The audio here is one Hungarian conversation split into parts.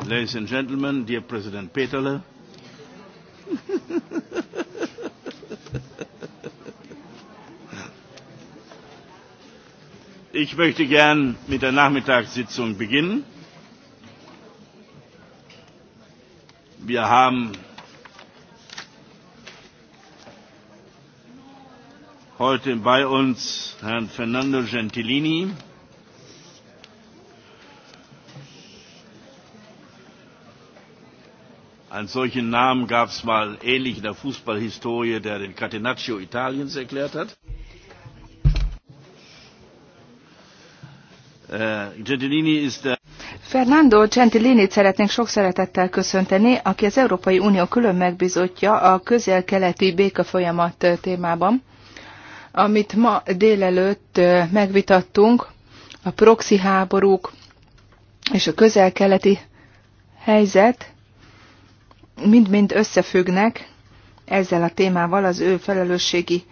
Ladies and gentlemen, dear President Peterle. Ich möchte gern mit der Nachmittagssitzung beginnen. Wir haben heute bei uns Herrn Fernando Gentilini, Einen solchen Namen gab es mal ähnlich in der Fußballhistorie, der den Catenaccio Italiens erklärt hat. Uh, Gentilini ist der Fernando gentilini szeretnénk sok szeretettel köszönteni, aki az Európai Unió külön megbizotja a közel-keleti béka folyamat témában, amit ma délelőtt megvitattunk, a proxy háborúk és a közel-keleti helyzet, mind-mind összefüggnek ezzel a témával, az ő felelősségi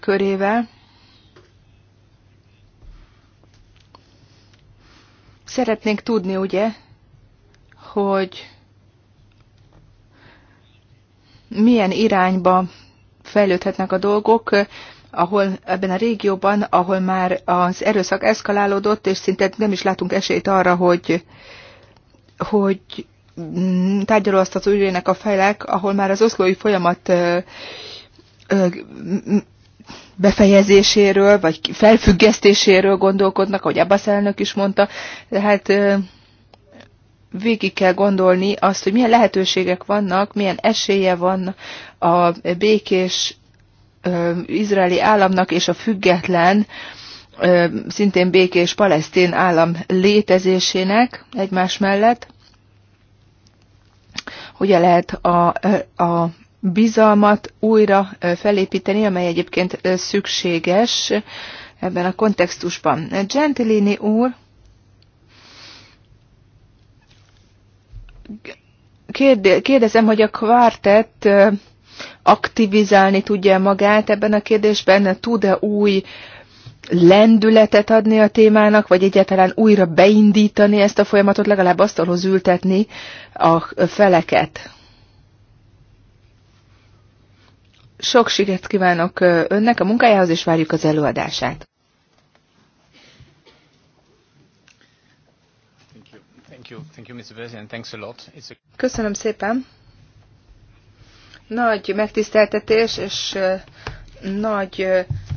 körével. Szeretnénk tudni, ugye, hogy milyen irányba fejlődhetnek a dolgok, ahol ebben a régióban, ahol már az erőszak eszkalálódott, és szinte nem is látunk esélyt arra, hogy, hogy Mm, tárgyalóasztat ügyének a felek, ahol már az oszlói folyamat befejezéséről, vagy felfüggesztéséről gondolkodnak, ahogy Abbas elnök is mondta, tehát végig kell gondolni azt, hogy milyen lehetőségek vannak, milyen esélye van a békés izraeli államnak és a független, szintén békés palesztin állam létezésének egymás mellett hogyan lehet a, a bizalmat újra felépíteni, amely egyébként szükséges ebben a kontextusban. Gentilini úr kérdezem, hogy a kvartett aktivizálni tudja magát ebben a kérdésben, tud-e új uh, lendületet adni a témának, vagy egyáltalán újra beindítani ezt a folyamatot, legalább asztalhoz ültetni a feleket. Sok sikert kívánok önnek a munkájához, és várjuk az előadását. Köszönöm szépen. Nagy megtiszteltetés, és nagy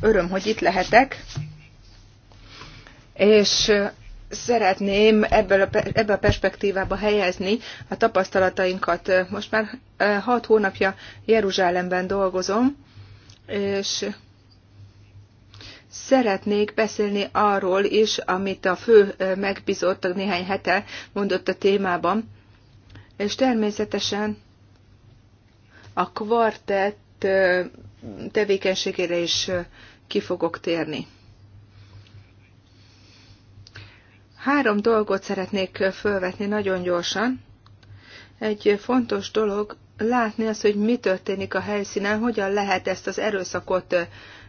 öröm, hogy itt lehetek, és szeretném ebből a, ebbe a perspektívába helyezni a tapasztalatainkat. Most már hat hónapja Jeruzsálemben dolgozom, és szeretnék beszélni arról is, amit a fő megbízott néhány hete mondott a témában, és természetesen a kvartett tevékenységére is ki fogok térni. Három dolgot szeretnék felvetni nagyon gyorsan. Egy fontos dolog látni az, hogy mi történik a helyszínen, hogyan lehet ezt az erőszakot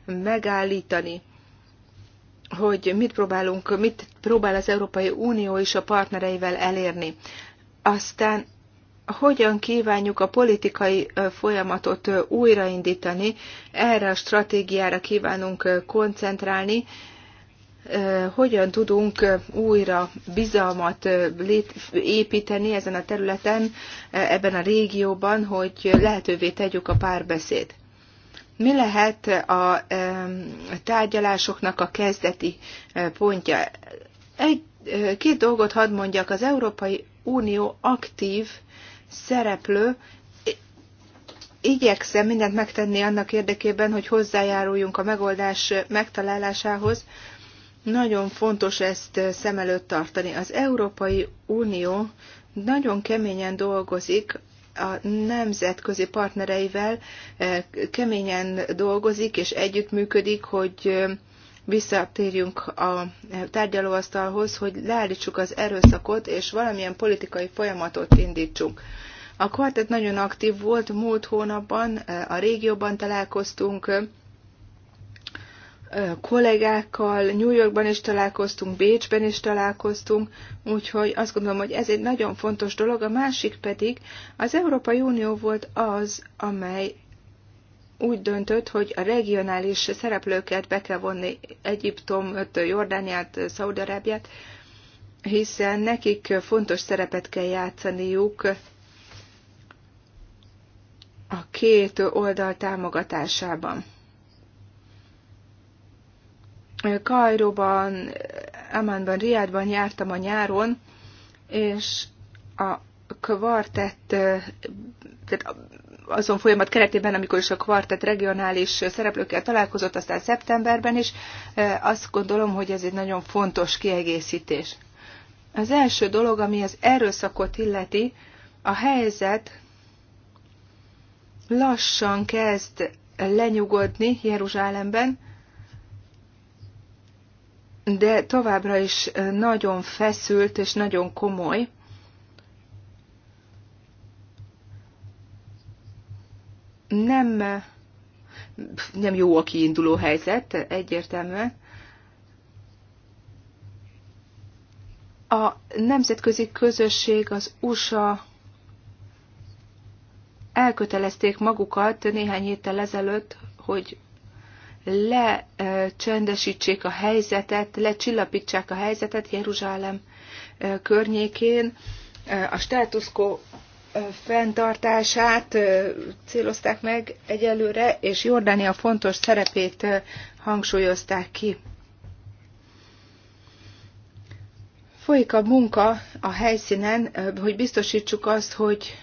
megállítani, hogy mit próbálunk, mit próbál az Európai Unió és a partnereivel elérni. Aztán hogyan kívánjuk a politikai folyamatot újraindítani, erre a stratégiára kívánunk koncentrálni, hogyan tudunk újra bizalmat építeni ezen a területen, ebben a régióban, hogy lehetővé tegyük a párbeszéd. Mi lehet a tárgyalásoknak a kezdeti pontja? Egy, két dolgot hadd mondjak. Az Európai Unió aktív szereplő, igyekszem mindent megtenni annak érdekében, hogy hozzájáruljunk a megoldás megtalálásához. Nagyon fontos ezt szem előtt tartani. Az Európai Unió nagyon keményen dolgozik a nemzetközi partnereivel, eh, keményen dolgozik és együttműködik, hogy eh, visszatérjünk a tárgyalóasztalhoz, hogy leállítsuk az erőszakot, és valamilyen politikai folyamatot indítsunk. A kvartett nagyon aktív volt, múlt hónapban e, a régióban találkoztunk, e, kollégákkal, New Yorkban is találkoztunk, Bécsben is találkoztunk, úgyhogy azt gondolom, hogy ez egy nagyon fontos dolog. A másik pedig az Európai Unió volt az, amely úgy döntött, hogy a regionális szereplőket be kell vonni Egyiptomot, Jordániát, Szaudarábiát, hiszen nekik fontos szerepet kell játszaniuk a két oldal támogatásában. Kajróban, Amánban, Riádban jártam a nyáron, és a kvartett, tehát azon folyamat keretében, amikor is a kvartett regionális szereplőkkel találkozott, aztán szeptemberben is, azt gondolom, hogy ez egy nagyon fontos kiegészítés. Az első dolog, ami az erőszakot illeti, a helyzet lassan kezd lenyugodni Jeruzsálemben, de továbbra is nagyon feszült és nagyon komoly. nem, nem jó a kiinduló helyzet, egyértelműen. A nemzetközi közösség, az USA elkötelezték magukat néhány héttel ezelőtt, hogy lecsendesítsék a helyzetet, lecsillapítsák a helyzetet Jeruzsálem környékén. A status quo fenntartását célozták meg egyelőre, és Jordánia fontos szerepét hangsúlyozták ki. Folyik a munka a helyszínen, hogy biztosítsuk azt, hogy,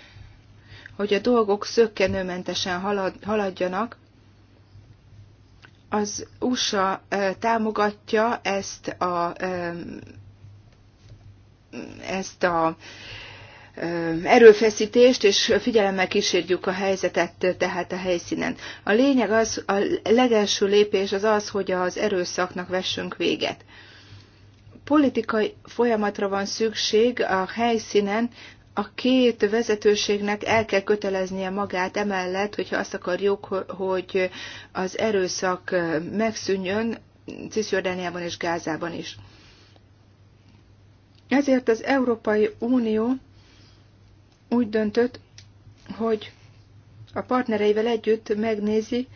hogy a dolgok szökkenőmentesen halad, haladjanak. Az USA támogatja ezt a, ezt a erőfeszítést, és figyelemmel kísérjük a helyzetet tehát a helyszínen. A lényeg az, a legelső lépés az az, hogy az erőszaknak vessünk véget. Politikai folyamatra van szükség a helyszínen, a két vezetőségnek el kell köteleznie magát emellett, hogyha azt akarjuk, hogy az erőszak megszűnjön Cisjordániában és Gázában is. Ezért az Európai Unió úgy döntött, hogy a partnereivel együtt megnézi,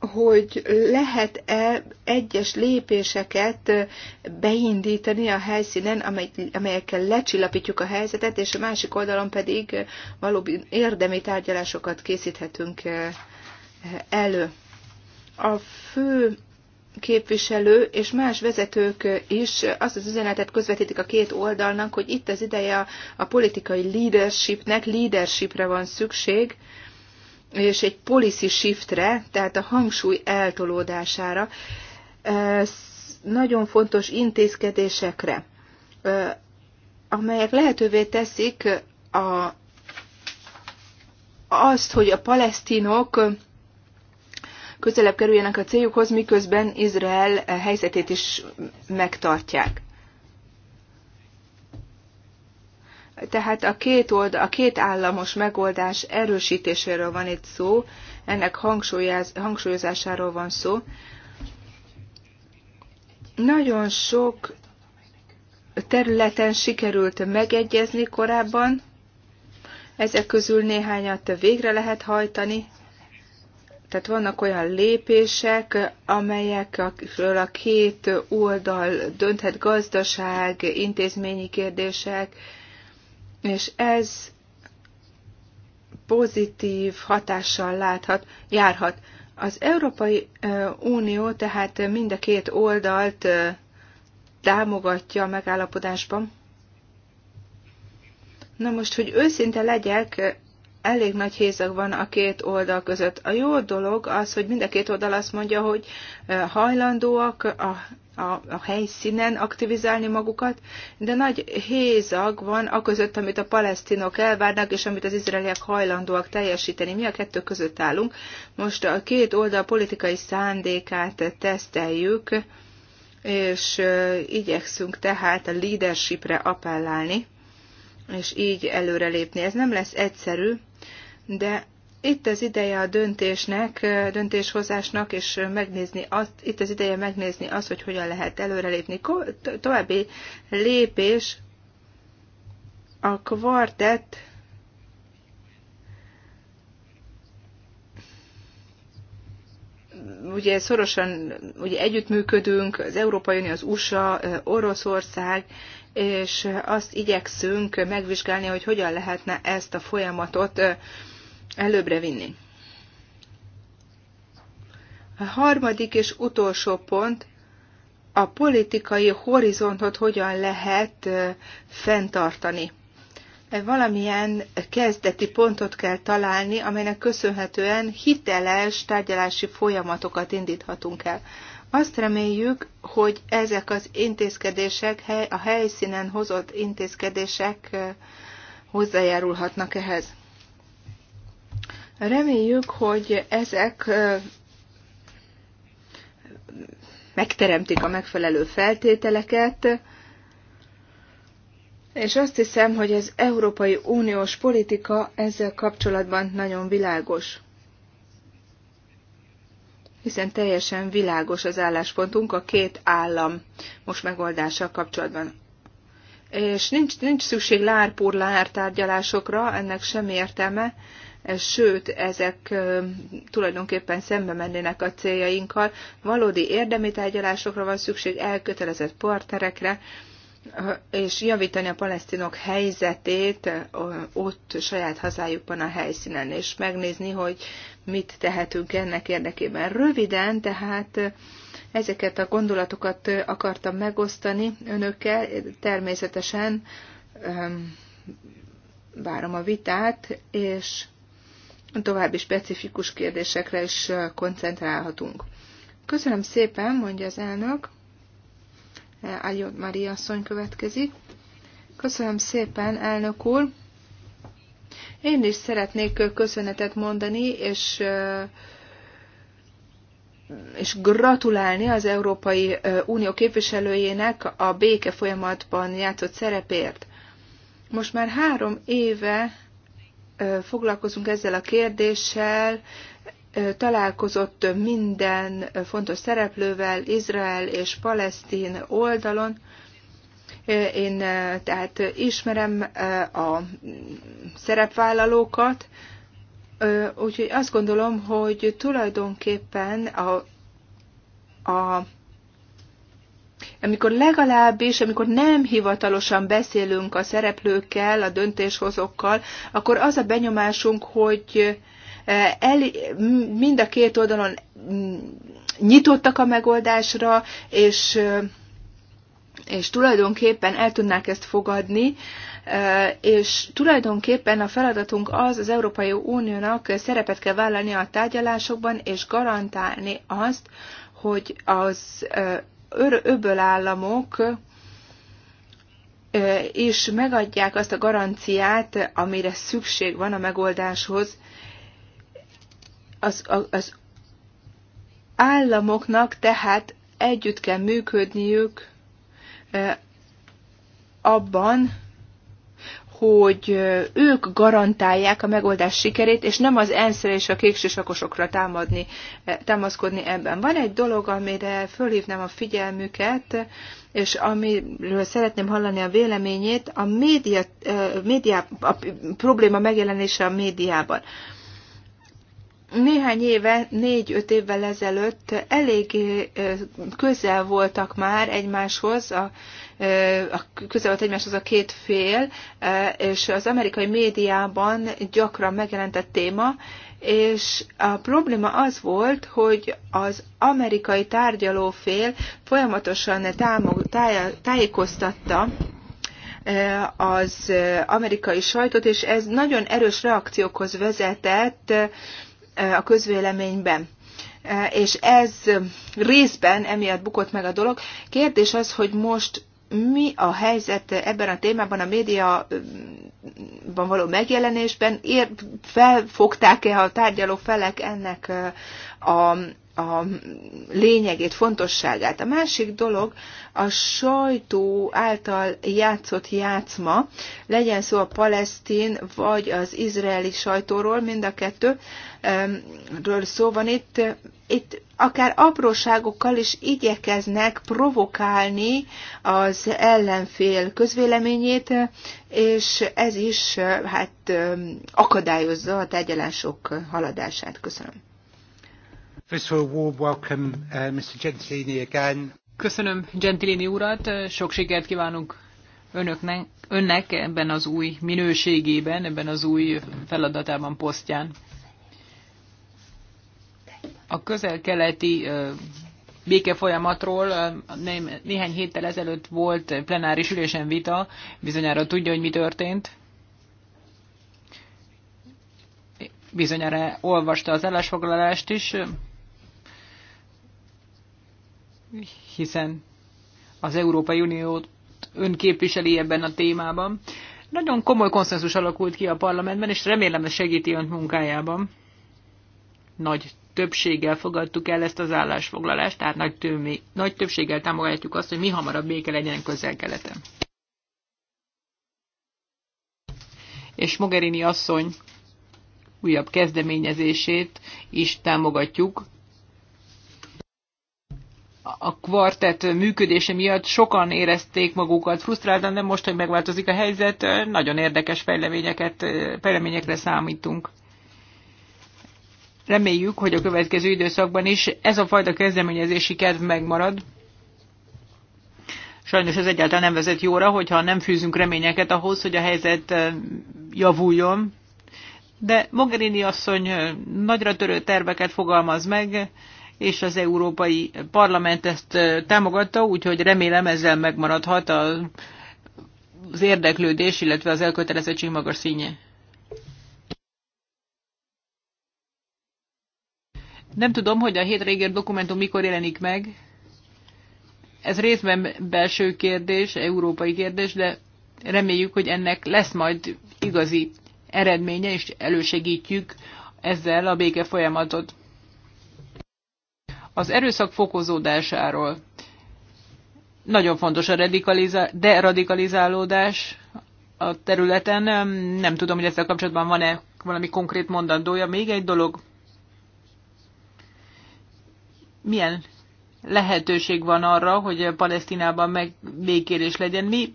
hogy lehet-e egyes lépéseket beindítani a helyszínen, amelyekkel lecsillapítjuk a helyzetet, és a másik oldalon pedig valóban érdemi tárgyalásokat készíthetünk eh, elő. A fő képviselő és más vezetők is azt az üzenetet közvetítik a két oldalnak, hogy itt az ideje a politikai leadershipnek, leadershipre van szükség, és egy policy shiftre, tehát a hangsúly eltolódására, nagyon fontos intézkedésekre, amelyek lehetővé teszik a, azt, hogy a palesztinok közelebb kerüljenek a céljukhoz, miközben Izrael helyzetét is megtartják. Tehát a két, oldal, a két államos megoldás erősítéséről van itt szó, ennek hangsúlyozásáról van szó. Nagyon sok területen sikerült megegyezni korábban, ezek közül néhányat végre lehet hajtani, tehát vannak olyan lépések, amelyekről a két oldal dönthet gazdaság, intézményi kérdések, és ez pozitív hatással láthat, járhat. Az Európai Unió tehát mind a két oldalt támogatja a megállapodásban. Na most, hogy őszinte legyek, elég nagy hézag van a két oldal között. A jó dolog az, hogy mind a két oldal azt mondja, hogy hajlandóak a, a, a helyszínen aktivizálni magukat, de nagy hézag van a között, amit a palesztinok elvárnak, és amit az izraeliek hajlandóak teljesíteni. Mi a kettő között állunk. Most a két oldal politikai szándékát teszteljük, és igyekszünk tehát a leadershipre appellálni és így előrelépni. Ez nem lesz egyszerű, de itt az ideje a döntésnek, döntéshozásnak, és megnézni azt, itt az ideje megnézni azt, hogy hogyan lehet előrelépni. További lépés a kvartett ugye szorosan ugye együttműködünk, az Európai Unió, az USA, Oroszország, és azt igyekszünk megvizsgálni, hogy hogyan lehetne ezt a folyamatot előbbre vinni. A harmadik és utolsó pont, a politikai horizontot hogyan lehet fenntartani. E valamilyen kezdeti pontot kell találni, amelynek köszönhetően hiteles tárgyalási folyamatokat indíthatunk el. Azt reméljük, hogy ezek az intézkedések, a helyszínen hozott intézkedések hozzájárulhatnak ehhez. Reméljük, hogy ezek megteremtik a megfelelő feltételeket, és azt hiszem, hogy az Európai Uniós politika ezzel kapcsolatban nagyon világos. Hiszen teljesen világos az álláspontunk a két állam most megoldással kapcsolatban. És nincs, nincs szükség lárpúr lár tárgyalásokra, ennek sem értelme, sőt, ezek tulajdonképpen szembe mennének a céljainkkal. Valódi érdemi tárgyalásokra van szükség, elkötelezett partnerekre, és javítani a palesztinok helyzetét ott saját hazájukban a helyszínen, és megnézni, hogy mit tehetünk ennek érdekében. Röviden, tehát ezeket a gondolatokat akartam megosztani önökkel, természetesen várom a vitát, és további specifikus kérdésekre is koncentrálhatunk. Köszönöm szépen, mondja az elnök. Ágyott e, Maria asszony következik. Köszönöm szépen, elnök úr. Én is szeretnék köszönetet mondani, és és gratulálni az Európai Unió képviselőjének a béke folyamatban játszott szerepért. Most már három éve foglalkozunk ezzel a kérdéssel, találkozott minden fontos szereplővel, Izrael és Palesztin oldalon. Én tehát ismerem a szerepvállalókat, úgyhogy azt gondolom, hogy tulajdonképpen a, a amikor legalábbis, amikor nem hivatalosan beszélünk a szereplőkkel, a döntéshozókkal, akkor az a benyomásunk, hogy eh, el, mind a két oldalon mm, nyitottak a megoldásra, és, eh, és tulajdonképpen el tudnák ezt fogadni, eh, és tulajdonképpen a feladatunk az az Európai Uniónak szerepet kell vállalni a tárgyalásokban, és garantálni azt, hogy az öböl államok és megadják azt a garanciát, amire szükség van a megoldáshoz. Az, az államoknak tehát együtt kell működniük abban, hogy ők garantálják a megoldás sikerét, és nem az ensz és a kéksisakosokra támadni, támaszkodni ebben. Van egy dolog, amire fölhívnám a figyelmüket, és amiről szeretném hallani a véleményét, a média, média a probléma megjelenése a médiában néhány éve, négy-öt évvel ezelőtt elég közel voltak már egymáshoz, a, a, közel volt egymáshoz a két fél, és az amerikai médiában gyakran megjelentett téma, és a probléma az volt, hogy az amerikai tárgyalófél folyamatosan támog, táj, tájékoztatta az amerikai sajtot, és ez nagyon erős reakciókhoz vezetett, a közvéleményben és ez részben emiatt bukott meg a dolog. Kérdés az, hogy most mi a helyzet ebben a témában, a médiaban való megjelenésben? Ér, felfogták-e a tárgyaló felek ennek a a lényegét, fontosságát. A másik dolog a sajtó által játszott játszma, legyen szó a palesztin vagy az izraeli sajtóról, mind a kettőről szó van itt. Itt akár apróságokkal is igyekeznek provokálni az ellenfél közvéleményét, és ez is hát akadályozza a tárgyalások haladását. Köszönöm. Uh, Köszönöm Gentilini urat, sok sikert kívánunk önöknek, önnek ebben az új minőségében, ebben az új feladatában, posztján. A közel-keleti béke folyamatról néhány héttel ezelőtt volt plenáris ülésen vita, bizonyára tudja, hogy mi történt. Bizonyára olvasta az állásfoglalást is hiszen az Európai Uniót önképviseli ebben a témában. Nagyon komoly konszenzus alakult ki a parlamentben, és remélem ez segíti önt munkájában. Nagy többséggel fogadtuk el ezt az állásfoglalást, tehát nagy, tömé, nagy többséggel támogatjuk azt, hogy mi hamarabb béke legyen közel-keleten. És Mogherini asszony újabb kezdeményezését is támogatjuk, a kvartett működése miatt sokan érezték magukat frusztráltan, de most, hogy megváltozik a helyzet, nagyon érdekes fejleményeket, fejleményekre számítunk. Reméljük, hogy a következő időszakban is ez a fajta kezdeményezési kedv megmarad. Sajnos ez egyáltalán nem vezet jóra, hogyha nem fűzünk reményeket ahhoz, hogy a helyzet javuljon. De Mogherini asszony nagyra törő terveket fogalmaz meg, és az Európai Parlament ezt támogatta, úgyhogy remélem ezzel megmaradhat a, az érdeklődés, illetve az elkötelezettség magas színje. Nem tudom, hogy a hét régér dokumentum mikor jelenik meg. Ez részben belső kérdés, európai kérdés, de reméljük, hogy ennek lesz majd igazi eredménye, és elősegítjük ezzel a béke folyamatot. Az erőszak fokozódásáról nagyon fontos a deradikalizálódás a területen. Nem tudom, hogy ezzel kapcsolatban van-e valami konkrét mondandója. Még egy dolog. Milyen lehetőség van arra, hogy Palesztinában meg békélés legyen? Mi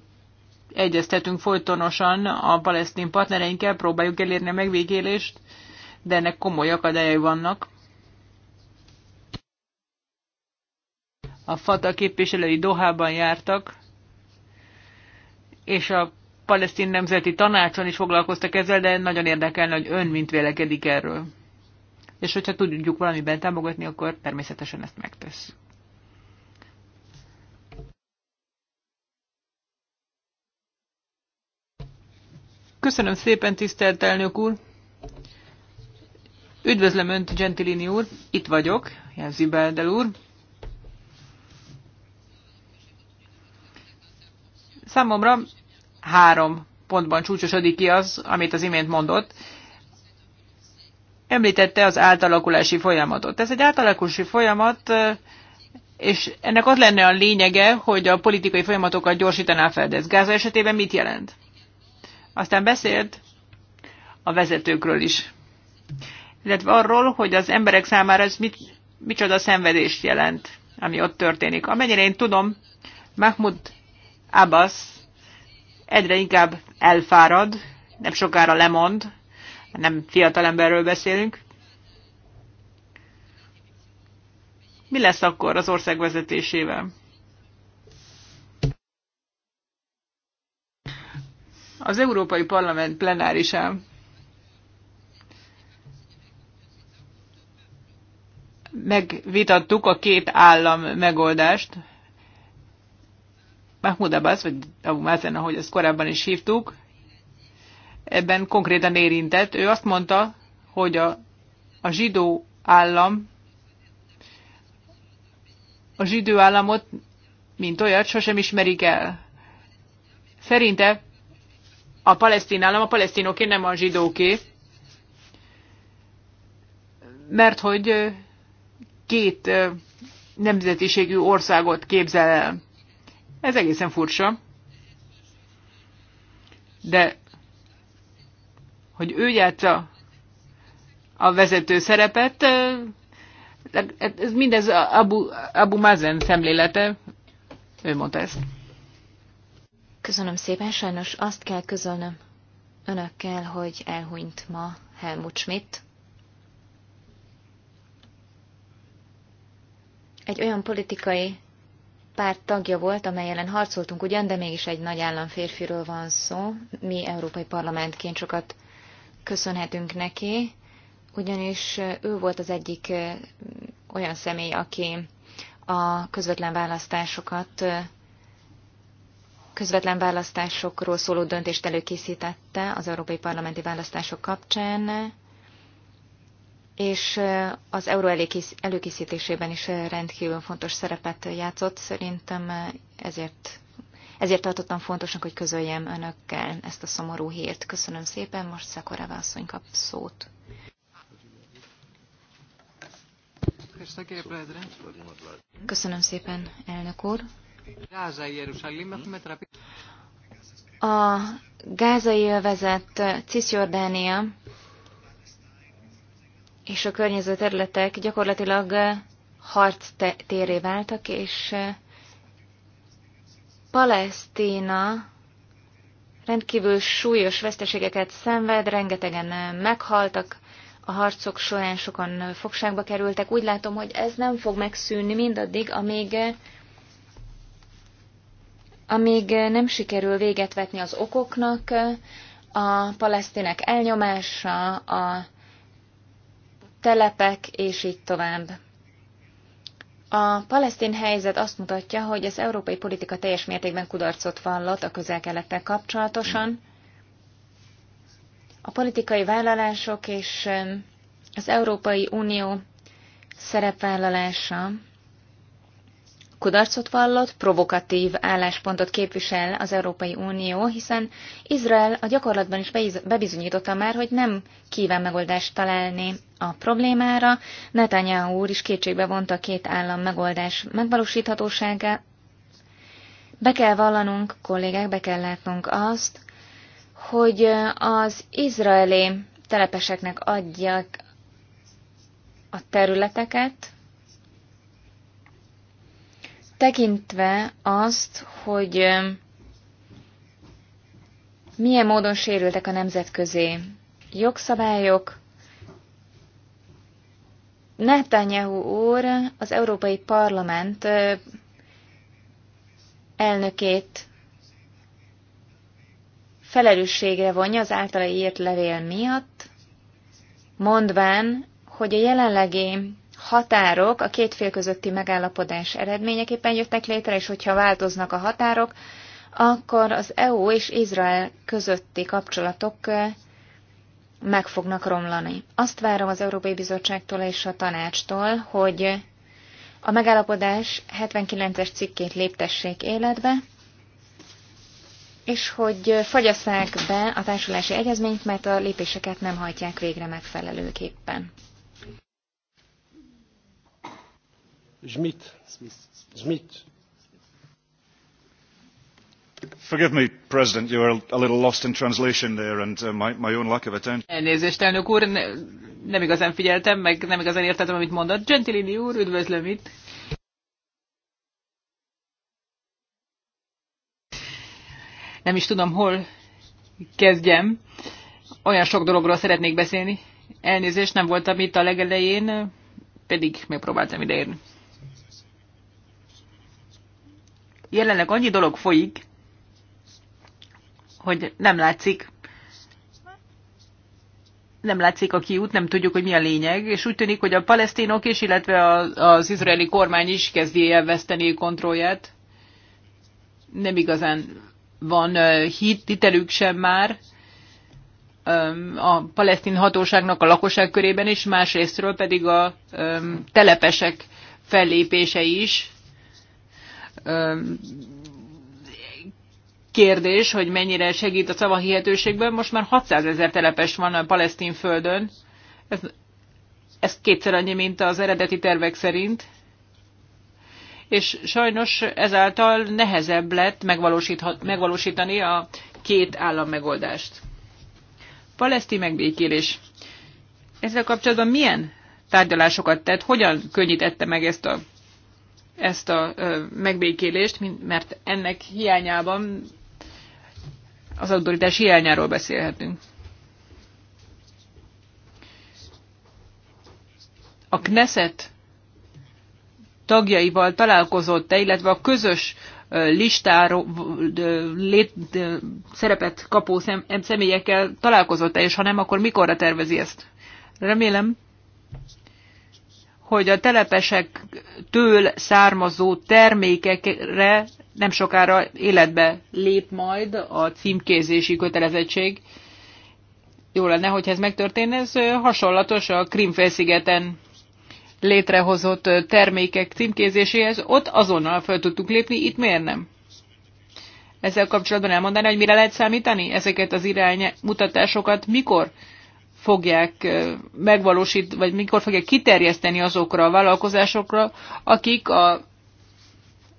egyeztetünk folytonosan a palesztin partnereinkkel, próbáljuk elérni a megvégélést, de ennek komoly akadályai vannak. a FATA képviselői Dohában jártak, és a palesztin nemzeti tanácson is foglalkoztak ezzel, de nagyon érdekelne, hogy ön mint vélekedik erről. És hogyha tudjuk valamiben támogatni, akkor természetesen ezt megtesszük. Köszönöm szépen, tisztelt elnök úr! Üdvözlöm Önt, Gentilini úr! Itt vagyok, Jelzi Beldel úr. Számomra három pontban csúcsosodik ki az, amit az imént mondott. Említette az átalakulási folyamatot. Ez egy átalakulási folyamat, eh, és ennek az lenne a lényege, hogy a politikai folyamatokat gyorsítaná fel, de ez Gáza esetében mit jelent? Aztán beszélt a vezetőkről is, illetve arról, hogy az emberek számára ez mit, micsoda szenvedést jelent, ami ott történik. Amennyire én tudom, Mahmoud Abbas egyre inkább elfárad, nem sokára lemond, nem fiatalemberről beszélünk. Mi lesz akkor az ország vezetésével? Az Európai Parlament plenárisán megvitattuk a két állam megoldást, Mahmoud Abbas, vagy Abu Mazen, ahogy ezt korábban is hívtuk, ebben konkrétan érintett. Ő azt mondta, hogy a, a zsidó állam a zsidó államot, mint olyat, sosem ismerik el. Szerinte a palesztin állam a palesztinoké, nem a zsidóké, mert hogy két nemzetiségű országot képzel el. Ez egészen furcsa. De hogy ő játsza a vezető szerepet, hát ez mindez Abu, Abu Mazen szemlélete, ő mondta ezt. Köszönöm szépen, sajnos azt kell közölnöm önökkel, hogy elhunyt ma Helmut Schmidt. Egy olyan politikai párt tagja volt, amely ellen harcoltunk ugyan, de mégis egy nagy férfiről van szó. Mi európai parlamentként sokat köszönhetünk neki, ugyanis ő volt az egyik olyan személy, aki a közvetlen választásokat közvetlen választásokról szóló döntést előkészítette az európai parlamenti választások kapcsán és az euró előkészítésében is rendkívül fontos szerepet játszott. Szerintem ezért, ezért tartottam fontosnak, hogy közöljem önökkel ezt a szomorú hírt. Köszönöm szépen, most Szakorava Vászony kap szót. Köszönöm szépen, elnök úr. A gázai övezet Cisjordánia és a környező területek gyakorlatilag harc téré váltak, és Palesztina rendkívül súlyos veszteségeket szenved, rengetegen meghaltak, a harcok során sokan fogságba kerültek. Úgy látom, hogy ez nem fog megszűnni mindaddig, amíg, amíg nem sikerül véget vetni az okoknak, a palesztinek elnyomása, a telepek, és így tovább. A palesztin helyzet azt mutatja, hogy az európai politika teljes mértékben kudarcot vallott a közel kapcsolatosan. A politikai vállalások és az Európai Unió szerepvállalása kudarcot vallott, provokatív álláspontot képvisel az Európai Unió, hiszen Izrael a gyakorlatban is bebizonyította már, hogy nem kíván megoldást találni a problémára. Netanyahu úr is kétségbe vonta a két állam megoldás megvalósíthatóságát. Be kell vallanunk, kollégák, be kell látnunk azt, hogy az izraeli telepeseknek adják a területeket, tekintve azt, hogy milyen módon sérültek a nemzetközi jogszabályok, Netanyahu úr az Európai Parlament elnökét felelősségre vonja az általa írt levél miatt, mondván, hogy a jelenlegi határok a két fél közötti megállapodás eredményeképpen jöttek létre, és hogyha változnak a határok, akkor az EU és Izrael közötti kapcsolatok meg fognak romlani. Azt várom az Európai Bizottságtól és a tanácstól, hogy a megállapodás 79-es cikkét léptessék életbe, és hogy fogyasszák be a társulási egyezményt, mert a lépéseket nem hajtják végre megfelelőképpen. Schmidt. Schmidt. Forgive me, President, you a little lost in translation there and uh, my, my own lack of attention. Elnézést, elnök úr, nem igazán figyeltem, meg nem igazán értettem, amit mondott. Gentilini úr, üdvözlöm itt. Nem is tudom, hol kezdjem. Olyan sok dologról szeretnék beszélni. Elnézést, nem voltam itt a legelején, pedig megpróbáltam ideérni. jelenleg annyi dolog folyik, hogy nem látszik, nem látszik a kiút, nem tudjuk, hogy mi a lényeg, és úgy tűnik, hogy a palesztinok is, illetve az, az izraeli kormány is kezdi elveszteni kontrollját. Nem igazán van hit, hitelük sem már a palesztin hatóságnak a lakosság körében is, másrésztről pedig a telepesek fellépése is kérdés, hogy mennyire segít a szavahihetőségben. Most már 600 ezer telepes van a palesztin földön. Ez, ez kétszer annyi, mint az eredeti tervek szerint. És sajnos ezáltal nehezebb lett megvalósítani a két állam megoldást. Palesztin megbékélés. Ezzel kapcsolatban milyen tárgyalásokat tett, hogyan könnyítette meg ezt a ezt a megbékélést, mert ennek hiányában az autoritás hiányáról beszélhetünk. A Knesset tagjaival találkozott-e, illetve a közös listáról lét, szerepet kapó személyekkel találkozott-e, és ha nem, akkor mikorra tervezi ezt? Remélem, hogy a telepesektől származó termékekre nem sokára életbe lép majd a címkézési kötelezettség. Jó lenne, hogy ez megtörténne. Ez hasonlatos a Krimfelszigeten létrehozott termékek címkézéséhez. Ott azonnal fel tudtuk lépni, itt miért nem? Ezzel kapcsolatban elmondani, hogy mire lehet számítani ezeket az iránymutatásokat, mikor fogják megvalósítani, vagy mikor fogják kiterjeszteni azokra a vállalkozásokra, akik a,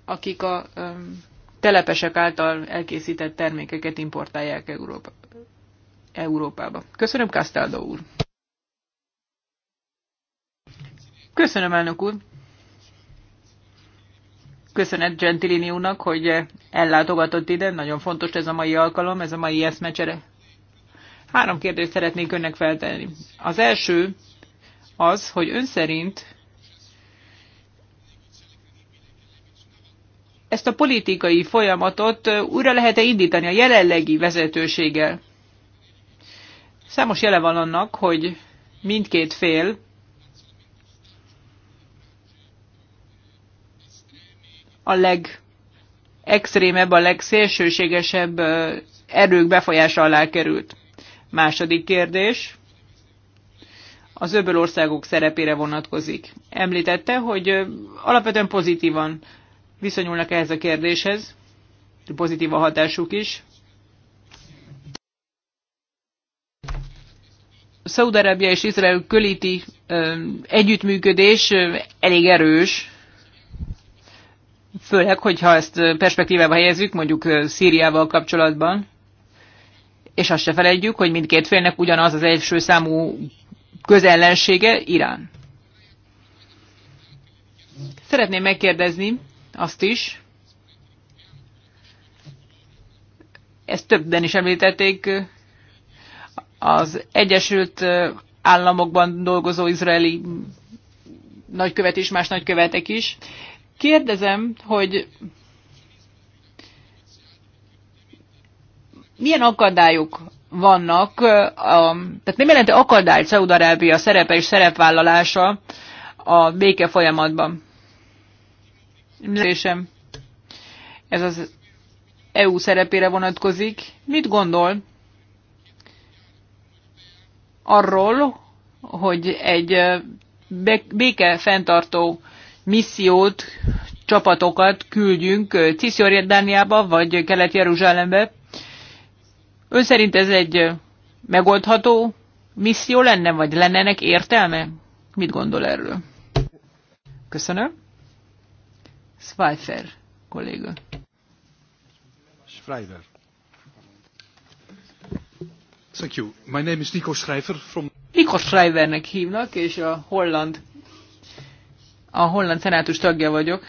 akik a telepesek által elkészített termékeket importálják Európa, Európába. Köszönöm, Castaldo úr! Köszönöm, elnök úr! Köszönet Gentilini úrnak, hogy ellátogatott ide. Nagyon fontos ez a mai alkalom, ez a mai eszmecsere. Három kérdést szeretnék önnek feltenni. Az első az, hogy ön szerint ezt a politikai folyamatot újra lehet-e indítani a jelenlegi vezetőséggel? Számos jele van annak, hogy mindkét fél a legextrémebb, a legszélsőségesebb erők befolyása alá került. Második kérdés az öböl országok szerepére vonatkozik. Említette, hogy alapvetően pozitívan viszonyulnak ehhez a kérdéshez, pozitív a hatásuk is. Szaudarábia és Izrael köliti együttműködés elég erős, főleg, hogyha ezt perspektívába helyezzük, mondjuk Szíriával kapcsolatban és azt se felejtjük, hogy mindkét félnek ugyanaz az első számú közellensége Irán. Szeretném megkérdezni azt is, ezt többen is említették, az Egyesült Államokban dolgozó izraeli nagykövet és más nagykövetek is. Kérdezem, hogy milyen akadályok vannak, a, tehát nem jelenti akadály Szaudarábia szerepe és szerepvállalása a béke folyamatban? Lésem. Ez az EU szerepére vonatkozik. Mit gondol arról, hogy egy béke fenntartó missziót, csapatokat küldjünk Cisjordániába vagy Kelet-Jeruzsálembe, Ön szerint ez egy megoldható misszió lenne, vagy lenne ennek értelme? Mit gondol erről? Köszönöm. Schweifer kolléga. Schreiber. Thank you. My name is Nico Schreiber from... Nico Schreibernek hívnak, és a holland a holland szenátus tagja vagyok.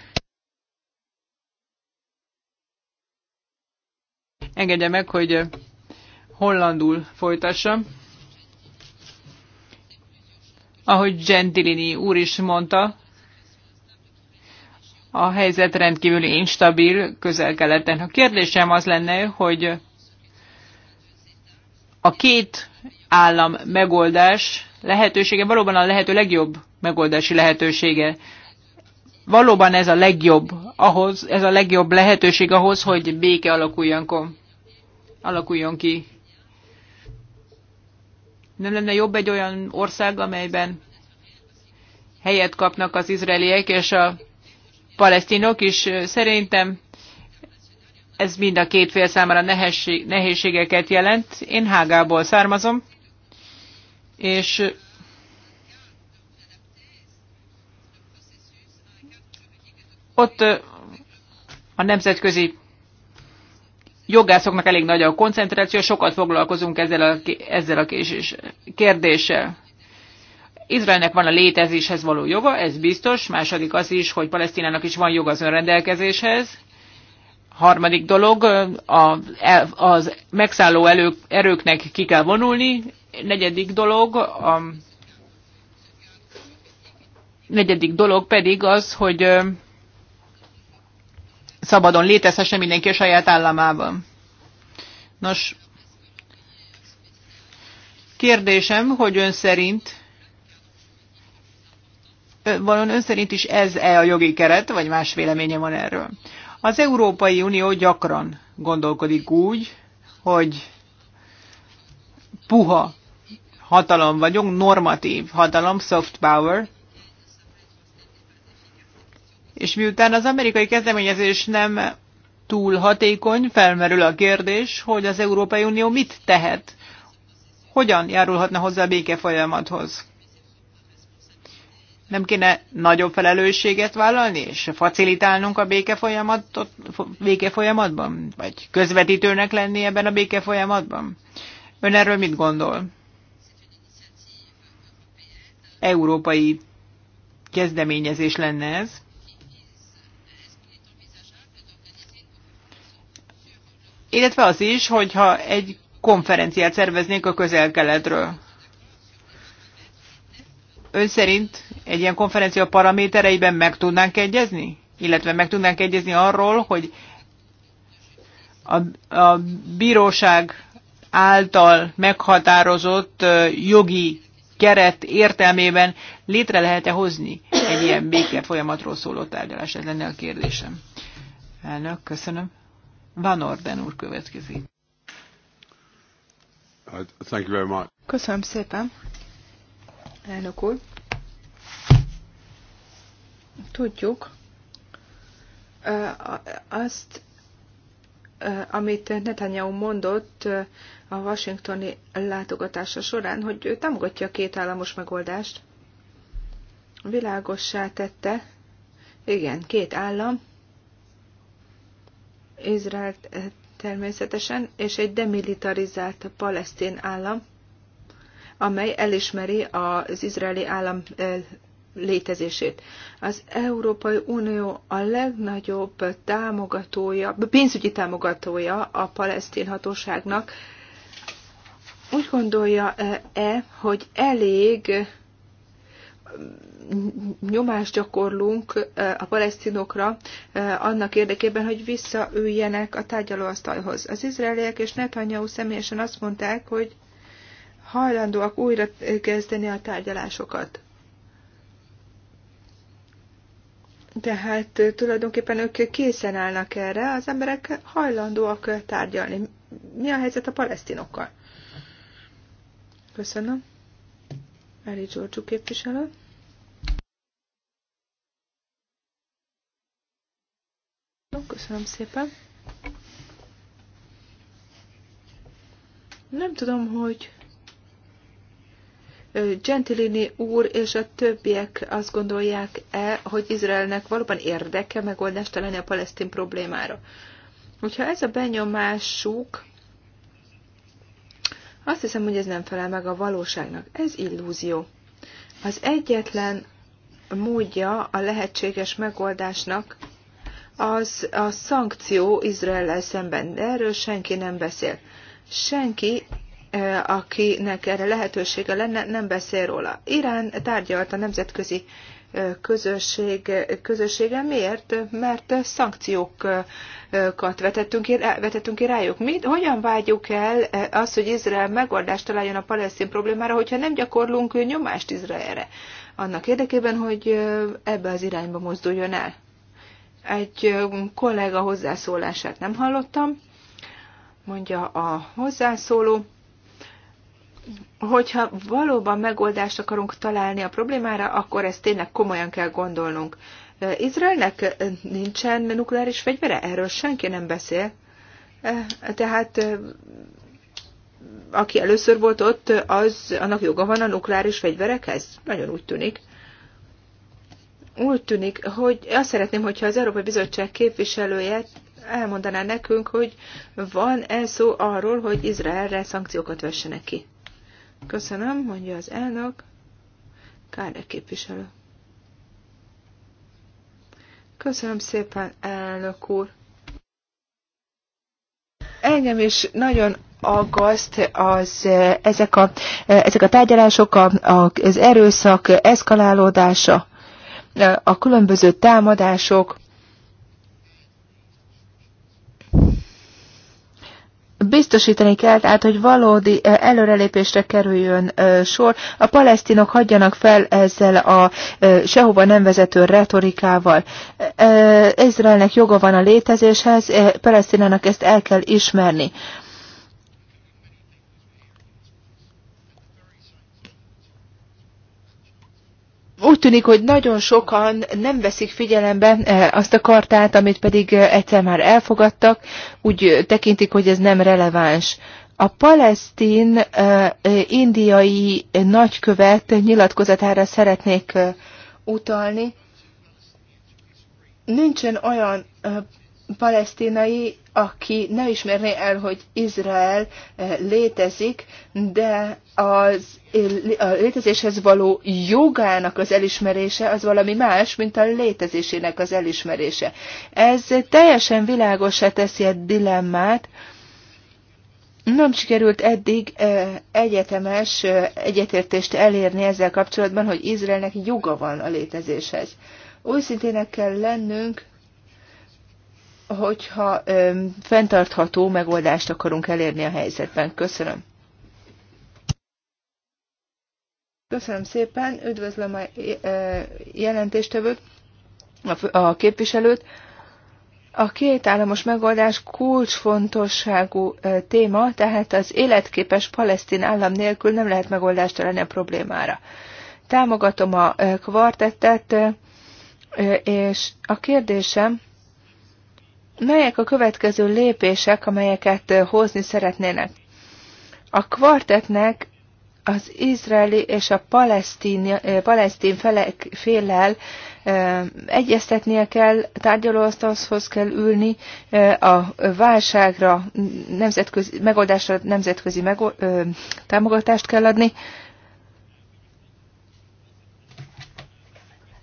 Engedje meg, hogy hollandul folytassa. Ahogy Gentilini úr is mondta, a helyzet rendkívül instabil közel-keleten. A kérdésem az lenne, hogy a két állam megoldás lehetősége valóban a lehető legjobb megoldási lehetősége. Valóban ez a legjobb ahhoz, ez a legjobb lehetőség ahhoz, hogy béke alakuljon, alakuljon ki. Nem lenne jobb egy olyan ország, amelyben helyet kapnak az izraeliek és a palesztinok is. Szerintem ez mind a két fél számára nehézségeket jelent. Én Hágából származom, és ott a nemzetközi jogászoknak elég nagy a koncentráció, sokat foglalkozunk ezzel a, ezzel a kérdéssel. Izraelnek van a létezéshez való joga, ez biztos. Második az is, hogy Palesztinának is van joga az önrendelkezéshez. Harmadik dolog, a, az megszálló elők, erőknek ki kell vonulni. Negyedik dolog, a negyedik dolog pedig az, hogy szabadon létezhessen mindenki a saját államában. Nos, kérdésem, hogy ön szerint valóan ön szerint is ez-e a jogi keret, vagy más véleménye van erről? Az Európai Unió gyakran gondolkodik úgy, hogy puha hatalom vagyunk, normatív hatalom, soft power, és miután az amerikai kezdeményezés nem túl hatékony, felmerül a kérdés, hogy az Európai Unió mit tehet, hogyan járulhatna hozzá a béke folyamathoz. Nem kéne nagyobb felelősséget vállalni, és facilitálnunk a béke, folyamatot, béke folyamatban? Vagy közvetítőnek lenni ebben a béke folyamatban? Ön erről mit gondol? Európai kezdeményezés lenne ez. illetve az is, hogyha egy konferenciát szerveznék a közel-keletről. Ön szerint egy ilyen konferencia paramétereiben meg tudnánk egyezni? Illetve meg tudnánk egyezni arról, hogy a, a bíróság által meghatározott jogi keret értelmében létre lehet-e hozni egy ilyen béke folyamatról szóló tárgyalás? Ez lenne a kérdésem. Elnök, köszönöm. Van Orden úr következik. Thank you very much. Köszönöm szépen, elnök úr. Tudjuk, azt, amit Netanyahu mondott a washingtoni látogatása során, hogy ő támogatja a két államos megoldást. Világossá tette, igen, két állam, Izrael eh, természetesen, és egy demilitarizált palesztin állam, amely elismeri az izraeli állam eh, létezését. Az Európai Unió a legnagyobb támogatója, pénzügyi támogatója a palesztin hatóságnak. Úgy gondolja-e, eh, hogy elég nyomást gyakorlunk a palesztinokra annak érdekében, hogy visszaüljenek a tárgyalóasztalhoz. Az izraeliek és Netanyahu személyesen azt mondták, hogy hajlandóak újra kezdeni a tárgyalásokat. Tehát tulajdonképpen ők készen állnak erre, az emberek hajlandóak tárgyalni. Mi a helyzet a palesztinokkal? Köszönöm. Meri Giorgio képviselő. Köszönöm szépen. Nem tudom, hogy Gentilini úr és a többiek azt gondolják-e, hogy Izraelnek valóban érdeke megoldást találni a palesztin problémára. Hogyha ez a benyomásuk, azt hiszem, hogy ez nem felel meg a valóságnak. Ez illúzió. Az egyetlen módja a lehetséges megoldásnak az a szankció Izrael szemben, de erről senki nem beszél. Senki akinek erre lehetősége lenne, nem beszél róla. Irán tárgyalt a nemzetközi közösség, közössége. Miért? Mert szankciókat vetettünk ki, vetettünk ki rájuk. Mi, hogyan vágyjuk el az, hogy Izrael megoldást találjon a palesztin problémára, hogyha nem gyakorlunk nyomást Izraelre? Annak érdekében, hogy ebbe az irányba mozduljon el. Egy kollega hozzászólását nem hallottam, mondja a hozzászóló hogyha valóban megoldást akarunk találni a problémára, akkor ezt tényleg komolyan kell gondolnunk. Izraelnek nincsen nukleáris fegyvere? Erről senki nem beszél. Tehát aki először volt ott, az annak joga van a nukleáris fegyverekhez? Nagyon úgy tűnik. Úgy tűnik, hogy azt szeretném, hogyha az Európai Bizottság képviselője elmondaná nekünk, hogy van-e szó arról, hogy Izraelre szankciókat vessenek ki. Köszönöm, mondja az elnök. Kárde képviselő. Köszönöm szépen, elnök úr. Engem is nagyon aggaszt az, ezek, a, ezek a tárgyalások, az erőszak eszkalálódása, a különböző támadások, biztosítani kell, tehát, hogy valódi előrelépésre kerüljön sor. A palesztinok hagyjanak fel ezzel a sehova nem vezető retorikával. Izraelnek joga van a létezéshez, Palesztinának ezt el kell ismerni. úgy tűnik, hogy nagyon sokan nem veszik figyelembe eh, azt a kartát, amit pedig eh, egyszer már elfogadtak, úgy eh, tekintik, hogy ez nem releváns. A palesztin indiai nagykövet nyilatkozatára szeretnék utalni. Nincsen olyan palesztinai, aki ne ismerné el, hogy Izrael eh, létezik, de az, eh, a létezéshez való jogának az elismerése az valami más, mint a létezésének az elismerése. Ez teljesen világosá teszi a dilemmát, nem sikerült eddig eh, egyetemes egyetértést elérni ezzel kapcsolatban, hogy Izraelnek joga van a létezéshez. Újszintének kell lennünk, hogyha ö, fenntartható megoldást akarunk elérni a helyzetben. Köszönöm. Köszönöm szépen, üdvözlöm a jelentéstevőt, a képviselőt. A két államos megoldás kulcsfontosságú téma, tehát az életképes palesztin állam nélkül nem lehet megoldást találni a problémára. Támogatom a kvartettet, és a kérdésem, Melyek a következő lépések, amelyeket hozni szeretnének? A kvartetnek az izraeli és a palesztin, palesztin felek, félel egyeztetnie kell, tárgyalóasztalhoz kell ülni, a válságra nemzetközi, megoldásra nemzetközi mego, támogatást kell adni.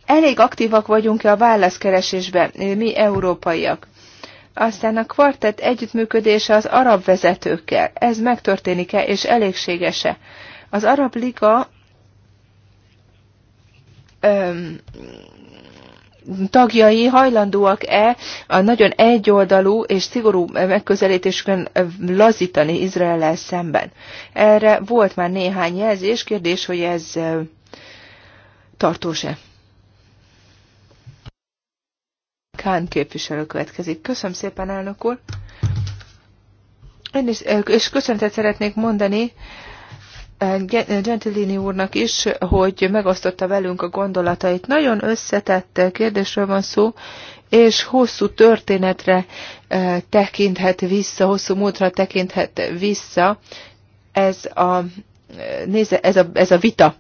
Elég aktívak vagyunk-e a válaszkeresésben, mi európaiak? Aztán a kvartett együttműködése az arab vezetőkkel. Ez megtörténik-e és elégséges-e? Az Arab Liga öm, tagjai hajlandóak-e a nagyon egyoldalú és szigorú megközelítésükön lazítani izrael szemben. Erre volt már néhány jelzés, kérdés, hogy ez tartós-e. Kán képviselő következik. Köszönöm szépen, elnök úr. Én is, eh, és köszöntet szeretnék mondani eh, eh, Gentilini úrnak is, hogy megosztotta velünk a gondolatait. Nagyon összetett kérdésről van szó, és hosszú történetre tekinthet vissza, hosszú múltra tekinthet vissza ez a, nézze, ez a, ez a vita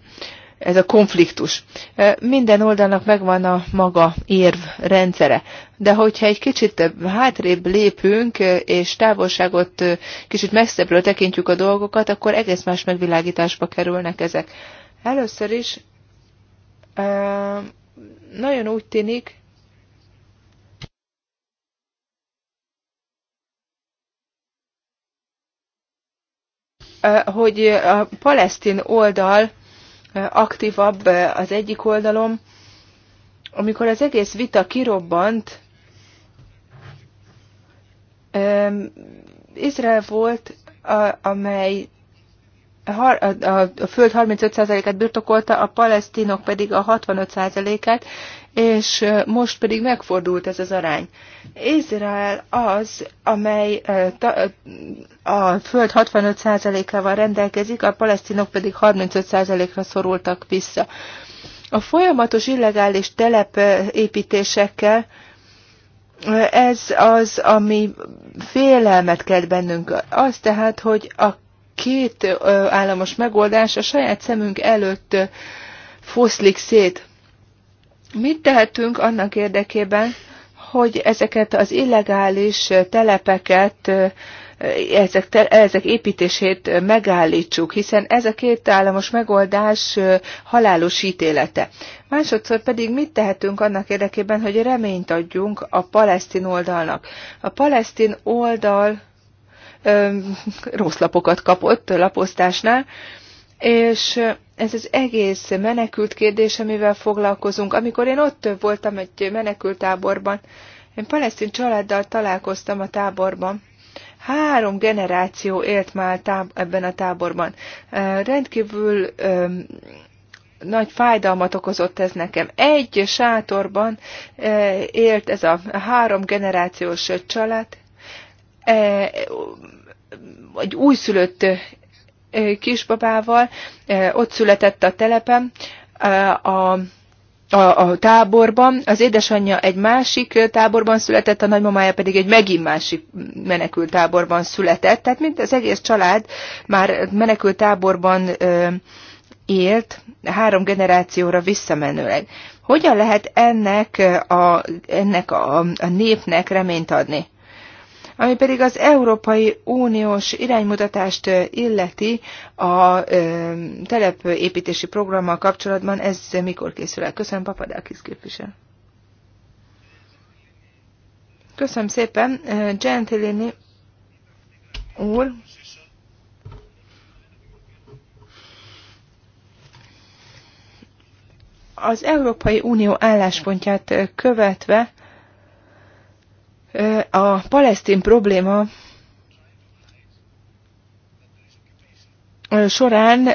ez a konfliktus. Minden oldalnak megvan a maga érv rendszere, de hogyha egy kicsit hátrébb lépünk, és távolságot kicsit messzebbről tekintjük a dolgokat, akkor egész más megvilágításba kerülnek ezek. Először is nagyon úgy tűnik, hogy a palesztin oldal aktívabb eh, az egyik oldalom. Amikor az egész vita kirobbant, Izrael volt, amely a föld 35%-át birtokolta, a palesztinok pedig a 65%-át, és most pedig megfordult ez az arány. Izrael az, amely a föld 65%-ával rendelkezik, a palesztinok pedig 35%-ra szorultak vissza. A folyamatos illegális telepépítésekkel ez az, ami félelmet kelt bennünk. Az tehát, hogy a két államos megoldás a saját szemünk előtt foszlik szét. Mit tehetünk annak érdekében, hogy ezeket az illegális telepeket, ezek, ezek építését megállítsuk, hiszen ez a két államos megoldás halálos ítélete. Másodszor pedig mit tehetünk annak érdekében, hogy reményt adjunk a palesztin oldalnak. A palesztin oldal rossz lapokat kapott laposztásnál, és ez az egész menekült kérdés, amivel foglalkozunk. Amikor én ott voltam egy táborban, én palesztin családdal találkoztam a táborban, Három generáció élt már táb- ebben a táborban. Rendkívül e, nagy fájdalmat okozott ez nekem. Egy sátorban élt ez a három generációs család, E, egy újszülött e, kisbabával, e, ott született a telepen, a a, a táborban, az édesanyja egy másik táborban született, a nagymamája pedig egy megint másik menekült táborban született. Tehát mint az egész család már menekült táborban élt, három generációra visszamenőleg. Hogyan lehet ennek a, ennek a, a népnek reményt adni? Ami pedig az Európai Uniós iránymutatást illeti a telepépítési programmal kapcsolatban, ez mikor készül el? Köszönöm, Papadákis képvisel. Köszönöm szépen, Gentilini úr. Az Európai Unió álláspontját követve a palesztin probléma során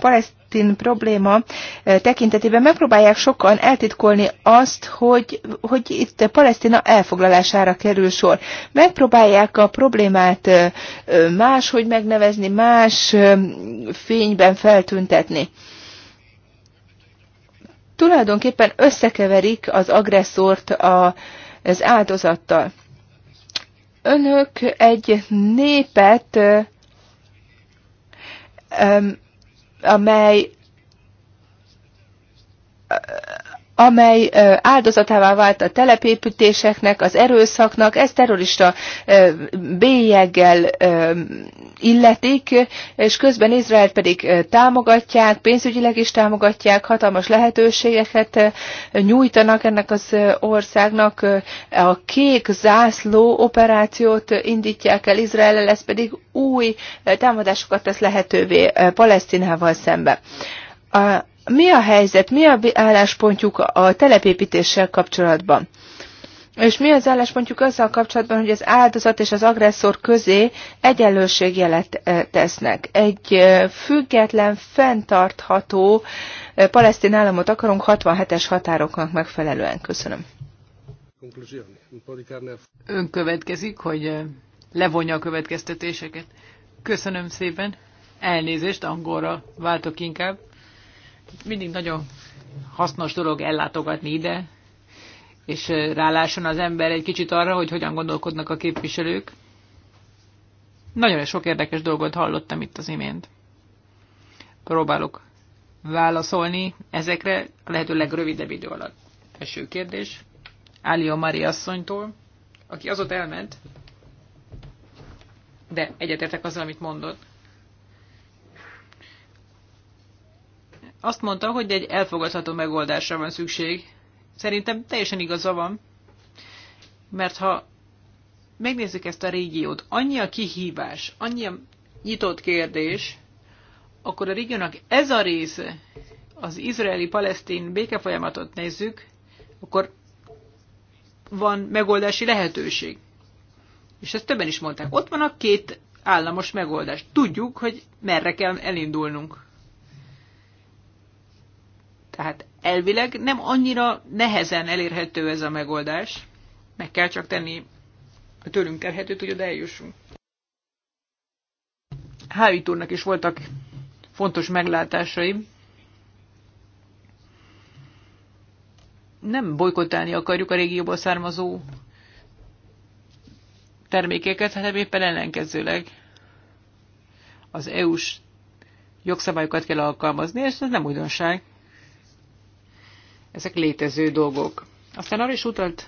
palesztin probléma tekintetében megpróbálják sokan eltitkolni azt, hogy, hogy itt Palesztina elfoglalására kerül sor. Megpróbálják a problémát máshogy megnevezni, más fényben feltüntetni. Tulajdonképpen összekeverik az agresszort a, az áldozattal. Önök egy népet, amely amely áldozatává vált a telepépítéseknek, az erőszaknak, ez terrorista bélyeggel illetik, és közben Izrael pedig támogatják, pénzügyileg is támogatják, hatalmas lehetőségeket nyújtanak ennek az országnak. A kék zászló operációt indítják el Izrael, ez pedig új támadásokat tesz lehetővé Palesztinával szembe mi a helyzet, mi a álláspontjuk a telepépítéssel kapcsolatban? És mi az álláspontjuk azzal kapcsolatban, hogy az áldozat és az agresszor közé egyenlőségjelet eh, tesznek? Egy eh, független, fenntartható eh, palesztin államot akarunk 67-es határoknak megfelelően. Köszönöm. Ön következik, hogy levonja a következtetéseket. Köszönöm szépen. Elnézést, angolra váltok inkább mindig nagyon hasznos dolog ellátogatni ide, és ráláson az ember egy kicsit arra, hogy hogyan gondolkodnak a képviselők. Nagyon sok érdekes dolgot hallottam itt az imént. Próbálok válaszolni ezekre a lehető legrövidebb idő alatt. Első kérdés. Állia Mari asszonytól, aki azot elment, de egyetértek azzal, amit mondott. azt mondta, hogy egy elfogadható megoldásra van szükség. Szerintem teljesen igaza van, mert ha megnézzük ezt a régiót, annyi a kihívás, annyi a nyitott kérdés, akkor a régiónak ez a része, az izraeli-palesztin békefolyamatot nézzük, akkor van megoldási lehetőség. És ezt többen is mondták. Ott van a két államos megoldás. Tudjuk, hogy merre kell elindulnunk. Tehát elvileg nem annyira nehezen elérhető ez a megoldás. Meg kell csak tenni a tőlünk terhetőt, hogy oda eljussunk. Hájt úrnak is voltak fontos meglátásaim. Nem bolykotálni akarjuk a régióból származó termékeket, hanem éppen ellenkezőleg az EU-s jogszabályokat kell alkalmazni, és ez nem újdonság. Ezek létező dolgok. Aztán arra is utalt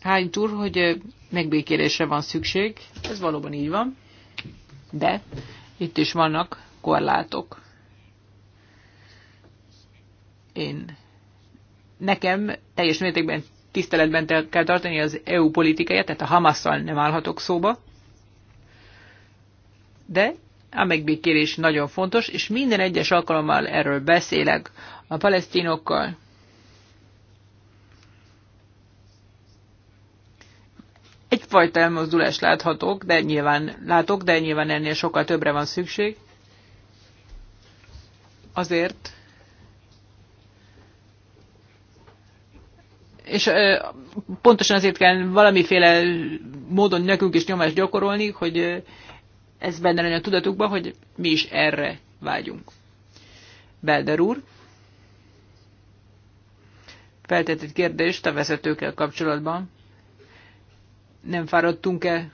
hány túr, hogy megbékélésre van szükség. Ez valóban így van. De itt is vannak korlátok. Én nekem teljes mértékben tiszteletben kell tartani az EU politikáját, tehát a Hamasszal nem állhatok szóba. De a megbékélés nagyon fontos, és minden egyes alkalommal erről beszélek a palesztinokkal. Egyfajta elmozdulást láthatok, de nyilván, látok, de nyilván ennél sokkal többre van szükség. Azért, és pontosan azért kell valamiféle módon nekünk is nyomást gyakorolni, hogy ez benne legyen a tudatukban, hogy mi is erre vágyunk. Belder úr feltett egy kérdést a vezetőkkel kapcsolatban. Nem fáradtunk-e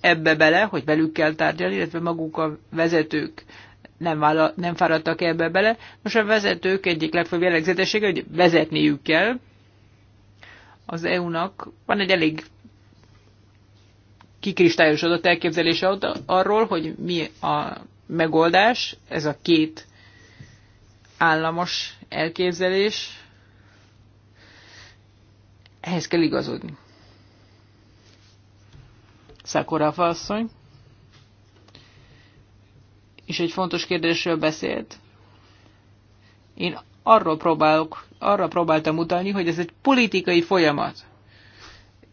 ebbe bele, hogy velük kell tárgyalni, illetve maguk a vezetők nem, vála, nem fáradtak -e ebbe bele. Most a vezetők egyik legfőbb jellegzetessége, hogy vezetniük kell. Az EU-nak van egy elég kikristályosodott elképzelése arról, hogy mi a megoldás, ez a két államos elképzelés, ehhez kell igazodni. Szakorafa asszony és egy fontos kérdésről beszélt. Én arról próbálok, arra próbáltam utalni, hogy ez egy politikai folyamat.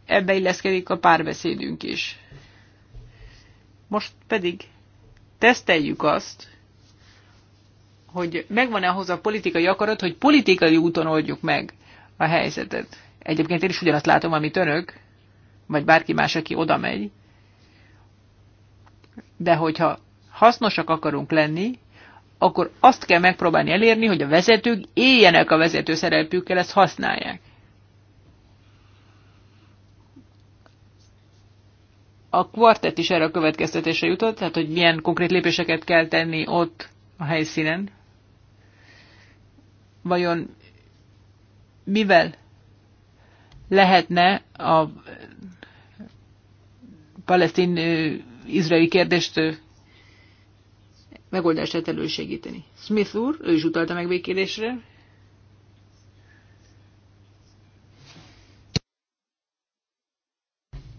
Ebbe illeszkedik a párbeszédünk is. Most pedig teszteljük azt, hogy megvan-e ahhoz a politikai akarat, hogy politikai úton oldjuk meg a helyzetet. Egyébként én is ugyanazt látom, amit önök, vagy bárki más, aki oda megy. De hogyha hasznosak akarunk lenni, akkor azt kell megpróbálni elérni, hogy a vezetők éljenek a vezető szerepükkel, ezt használják. A kvartett is erre a következtetésre jutott, tehát hogy milyen konkrét lépéseket kell tenni ott a helyszínen. Vajon mivel lehetne a palesztin-izraeli kérdést megoldását elősegíteni. Smith úr, ő is utalta meg végkérésre.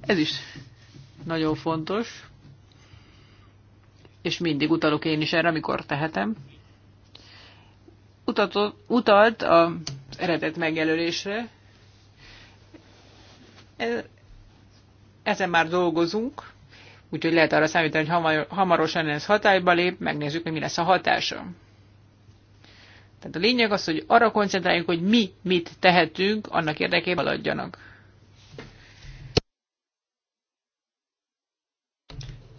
Ez is nagyon fontos, és mindig utalok én is erre, amikor tehetem. Utatott, utalt az eredet megjelölésre, ezen már dolgozunk, úgyhogy lehet arra számítani, hogy hamarosan ez hatályba lép, megnézzük, hogy mi lesz a hatása. Tehát a lényeg az, hogy arra koncentráljunk, hogy mi mit tehetünk, annak érdekében adjanak.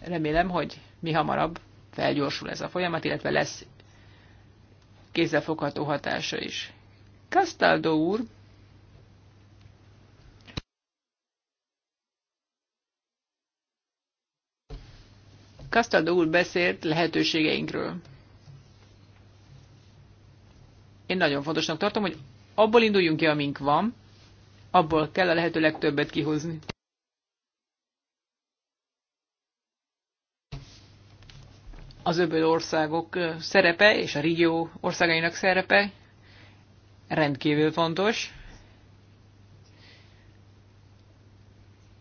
Remélem, hogy mi hamarabb felgyorsul ez a folyamat, illetve lesz kézzelfogható hatása is. Castaldo úr Kasztadó úr beszélt lehetőségeinkről. Én nagyon fontosnak tartom, hogy abból induljunk ki, amink van, abból kell a lehető legtöbbet kihozni. Az öböl országok szerepe és a régió országainak szerepe rendkívül fontos.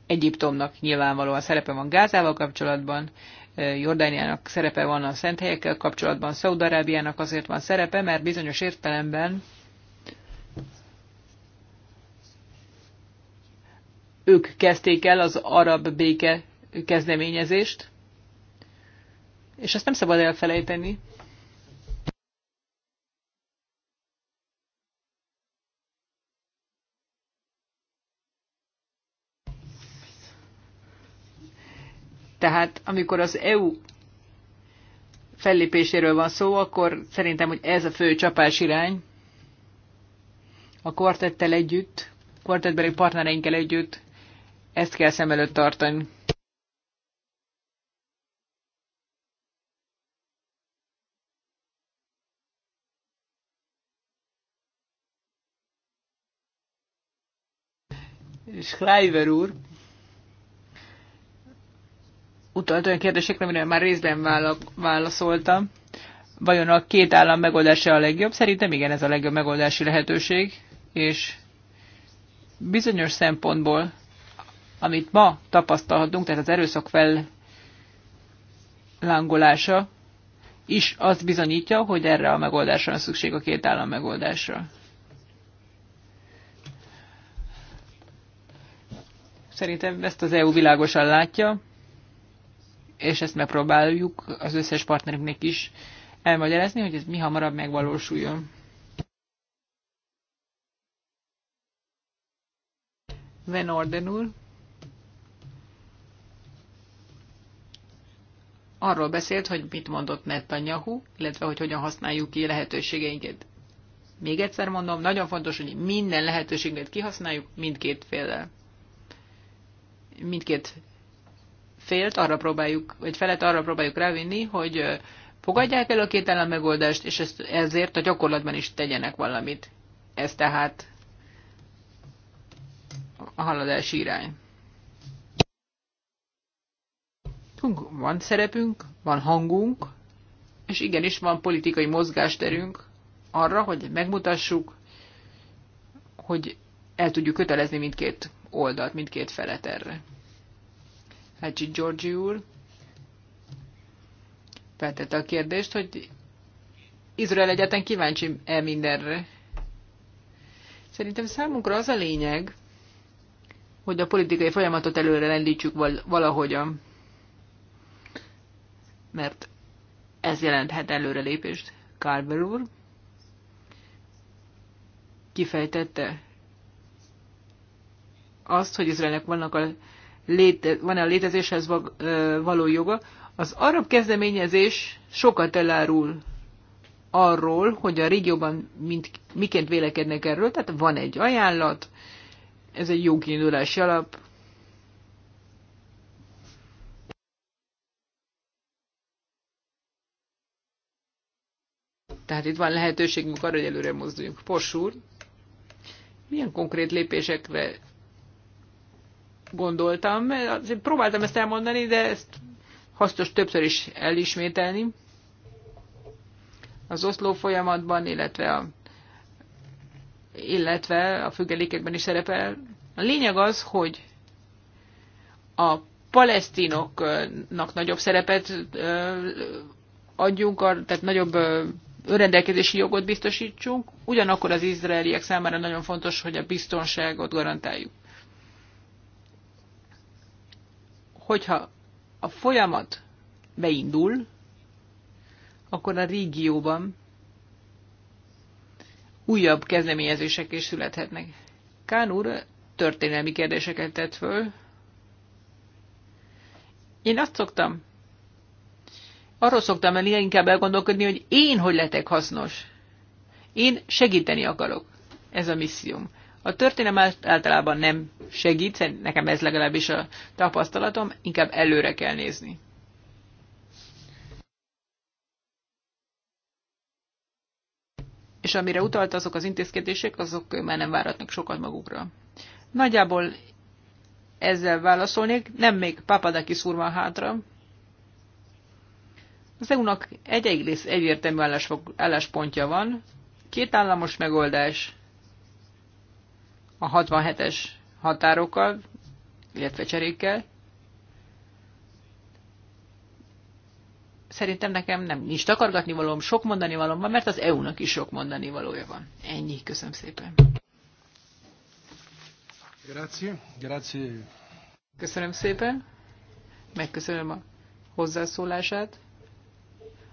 Egyiptomnak nyilvánvalóan szerepe van Gázával kapcsolatban, Jordániának szerepe van a szent helyekkel kapcsolatban, Szaudarábiának azért van szerepe, mert bizonyos értelemben ők kezdték el az arab béke kezdeményezést, és ezt nem szabad elfelejteni. Tehát amikor az EU fellépéséről van szó, akkor szerintem, hogy ez a fő csapás irány a kvartettel együtt, kvartettbeli partnereinkkel együtt, ezt kell szem előtt tartani. Schreiber úr utalt olyan kérdésekre, amire már részben válaszoltam. Vajon a két állam megoldása a legjobb? Szerintem igen, ez a legjobb megoldási lehetőség, és bizonyos szempontból, amit ma tapasztalhatunk, tehát az erőszak fellángolása, is azt bizonyítja, hogy erre a megoldásra van szükség a két állam megoldásra. Szerintem ezt az EU világosan látja és ezt megpróbáljuk az összes partnerünknek is elmagyarázni, hogy ez mi hamarabb megvalósuljon. Van Orden úr arról beszélt, hogy mit mondott Netanyahu, illetve hogy hogyan használjuk ki lehetőségeinket. Még egyszer mondom, nagyon fontos, hogy minden lehetőséget kihasználjuk mindkét féllel. Mindkét félt arra próbáljuk, vagy felet arra próbáljuk rávinni, hogy fogadják el a két állam megoldást, és ezt, ezért a gyakorlatban is tegyenek valamit. Ez tehát a haladási irány. Van szerepünk, van hangunk, és igenis van politikai mozgásterünk arra, hogy megmutassuk, hogy el tudjuk kötelezni mindkét oldalt, mindkét felet erre. Hácsi Georgi úr feltette a kérdést, hogy Izrael egyáltalán kíváncsi-e mindenre. Szerintem számunkra az a lényeg, hogy a politikai folyamatot előre val- valahogyan. Mert ez jelenthet előrelépést. Carver úr kifejtette azt, hogy Izraelnek vannak a léte, van-e a létezéshez való joga. Az arab kezdeményezés sokat elárul arról, hogy a régióban mint, miként vélekednek erről, tehát van egy ajánlat, ez egy jó kiindulási alap. Tehát itt van lehetőségünk arra, hogy előre mozduljunk. Porsúr, milyen konkrét lépésekre gondoltam. Azért próbáltam ezt elmondani, de ezt hasznos többször is elismételni. Az oszló folyamatban, illetve a, illetve a függelékekben is szerepel. A lényeg az, hogy a palesztinoknak nagyobb szerepet adjunk, tehát nagyobb önrendelkezési jogot biztosítsunk, ugyanakkor az izraeliek számára nagyon fontos, hogy a biztonságot garantáljuk. hogyha a folyamat beindul, akkor a régióban újabb kezdeményezések is születhetnek. Kán úr történelmi kérdéseket tett föl. Én azt szoktam, arról szoktam el inkább elgondolkodni, hogy én hogy letek hasznos. Én segíteni akarok. Ez a misszióm. A történelem általában nem segít, nekem ez legalábbis a tapasztalatom, inkább előre kell nézni. És amire utalt azok az intézkedések, azok már nem váratnak sokat magukra. Nagyjából ezzel válaszolnék, nem még Papadakis úr van hátra. Az EU-nak egy egész egyértelmű álláspontja van, két államos megoldás, a 67-es határokkal, illetve cserékkel. Szerintem nekem nem nincs takargatni valóm, sok mondani valóm van, mert az EU-nak is sok mondani valója van. Ennyi, köszönöm szépen. Grazie, grazie. Köszönöm szépen. Megköszönöm a hozzászólását.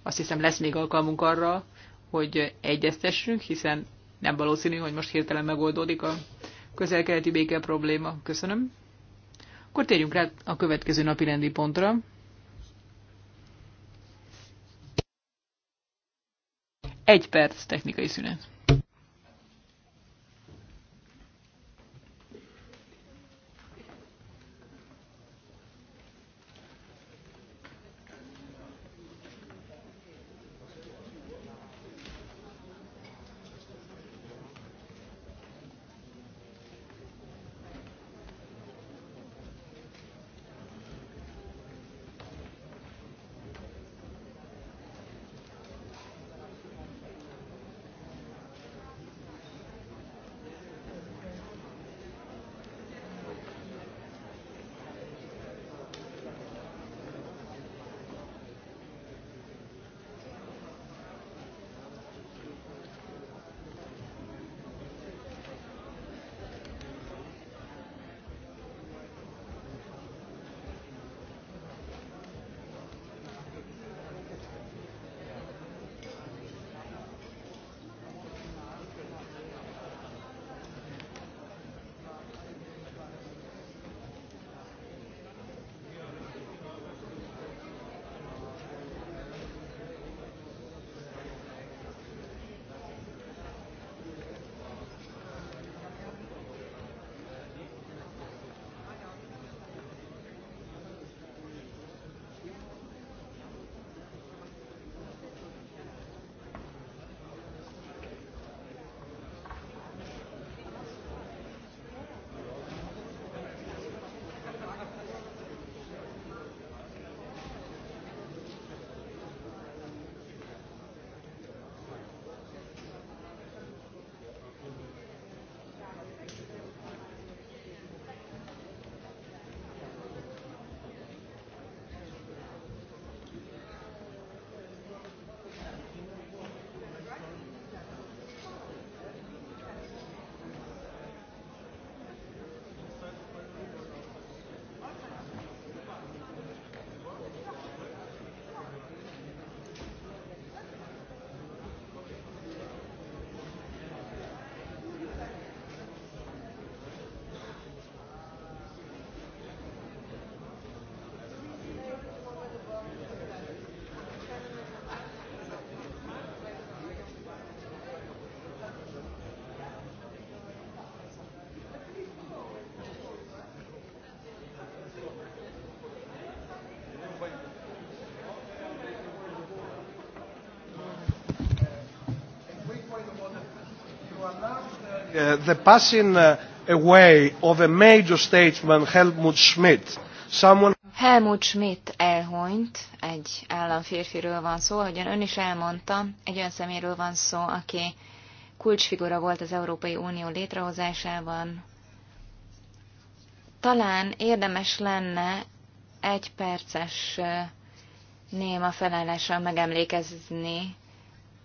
Azt hiszem lesz még alkalmunk arra, hogy egyeztessünk, hiszen nem valószínű, hogy most hirtelen megoldódik a közel-keleti béke probléma. Köszönöm. Akkor térjünk rá a következő napi rendi pontra. Egy perc technikai szünet. Uh, the passing uh, away of a major statesman, Helmut Schmidt, someone... Helmut Schmidt elhunyt, egy államférfiről van szó, ahogyan ön is elmondta, egy olyan szeméről van szó, aki kulcsfigura volt az Európai Unió létrehozásában. Talán érdemes lenne egy perces uh, néma felállással megemlékezni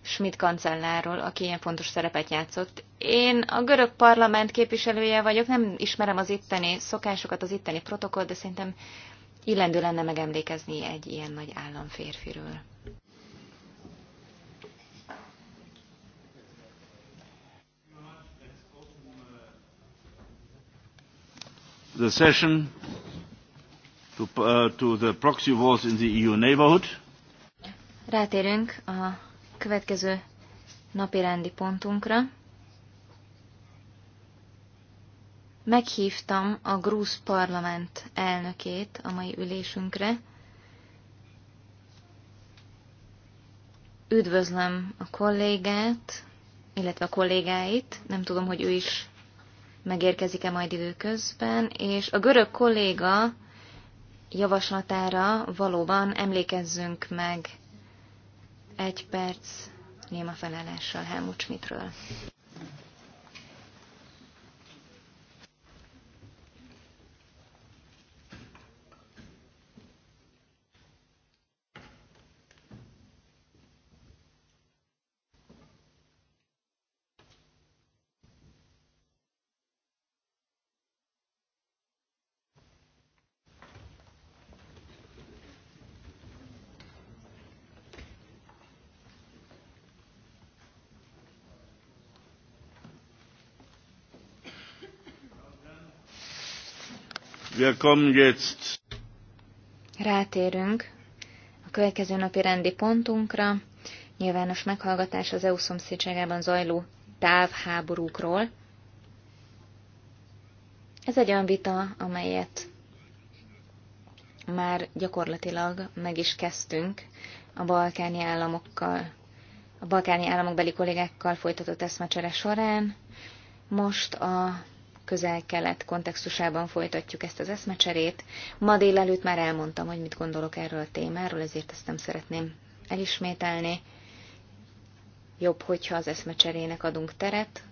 Schmidt kancelláról, aki ilyen fontos szerepet játszott, én a görög parlament képviselője vagyok, nem ismerem az itteni szokásokat, az itteni protokoll, de szerintem illendő lenne megemlékezni egy ilyen nagy államférfiről. The session to, uh, to the proxy wars in the EU neighborhood. Rátérünk a következő napi rendi pontunkra. Meghívtam a grúz parlament elnökét a mai ülésünkre. Üdvözlöm a kollégát, illetve a kollégáit, nem tudom, hogy ő is megérkezik-e majd időközben, és a görög kolléga javaslatára valóban emlékezzünk meg egy perc néma felelással Helmut Schmidtről. Wir kommen jetzt. Rátérünk a következő napi rendi pontunkra. Nyilvános meghallgatás az EU szomszédságában zajló távháborúkról. Ez egy olyan vita, amelyet már gyakorlatilag meg is kezdtünk a balkáni államokkal, a balkáni államokbeli kollégákkal folytatott eszmecsere során. Most a közel-kelet kontextusában folytatjuk ezt az eszmecserét. Ma délelőtt már elmondtam, hogy mit gondolok erről a témáról, ezért ezt nem szeretném elismételni. Jobb, hogyha az eszmecserének adunk teret,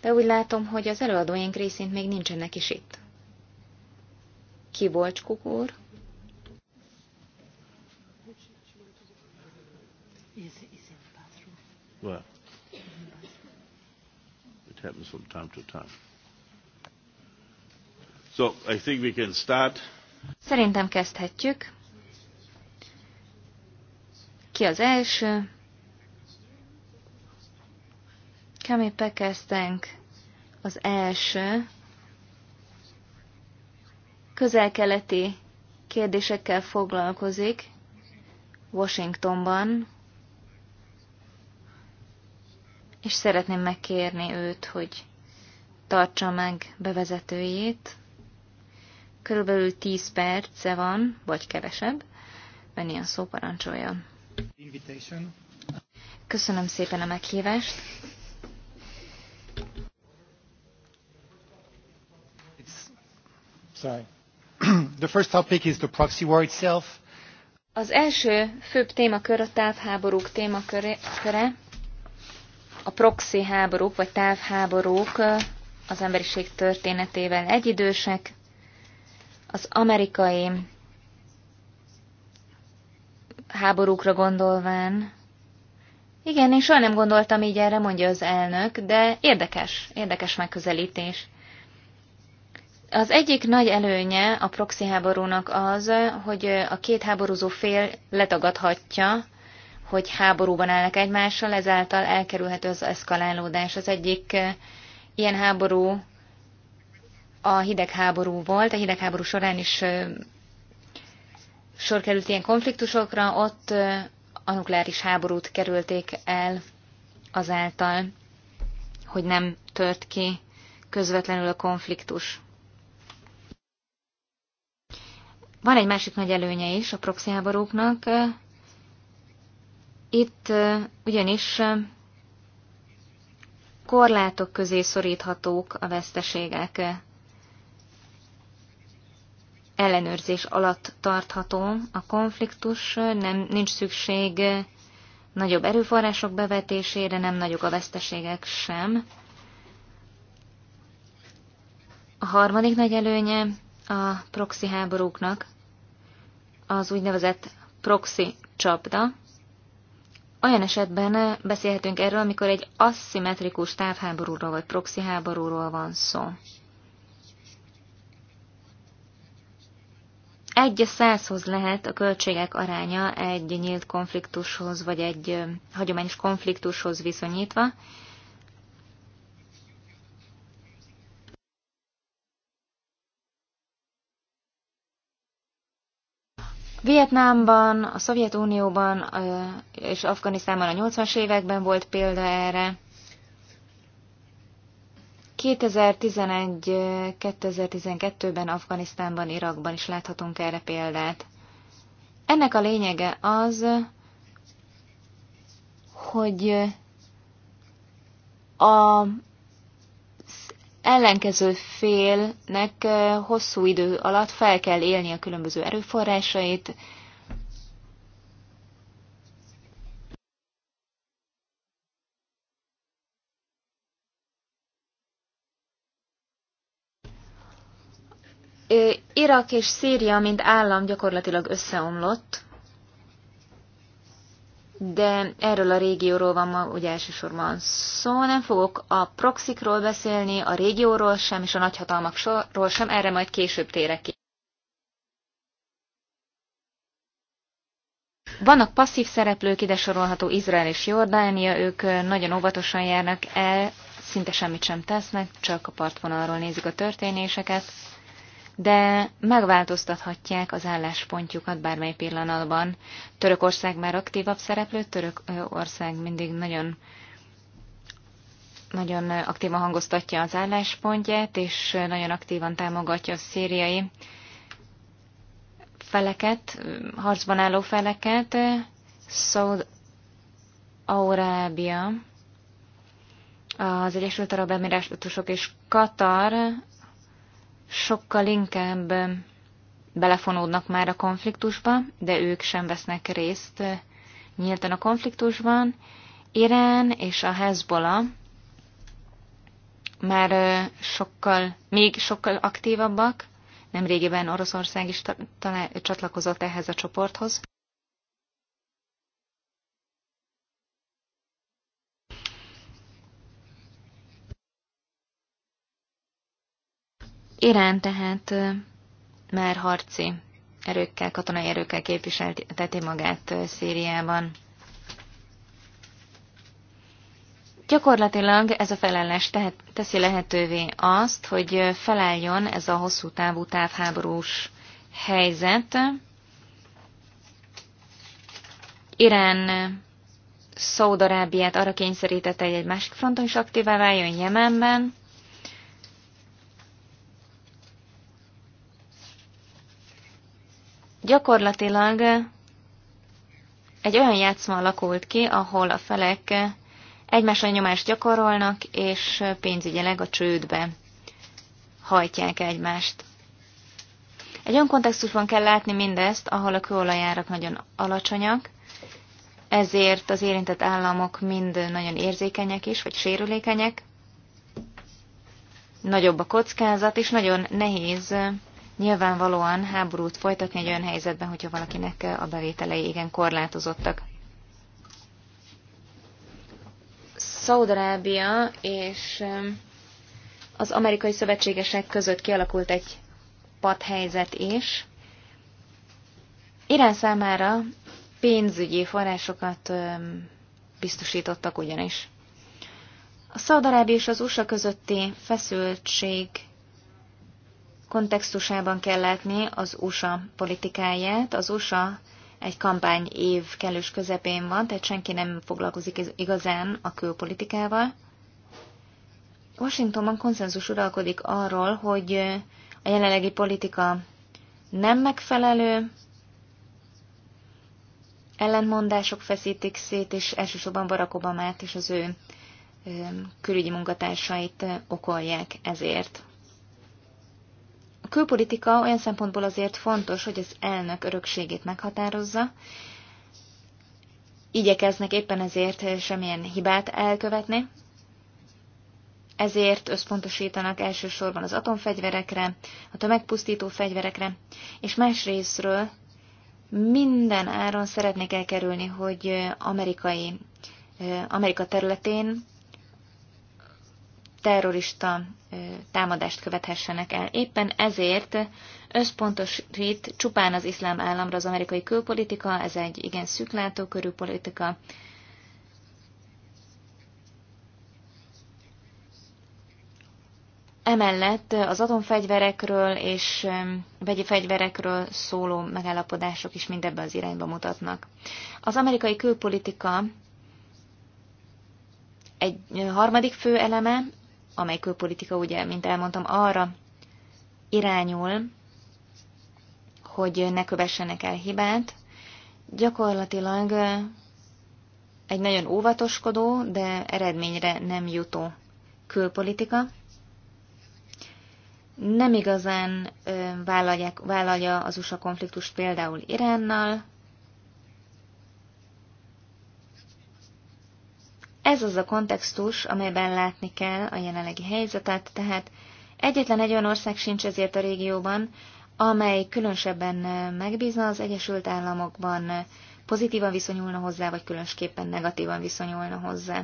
de úgy látom, hogy az előadóink részint még nincsenek is itt. volt, kukúr? Well, it happens from time to time. So, I think we can start. Szerintem kezdhetjük. Ki az első? Kemi Pekesztenk az első közel-keleti kérdésekkel foglalkozik Washingtonban, és szeretném megkérni őt, hogy tartsa meg bevezetőjét. Körülbelül 10 perce van, vagy kevesebb. Benni a szó parancsolja. Invitation. Köszönöm szépen a meghívást. It's... Sorry. the first topic is the proxy war itself. Az első főbb témakör a távháborúk témaköre, a proxy háborúk vagy távháborúk az emberiség történetével egyidősek. Az amerikai háborúkra gondolván. Igen, én soha nem gondoltam így erre, mondja az elnök, de érdekes, érdekes megközelítés. Az egyik nagy előnye a proxy háborúnak az, hogy a két háborúzó fél letagadhatja, hogy háborúban állnak egymással, ezáltal elkerülhető az eszkalálódás. Az egyik eh, ilyen háború a hidegháború volt, a hidegháború során is sor került ilyen konfliktusokra, ott a nukleáris háborút kerülték el azáltal, hogy nem tört ki közvetlenül a konfliktus. Van egy másik nagy előnye is a proxy háborúknak. Itt ugyanis korlátok közé szoríthatók a veszteségek ellenőrzés alatt tartható a konfliktus, nem, nincs szükség nagyobb erőforrások bevetésére, nem nagyok a veszteségek sem. A harmadik nagy előnye a proxy háborúknak az úgynevezett proxy csapda. Olyan esetben beszélhetünk erről, amikor egy aszimmetrikus távháborúról vagy proxy háborúról van szó. Egy a százhoz lehet a költségek aránya egy nyílt konfliktushoz, vagy egy hagyományos konfliktushoz viszonyítva. Vietnámban, a Szovjetunióban és Afganisztánban a 80-as években volt példa erre. 2011-2012-ben Afganisztánban, Irakban is láthatunk erre példát. Ennek a lényege az, hogy a ellenkező félnek hosszú idő alatt fel kell élni a különböző erőforrásait, Irak és Szíria, mint állam gyakorlatilag összeomlott, de erről a régióról van ma ugye elsősorban szó. Nem fogok a proxikról beszélni, a régióról sem, és a nagyhatalmakról sem, erre majd később térek ki. Vannak passzív szereplők, ide sorolható Izrael és Jordánia, ők nagyon óvatosan járnak el, szinte semmit sem tesznek, csak a partvonalról nézik a történéseket de megváltoztathatják az álláspontjukat bármely pillanatban. Törökország már aktívabb szereplő, Törökország mindig nagyon nagyon aktívan hangoztatja az álláspontját, és nagyon aktívan támogatja a szíriai feleket, harcban álló feleket. Saud Aurábia, az Egyesült Arab Emirátusok és Katar sokkal inkább belefonódnak már a konfliktusba, de ők sem vesznek részt nyíltan a konfliktusban. Irán és a Hezbollah már sokkal, még sokkal aktívabbak, nemrégiben Oroszország is csatlakozott ehhez a csoporthoz. Irán tehát már harci erőkkel, katonai erőkkel képviselteti magát Szíriában. Gyakorlatilag ez a felállás tehet, teszi lehetővé azt, hogy felálljon ez a hosszú távú távháborús helyzet. Irán Szaudarábiát arra kényszerítette, hogy egy másik fronton is aktívá váljon Jemenben, Gyakorlatilag egy olyan játszma alakult ki, ahol a felek egymásra nyomást gyakorolnak, és pénzügyileg a csődbe hajtják egymást. Egy olyan kontextusban kell látni mindezt, ahol a kőolajárak nagyon alacsonyak, ezért az érintett államok mind nagyon érzékenyek is, vagy sérülékenyek, nagyobb a kockázat, és nagyon nehéz nyilvánvalóan háborút folytatni egy olyan helyzetben, hogyha valakinek a bevételei igen korlátozottak. Szaudarábia és um, az amerikai szövetségesek között kialakult egy padhelyzet is. Irán számára pénzügyi forrásokat um, biztosítottak ugyanis. A Szaudarábia és az USA közötti feszültség kontextusában kell látni az USA politikáját. Az USA egy kampány év kellős közepén van, tehát senki nem foglalkozik igazán a külpolitikával. Washingtonban konszenzus uralkodik arról, hogy a jelenlegi politika nem megfelelő, ellentmondások feszítik szét, és elsősorban Barack Obamát és az ő külügyi munkatársait okolják ezért külpolitika olyan szempontból azért fontos, hogy az elnök örökségét meghatározza. Igyekeznek éppen ezért semmilyen hibát elkövetni. Ezért összpontosítanak elsősorban az atomfegyverekre, a tömegpusztító fegyverekre, és más részről minden áron szeretnék elkerülni, hogy amerikai, eh, Amerika területén terrorista támadást követhessenek el. Éppen ezért összpontosít csupán az iszlám államra az amerikai külpolitika, ez egy igen szűk politika. Emellett az atomfegyverekről és vegyi fegyverekről szóló megállapodások is mindebbe az irányba mutatnak. Az amerikai külpolitika egy harmadik fő eleme amely külpolitika ugye, mint elmondtam, arra irányul, hogy ne kövessenek el hibát, gyakorlatilag egy nagyon óvatoskodó, de eredményre nem jutó külpolitika. Nem igazán vállalja, az USA konfliktust például Iránnal, Ez az a kontextus, amelyben látni kell a jelenlegi helyzetet, tehát egyetlen egy olyan ország sincs ezért a régióban, amely különösebben megbízna az Egyesült Államokban, pozitívan viszonyulna hozzá, vagy különösképpen negatívan viszonyulna hozzá.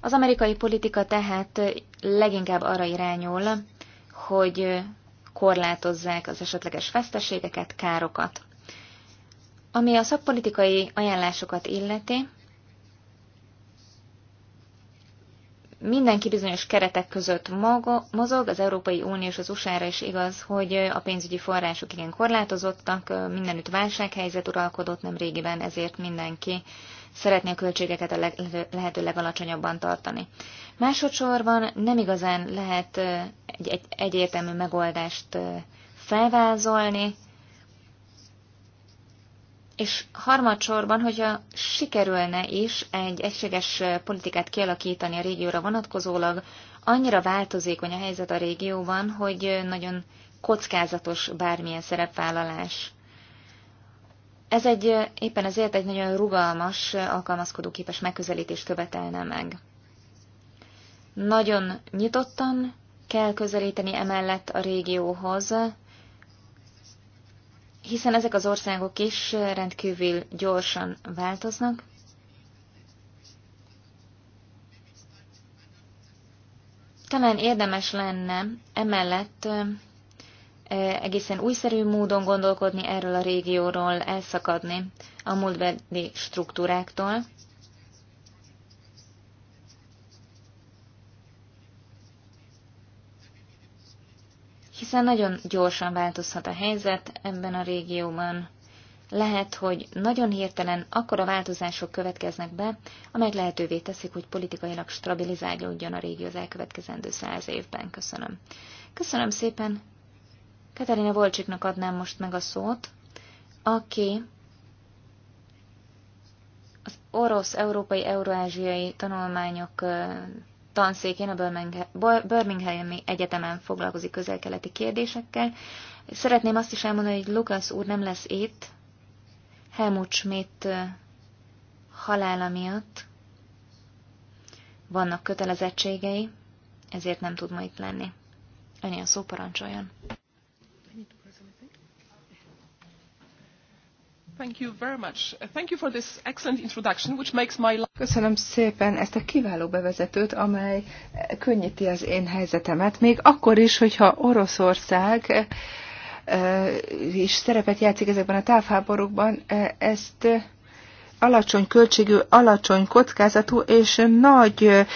Az amerikai politika tehát leginkább arra irányul, hogy korlátozzák az esetleges veszteségeket, károkat. Ami a szakpolitikai ajánlásokat illeti, mindenki bizonyos keretek között mozog, az Európai Unió és az USA-ra is igaz, hogy a pénzügyi források igen korlátozottak, mindenütt válsághelyzet uralkodott nem régiben, ezért mindenki szeretné a költségeket a leg, lehető legalacsonyabban tartani. Másodszorban nem igazán lehet egy, egy egyértelmű megoldást felvázolni, és harmadsorban, hogyha sikerülne is egy egységes politikát kialakítani a régióra vonatkozólag, annyira változékony a helyzet a régióban, hogy nagyon kockázatos bármilyen szerepvállalás. Ez egy, éppen ezért egy nagyon rugalmas, alkalmazkodóképes megközelítést követelne meg. Nagyon nyitottan kell közelíteni emellett a régióhoz, hiszen ezek az országok is rendkívül gyorsan változnak. Talán érdemes lenne emellett egészen újszerű módon gondolkodni erről a régióról, elszakadni a múltbeli struktúráktól. Hiszen nagyon gyorsan változhat a helyzet ebben a régióban. Lehet, hogy nagyon hirtelen akkora változások következnek be, amelyek lehetővé teszik, hogy politikailag stabilizálódjon a régió az elkövetkezendő száz évben. Köszönöm. Köszönöm szépen, Katarina Volcsiknak adnám most meg a szót, aki az orosz-európai euróázsiai tanulmányok tanszékén a Birminghami Egyetemen foglalkozik közel-keleti kérdésekkel. Szeretném azt is elmondani, hogy Lukasz úr nem lesz itt Helmut Schmidt halála miatt. Vannak kötelezettségei, ezért nem tud ma itt lenni. a szó parancsoljon. Köszönöm szépen ezt a kiváló bevezetőt, amely könnyíti az én helyzetemet, még akkor is, hogyha Oroszország eh, eh, is szerepet játszik ezekben a távháborúkban, eh, ezt alacsony költségű, alacsony kockázatú és nagy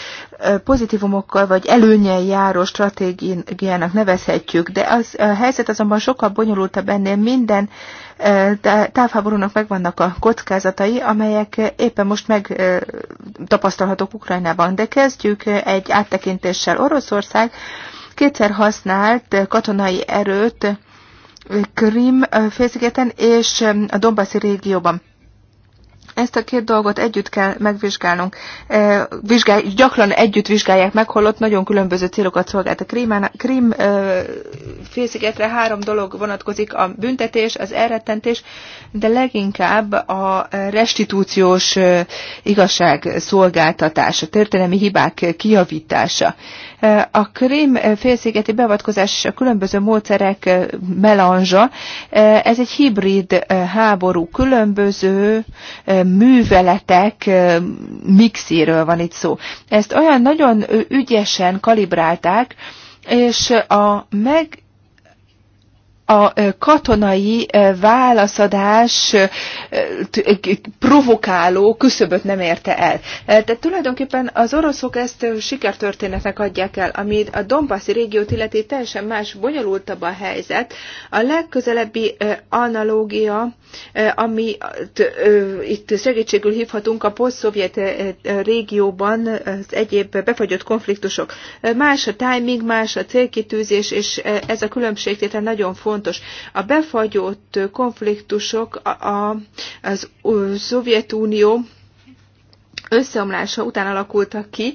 pozitívumokkal vagy előnyel járó stratégiának nevezhetjük, de az, a helyzet azonban sokkal bonyolultabb ennél minden távháborúnak megvannak a kockázatai, amelyek éppen most megtapasztalhatók Ukrajnában. De kezdjük egy áttekintéssel. Oroszország kétszer használt katonai erőt Krim félszigeten és a Dombaszi régióban. Ezt a két dolgot együtt kell megvizsgálnunk. E, vizsgál, gyakran együtt vizsgálják meg, holott nagyon különböző célokat szolgált a Krímán, Krím e, félszigetre három dolog vonatkozik, a büntetés, az elrettentés, de leginkább a restitúciós e, igazságszolgáltatás, a történelmi hibák kiavítása. A Krém félszigeti beavatkozás a különböző módszerek melanzsa, ez egy hibrid háború, különböző műveletek mixéről van itt szó. Ezt olyan nagyon ügyesen kalibrálták, és a meg a katonai válaszadás provokáló küszöböt nem érte el. Tehát tulajdonképpen az oroszok ezt sikertörténetnek adják el, ami a Donbassi régiót illeti teljesen más, bonyolultabb a helyzet. A legközelebbi analógia, ami itt segítségül hívhatunk a poszt régióban az egyéb befagyott konfliktusok. Más a timing, más a célkitűzés, és ez a különbségtétel nagyon fontos fontos. A befagyott konfliktusok a, a, az Szovjetunió összeomlása után alakultak ki,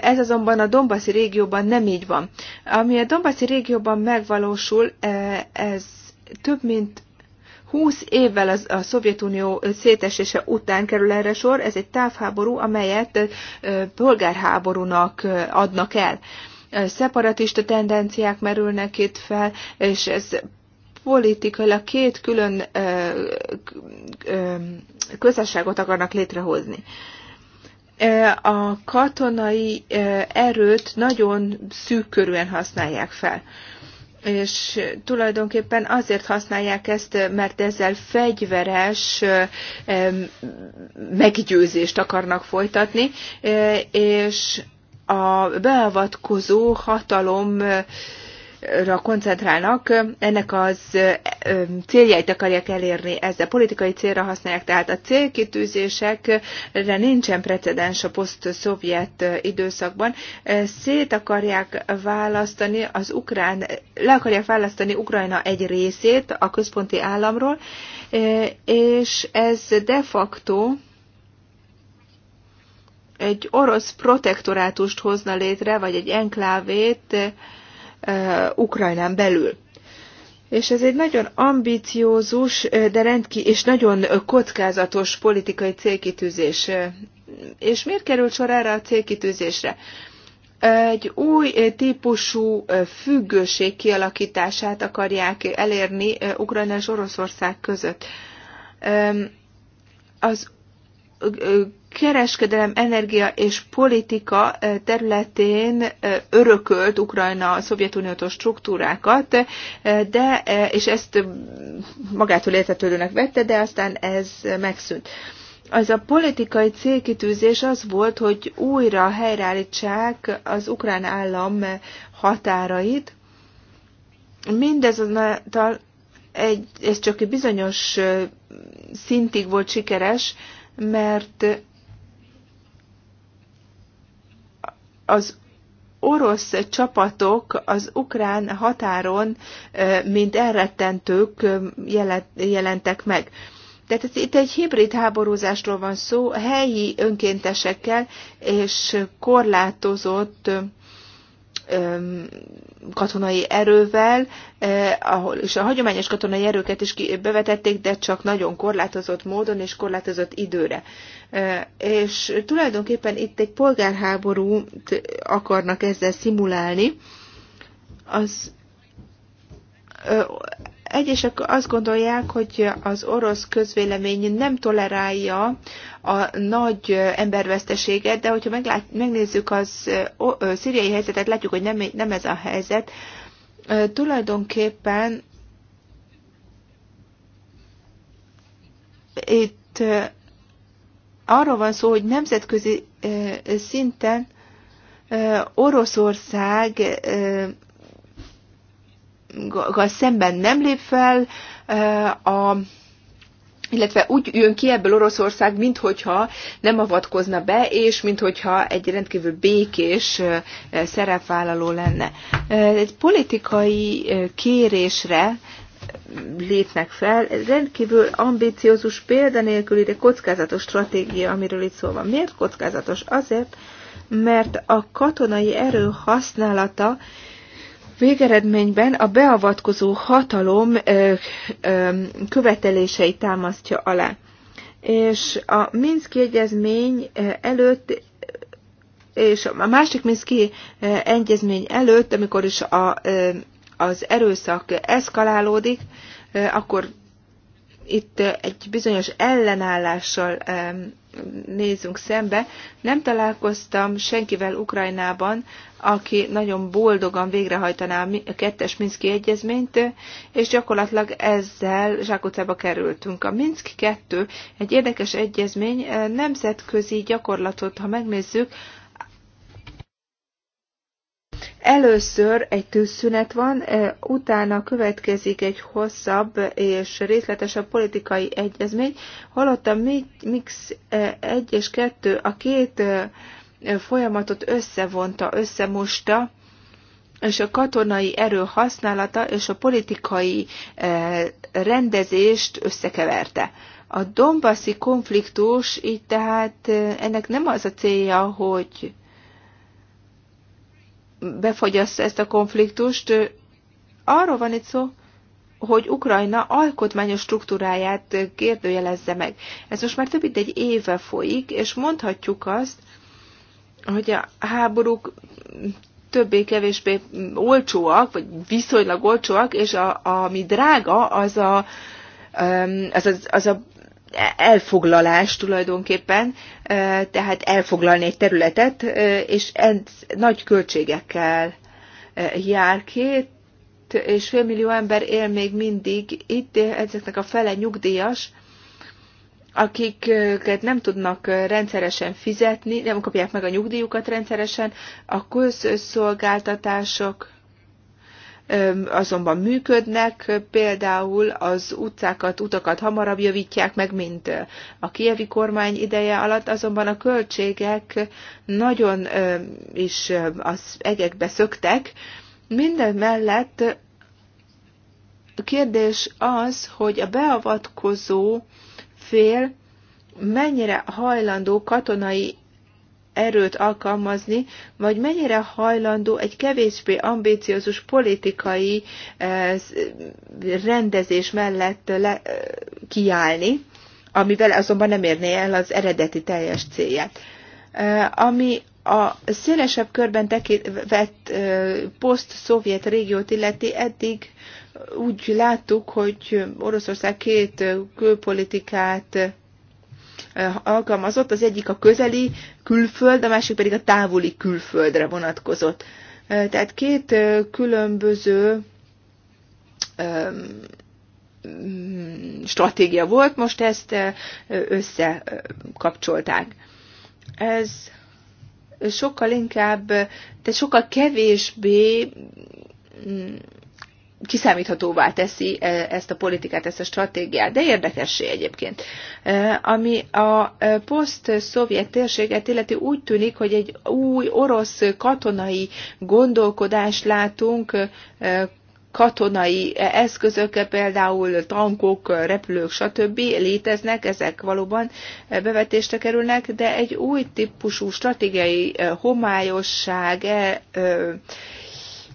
ez azonban a Dombaszi régióban nem így van. Ami a Dombaszi régióban megvalósul, ez több mint 20 évvel az, a Szovjetunió szétesése után kerül erre sor, ez egy távháború, amelyet polgárháborúnak adnak el szeparatista tendenciák merülnek itt fel, és ez politikailag két külön közösségot akarnak létrehozni a katonai erőt nagyon szűk körűen használják fel. És tulajdonképpen azért használják ezt, mert ezzel fegyveres meggyőzést akarnak folytatni, és a beavatkozó hatalomra koncentrálnak, ennek az céljait akarják elérni, ezzel politikai célra használják, tehát a célkitűzésekre nincsen precedens a poszt-szovjet időszakban. Szét akarják választani az ukrán, le akarják választani Ukrajna egy részét a központi államról, és ez de facto egy orosz protektorátust hozna létre, vagy egy enklávét eh, Ukrajnán belül. És ez egy nagyon ambiciózus, eh, de rendki és nagyon kockázatos politikai célkitűzés. Eh, és miért került sor erre a célkitűzésre? Egy új típusú függőség kialakítását akarják elérni Ukrajna és Oroszország között. Az kereskedelem, energia és politika területén örökölt Ukrajna a Szovjetuniótól struktúrákat, de, és ezt magától értetődőnek vette, de aztán ez megszűnt. Az a politikai célkitűzés az volt, hogy újra helyreállítsák az ukrán állam határait. Mindez egy, ez csak egy bizonyos szintig volt sikeres, mert az orosz csapatok az ukrán határon, mint elrettentők jelentek meg. Tehát itt egy hibrid háborúzásról van szó, helyi önkéntesekkel és korlátozott katonai erővel, ahol és a hagyományos katonai erőket is bevetették, de csak nagyon korlátozott módon és korlátozott időre. És tulajdonképpen itt egy polgárháborút akarnak ezzel szimulálni. Az Egyesek azt gondolják, hogy az orosz közvélemény nem tolerálja a nagy emberveszteséget, de hogyha meglát, megnézzük az szíriai helyzetet, látjuk, hogy nem, nem ez a helyzet. Tulajdonképpen itt arról van szó, hogy nemzetközi szinten Oroszország szemben nem lép fel, eh, a, illetve úgy jön ki ebből Oroszország, minthogyha nem avatkozna be, és minthogyha egy rendkívül békés eh, szerepvállaló lenne. Eh, egy politikai kérésre lépnek fel. Ez rendkívül ambiciózus, példanélküli, de kockázatos stratégia, amiről itt szó van. Miért kockázatos? Azért, mert a katonai erő használata Végeredményben a beavatkozó hatalom követelései támasztja alá. És a Minszki Egyezmény előtt és a másik Minszki Egyezmény előtt, amikor is a, az erőszak eszkalálódik, akkor itt egy bizonyos ellenállással nézzünk szembe. Nem találkoztam senkivel Ukrajnában, aki nagyon boldogan végrehajtaná a kettes Minszki egyezményt, és gyakorlatilag ezzel zsákutcába kerültünk. A Minszki 2 egy érdekes egyezmény, nemzetközi gyakorlatot, ha megnézzük, Először egy tűzszünet van, utána következik egy hosszabb és részletesebb politikai egyezmény, holott a Mix 1 és 2 a két folyamatot összevonta, összemosta, és a katonai erő használata és a politikai rendezést összekeverte. A dombaszi konfliktus így tehát ennek nem az a célja, hogy befogyaszt ezt a konfliktust. Arról van itt szó, hogy Ukrajna alkotmányos struktúráját kérdőjelezze meg. Ez most már több mint egy éve folyik, és mondhatjuk azt, hogy a háborúk többé-kevésbé olcsóak, vagy viszonylag olcsóak, és a, ami drága, az a, az, az, az a elfoglalás tulajdonképpen, tehát elfoglalni egy területet, és ez nagy költségekkel jár két és fél millió ember él még mindig itt, ezeknek a fele nyugdíjas, akiket nem tudnak rendszeresen fizetni, nem kapják meg a nyugdíjukat rendszeresen, a közszolgáltatások azonban működnek, például az utcákat, utakat hamarabb javítják meg, mint a kievi kormány ideje alatt, azonban a költségek nagyon is az egekbe szöktek. Minden mellett a kérdés az, hogy a beavatkozó fél mennyire hajlandó katonai erőt alkalmazni, vagy mennyire hajlandó egy kevésbé ambíciózus politikai eh, rendezés mellett le, eh, kiállni, amivel azonban nem érné el az eredeti teljes célját. Eh, ami a szélesebb körben vett poszt-szovjet régiót illeti eddig úgy láttuk, hogy Oroszország két külpolitikát alkalmazott, az egyik a közeli külföld, a másik pedig a távoli külföldre vonatkozott. Tehát két különböző mm, stratégia volt, most ezt összekapcsolták. Ez sokkal inkább, de sokkal kevésbé mm, kiszámíthatóvá teszi e, ezt a politikát, ezt a stratégiát, de érdekessé egyébként. E, ami a e, poszt-szovjet térséget illeti úgy tűnik, hogy egy új orosz katonai gondolkodást látunk, katonai eszközök, például tankok, repülők, stb. léteznek, ezek valóban bevetésre kerülnek, de egy új típusú stratégiai homályosság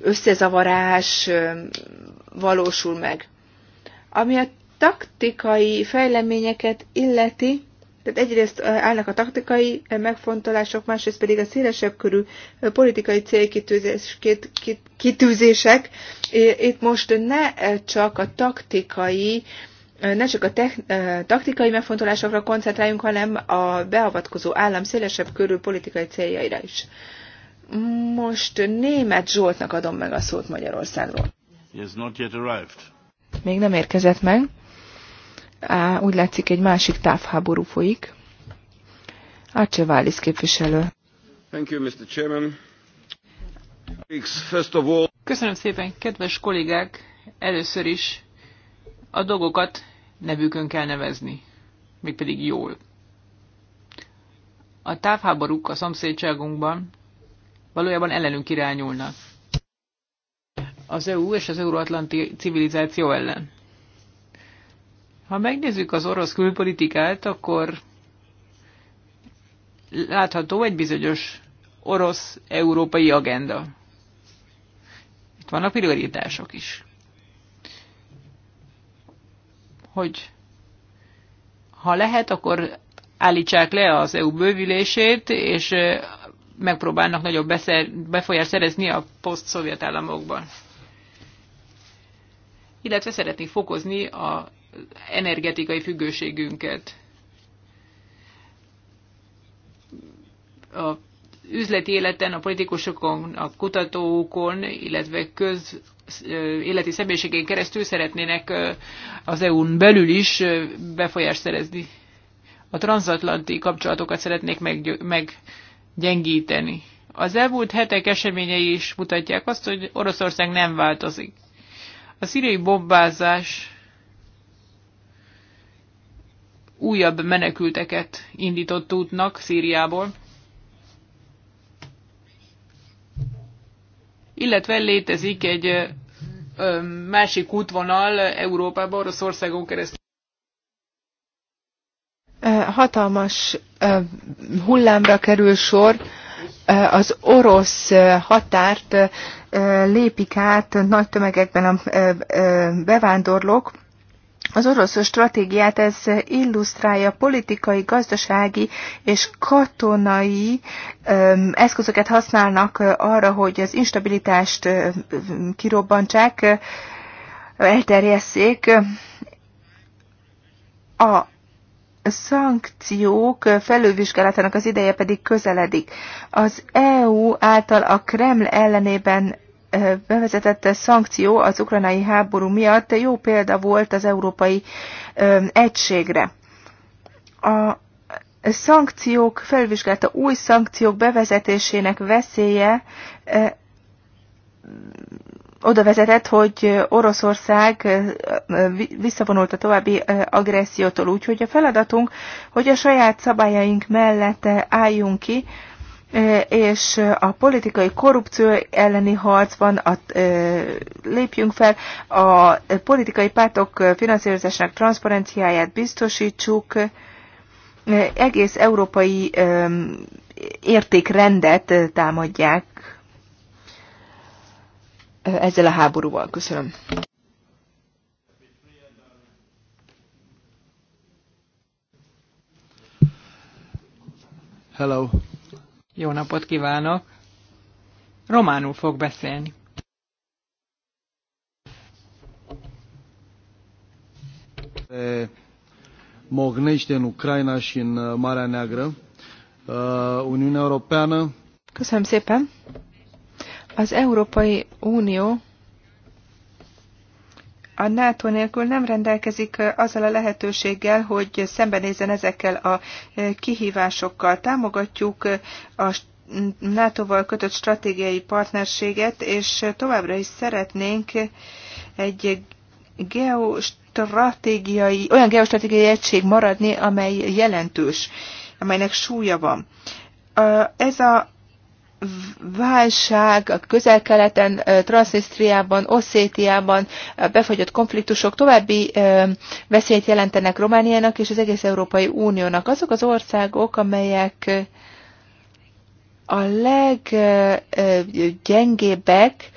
összezavarás valósul meg. Ami a taktikai fejleményeket illeti, tehát egyrészt állnak a taktikai megfontolások, másrészt pedig a szélesebb körű politikai célkitűzések. Itt most ne csak a taktikai ne csak a taktikai megfontolásokra koncentráljunk, hanem a beavatkozó állam szélesebb körű politikai céljaira is. Most német Zsoltnak adom meg a szót Magyarországról. Még nem érkezett meg. Á, úgy látszik, egy másik távháború folyik. Ácsa Válisz képviselő. Thank you, Mr. Chairman. First of all... Köszönöm szépen, kedves kollégák! Először is a dolgokat nevükön kell nevezni, mégpedig jól. A távháborúk a szomszédságunkban valójában ellenünk irányulnak. Az EU és az euróatlanti civilizáció ellen. Ha megnézzük az orosz külpolitikát, akkor látható egy bizonyos orosz-európai agenda. Itt vannak prioritások is. Hogy ha lehet, akkor állítsák le az EU bővülését, és megpróbálnak nagyobb befolyást szerezni a poszt-szovjet államokban. Illetve szeretnék fokozni az energetikai függőségünket. A üzleti életen, a politikusokon, a kutatókon, illetve köz életi személyiségén keresztül szeretnének az EU-n belül is befolyást szerezni. A transatlanti kapcsolatokat szeretnék meg, meg gyengíteni. Az elmúlt hetek eseményei is mutatják azt, hogy Oroszország nem változik. A szíriai bombázás újabb menekülteket indított útnak Szíriából, illetve létezik egy másik útvonal Európába, Oroszországon keresztül. Hatalmas hullámra kerül sor, az orosz határt lépik át nagy tömegekben a bevándorlók. Az orosz stratégiát ez illusztrálja politikai, gazdasági és katonai eszközöket használnak arra, hogy az instabilitást kirobbantsák, elterjesszék. A szankciók felülvizsgálatának az ideje pedig közeledik. Az EU által a Kreml ellenében bevezetett szankció az ukrajnai háború miatt jó példa volt az európai egységre. A szankciók felvizsgálta új szankciók bevezetésének veszélye oda vezetett, hogy Oroszország visszavonult a további agressziótól. Úgyhogy a feladatunk, hogy a saját szabályaink mellett álljunk ki, és a politikai korrupció elleni harcban a, lépjünk fel, a politikai pártok finanszírozásának transzparenciáját biztosítsuk, egész európai értékrendet támadják ezzel a háborúval. Köszönöm. Hello. Jó napot kívánok. Románul fog beszélni. Eh, Mognește în Ucraina și în uh, Marea Neagră. Uh, Uniunea Europeană. Köszönöm szépen. Az Európai Unió a NATO nélkül nem rendelkezik azzal a lehetőséggel, hogy szembenézzen ezekkel a kihívásokkal. Támogatjuk a NATO-val kötött stratégiai partnerséget, és továbbra is szeretnénk egy geostratégiai, olyan geostratégiai egység maradni, amely jelentős, amelynek súlya van. Ez a válság a közel-keleten, Transnistriában, Oszétiában, a befagyott konfliktusok további veszélyt jelentenek Romániának és az egész Európai Uniónak. Azok az országok, amelyek a leggyengébbek,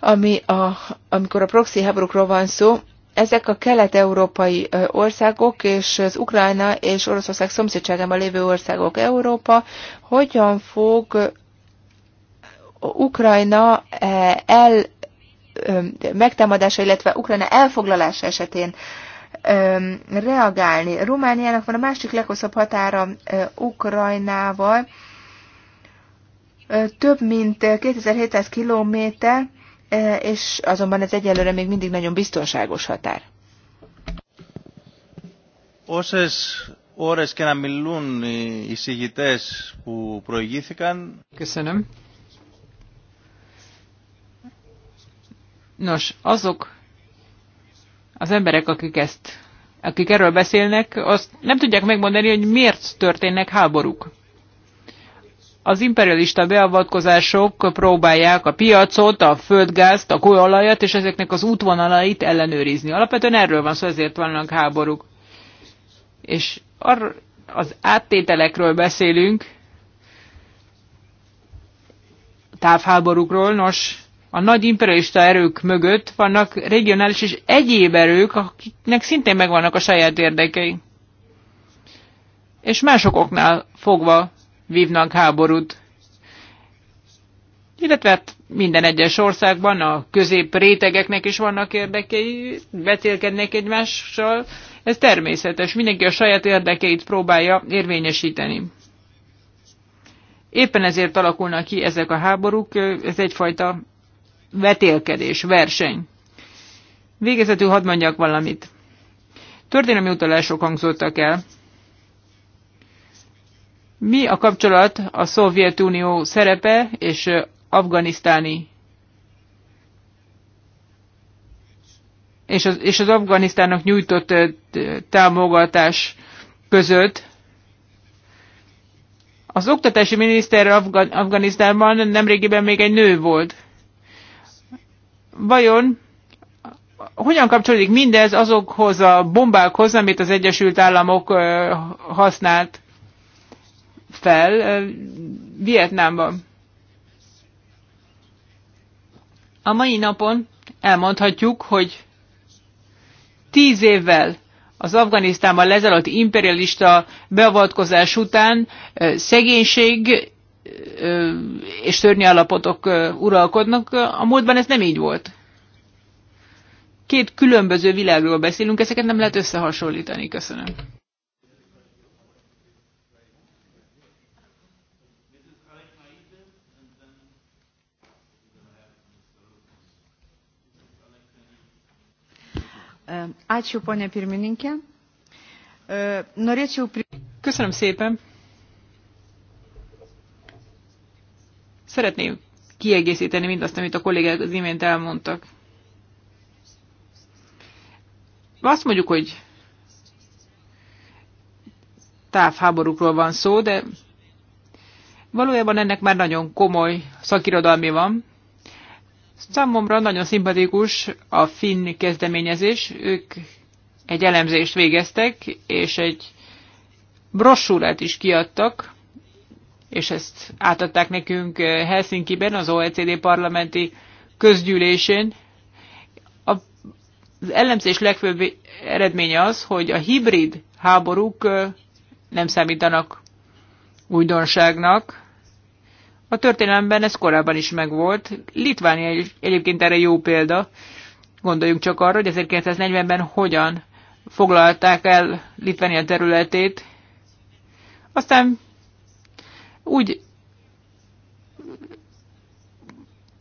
ami a, amikor a proxy háborúkról van szó, ezek a kelet-európai országok és az Ukrajna és Oroszország szomszédságában lévő országok Európa hogyan fog Ukrajna eh, el megtámadása, illetve Ukrajna elfoglalása esetén reagálni. Romániának van a másik leghosszabb határa eh, Ukrajnával, eh, több mint 2700 kilométer, és azonban ez egyelőre még mindig nagyon biztonságos határ. Oszes, ώρες και να μιλούν οι εισηγητές που προηγήθηκαν. Köszönöm. Nos, azok az emberek, akik ezt, akik erről beszélnek, azt nem tudják megmondani, hogy miért történnek háborúk. Az imperialista beavatkozások próbálják a piacot, a földgázt, a kőolajat és ezeknek az útvonalait ellenőrizni. Alapvetően erről van szó, ezért vannak háborúk. És arra, az áttételekről beszélünk, távháborúkról, nos, a nagy imperialista erők mögött vannak regionális és egyéb erők, akiknek szintén megvannak a saját érdekei. És másokoknál fogva vívnak háborút. Illetve hát minden egyes országban a közép rétegeknek is vannak érdekei, vetélkednek egymással. Ez természetes, mindenki a saját érdekeit próbálja érvényesíteni. Éppen ezért alakulnak ki ezek a háborúk, ez egyfajta vetélkedés, verseny. Végezetül hadd mondjak valamit. Történelmi utalások hangzottak el. Mi a kapcsolat a Szovjetunió szerepe és afganisztáni és az, és az Afganisztának nyújtott támogatás között. Az oktatási miniszter Afgan- Afganisztánban nemrégiben még egy nő volt vajon hogyan kapcsolódik mindez azokhoz a bombákhoz, amit az Egyesült Államok használt fel Vietnámban? A mai napon elmondhatjuk, hogy tíz évvel az Afganisztánban lezárt imperialista beavatkozás után szegénység és szörnyű állapotok uralkodnak. A múltban ez nem így volt. Két különböző világról beszélünk, ezeket nem lehet összehasonlítani. Köszönöm. Köszönöm szépen. Szeretném kiegészíteni mindazt, amit a kollégák az imént elmondtak. Azt mondjuk, hogy távháborúkról van szó, de valójában ennek már nagyon komoly szakirodalmi van. Számomra nagyon szimpatikus a finn kezdeményezés. Ők egy elemzést végeztek, és egy brossúrát is kiadtak és ezt átadták nekünk eh, Helsinki-ben, az OECD parlamenti közgyűlésén. Az elemzés legfőbb eredménye az, hogy a hibrid háborúk eh, nem számítanak újdonságnak. A történelemben ez korábban is megvolt. Litvánia egyébként erre jó példa. Gondoljunk csak arra, hogy 1940-ben hogyan foglalták el Litvánia területét. Aztán úgy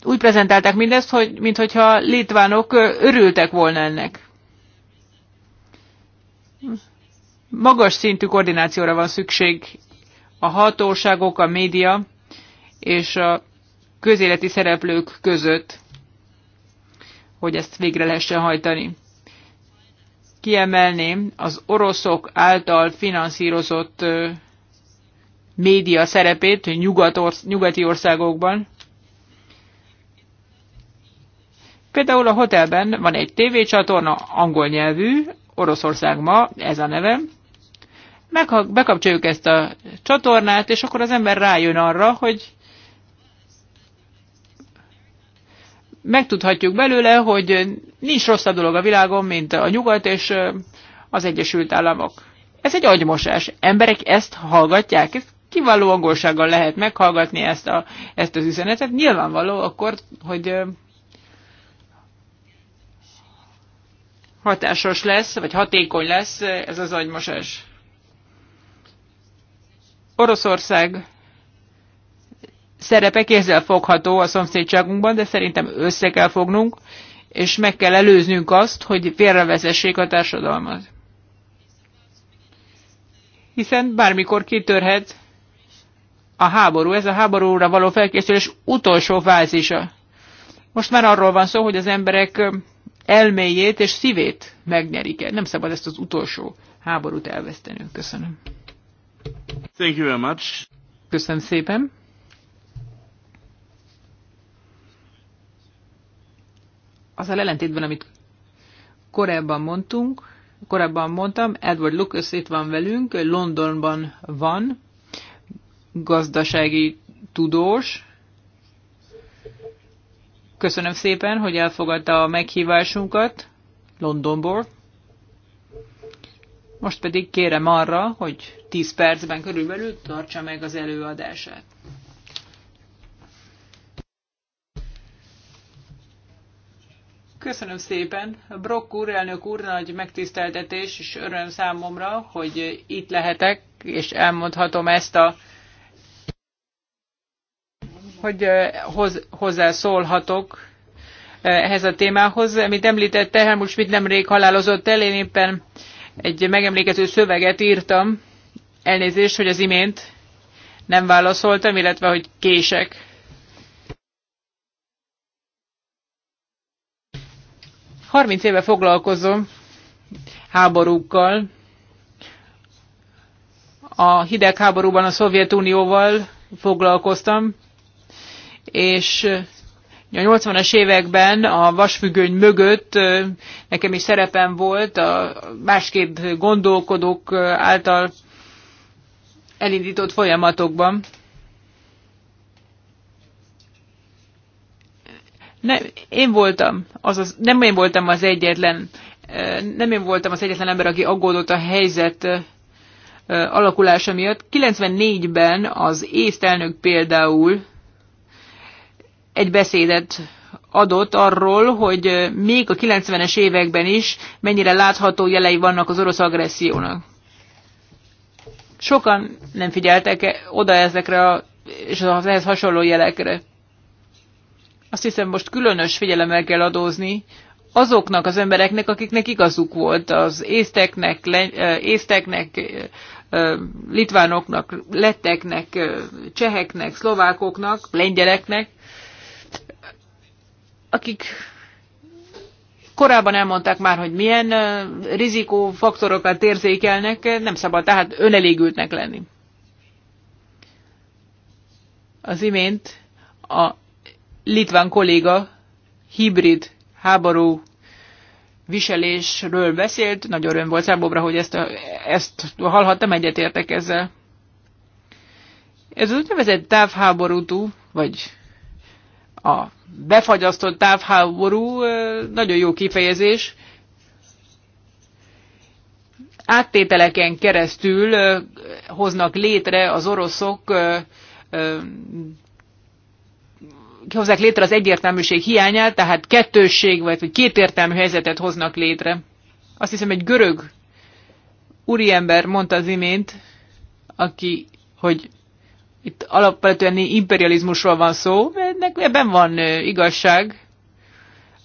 úgy prezentálták mindezt, hogy, minthogyha litvánok örültek volna ennek. Magas szintű koordinációra van szükség a hatóságok, a média és a közéleti szereplők között, hogy ezt végre lehessen hajtani. Kiemelném az oroszok által finanszírozott média szerepét nyugat orsz, nyugati országokban. Például a hotelben van egy tévécsatorna, angol nyelvű, Oroszország ma, ez a neve. Meg, bekapcsoljuk ezt a csatornát, és akkor az ember rájön arra, hogy megtudhatjuk belőle, hogy nincs rosszabb dolog a világon, mint a nyugat és az Egyesült Államok. Ez egy agymosás. Emberek ezt hallgatják, ezt kiváló angolsággal lehet meghallgatni ezt, a, ezt az üzenetet. Nyilvánvaló akkor, hogy hatásos lesz, vagy hatékony lesz ez az agymosás. Oroszország szerepe kézzel fogható a szomszédságunkban, de szerintem össze kell fognunk, és meg kell előznünk azt, hogy félrevezessék a társadalmat. Hiszen bármikor kitörhet a háború. Ez a háborúra való felkészülés utolsó fázisa. Most már arról van szó, hogy az emberek elméjét és szívét megnyerik Nem szabad ezt az utolsó háborút elvesztenünk. Köszönöm. Thank you very much. Köszönöm szépen. Az a ellentétben, amit korábban mondtunk, korábban mondtam, Edward Lucas itt van velünk, Londonban van, gazdasági tudós. Köszönöm szépen, hogy elfogadta a meghívásunkat Londonból. Most pedig kérem arra, hogy 10 percben körülbelül tartsa meg az előadását. Köszönöm szépen. Brock úr, elnök úr, nagy megtiszteltetés és öröm számomra, hogy itt lehetek, és elmondhatom ezt a hogy hoz, hozzászólhatok ehhez a témához. Amit említette, Helmut Schmidt nemrég halálozott el, én éppen egy megemlékező szöveget írtam, elnézést, hogy az imént nem válaszoltam, illetve hogy kések. Harminc éve foglalkozom háborúkkal, a hidegháborúban a Szovjetunióval foglalkoztam, és a 80-as években a vasfüggöny mögött nekem is szerepem volt a másképp gondolkodók által elindított folyamatokban. Nem, én voltam, azaz, nem én voltam az egyetlen, nem én voltam az egyetlen ember, aki aggódott a helyzet alakulása miatt. 94-ben az észtelnök például egy beszédet adott arról, hogy még a 90-es években is mennyire látható jelei vannak az orosz agressziónak. Sokan nem figyeltek oda ezekre a, és az ehhez hasonló jelekre. Azt hiszem most különös figyelemmel kell adózni azoknak az embereknek, akiknek igazuk volt, az észteknek, le, észteknek litvánoknak, letteknek, cseheknek, szlovákoknak, lengyeleknek, akik korábban elmondták már, hogy milyen rizikófaktorokat érzékelnek, nem szabad tehát önelégültnek lenni. Az imént a litván kolléga hibrid háború viselésről beszélt. Nagy öröm volt számomra, hogy ezt, a, ezt hallhattam, egyetértek ezzel. Ez az úgynevezett távháborútú, vagy a befagyasztott távháború nagyon jó kifejezés. Áttételeken keresztül hoznak létre az oroszok hozzák létre az egyértelműség hiányát, tehát kettősség vagy, vagy kétértelmű helyzetet hoznak létre. Azt hiszem, egy görög úriember mondta az imént, aki, hogy itt alapvetően imperializmusról van szó, ennek, ebben van igazság.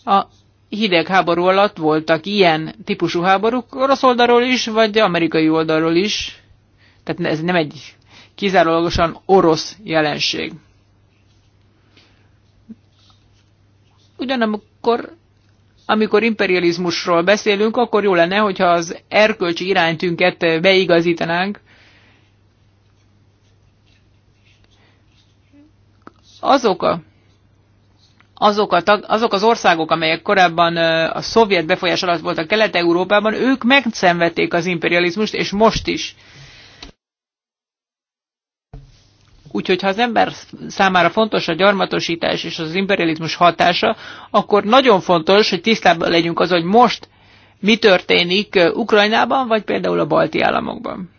A hidegháború alatt voltak ilyen típusú háborúk, orosz oldalról is, vagy amerikai oldalról is. Tehát ez nem egy kizárólagosan orosz jelenség. Ugyanakkor, amikor imperializmusról beszélünk, akkor jó lenne, hogyha az erkölcsi iránytünket beigazítanánk azok a azok, a, azok az országok, amelyek korábban a szovjet befolyás alatt voltak Kelet-Európában, ők megszenvedték az imperializmust, és most is. Úgyhogy ha az ember számára fontos a gyarmatosítás és az imperializmus hatása, akkor nagyon fontos, hogy tisztában legyünk az, hogy most mi történik Ukrajnában, vagy például a balti államokban.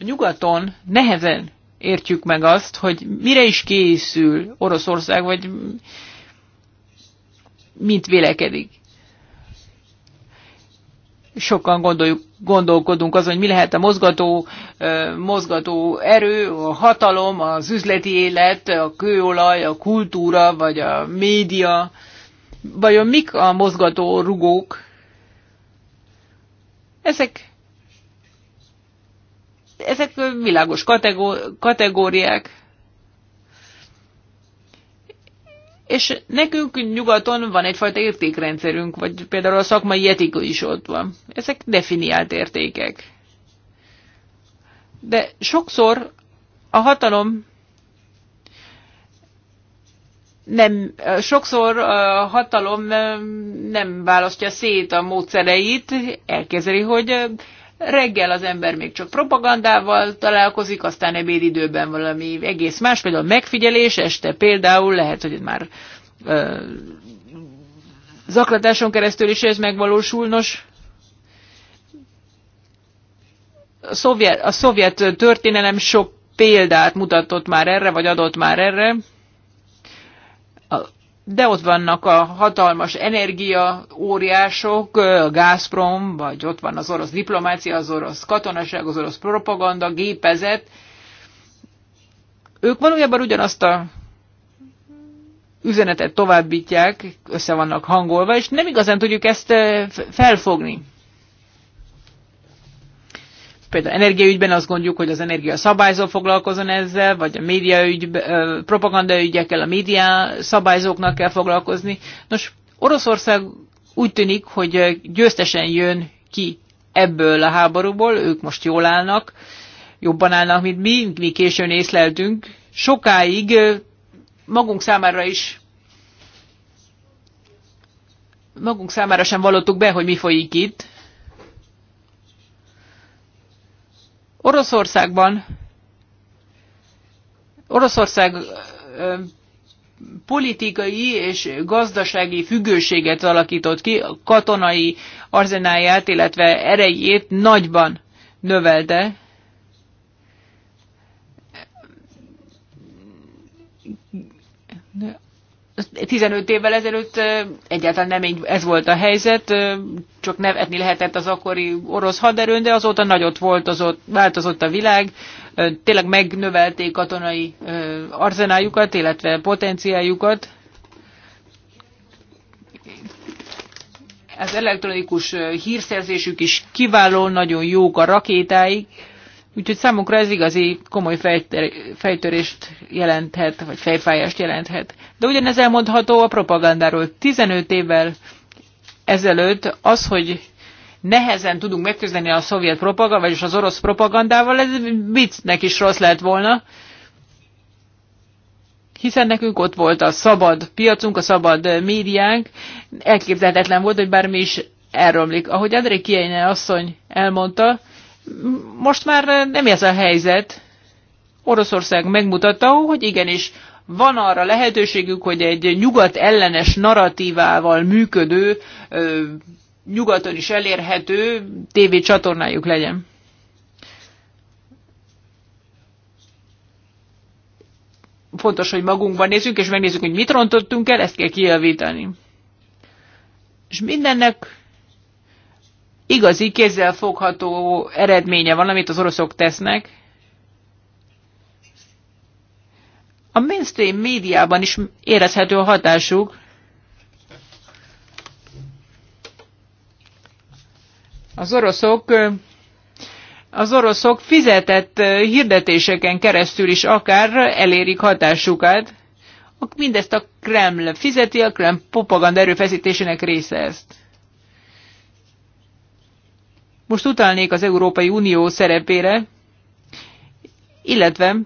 A nyugaton nehezen értjük meg azt, hogy mire is készül Oroszország, vagy mint vélekedik. Sokan gondoljuk, gondolkodunk azon, hogy mi lehet a mozgató, mozgató erő, a hatalom, az üzleti élet, a kőolaj, a kultúra, vagy a média. Vajon mik a mozgató rugók? Ezek ezek világos kategó- kategóriák. És nekünk nyugaton van egyfajta értékrendszerünk, vagy például a szakmai etika is ott van. Ezek definiált értékek. De sokszor a hatalom nem, sokszor a hatalom nem választja szét a módszereit, elkezeli, hogy Reggel az ember még csak propagandával találkozik, aztán ebédidőben valami egész más, például megfigyelés, este például lehet, hogy már ö, zaklatáson keresztül is ez megvalósul. Nos, a szovjet, a szovjet történelem sok példát mutatott már erre, vagy adott már erre. A de ott vannak a hatalmas energiaóriások, a Gazprom, vagy ott van az orosz diplomácia, az orosz katonaság, az orosz propaganda, gépezet. Ők valójában ugyanazt a üzenetet továbbítják, össze vannak hangolva, és nem igazán tudjuk ezt felfogni például energiaügyben azt gondoljuk, hogy az energia szabályzó foglalkozon ezzel, vagy a média propaganda ügyekkel a média szabályzóknak kell foglalkozni. Nos, Oroszország úgy tűnik, hogy győztesen jön ki ebből a háborúból, ők most jól állnak, jobban állnak, mint mi, mi későn észleltünk. Sokáig magunk számára is magunk számára sem vallottuk be, hogy mi folyik itt. Oroszországban Oroszország politikai és gazdasági függőséget alakított ki, katonai arzenáját, illetve erejét nagyban növelte. 15 évvel ezelőtt egyáltalán nem így ez volt a helyzet, csak nevetni lehetett az akkori orosz haderőn, de azóta nagyot volt, azott, változott a világ, tényleg megnövelték katonai arzenájukat, illetve potenciájukat. Az elektronikus hírszerzésük is kiváló, nagyon jók a rakétáik, Úgyhogy számunkra ez igazi komoly fejtörést jelenthet, vagy fejfájást jelenthet. De ugyanez elmondható a propagandáról. 15 évvel ezelőtt az, hogy nehezen tudunk megküzdeni a szovjet propaganda, vagyis az orosz propagandával, ez viccnek is rossz lett volna, hiszen nekünk ott volt a szabad piacunk, a szabad médiánk, elképzelhetetlen volt, hogy bármi is elromlik. Ahogy André Kiejne asszony elmondta, most már eh, nem ez a helyzet. Oroszország megmutatta, hogy igenis van arra lehetőségük, hogy egy nyugat ellenes narratívával működő, eh, nyugaton is elérhető tévécsatornájuk legyen. Fontos, hogy magunkban nézzünk, és megnézzük, hogy mit rontottunk el, ezt kell kijavítani. És mindennek igazi, fogható eredménye van, amit az oroszok tesznek. A mainstream médiában is érezhető a hatásuk. Az oroszok az oroszok fizetett hirdetéseken keresztül is akár elérik hatásukat. Mindezt a Kreml fizeti, a Kreml propaganda erőfeszítésének része ezt. Most utalnék az Európai Unió szerepére, illetve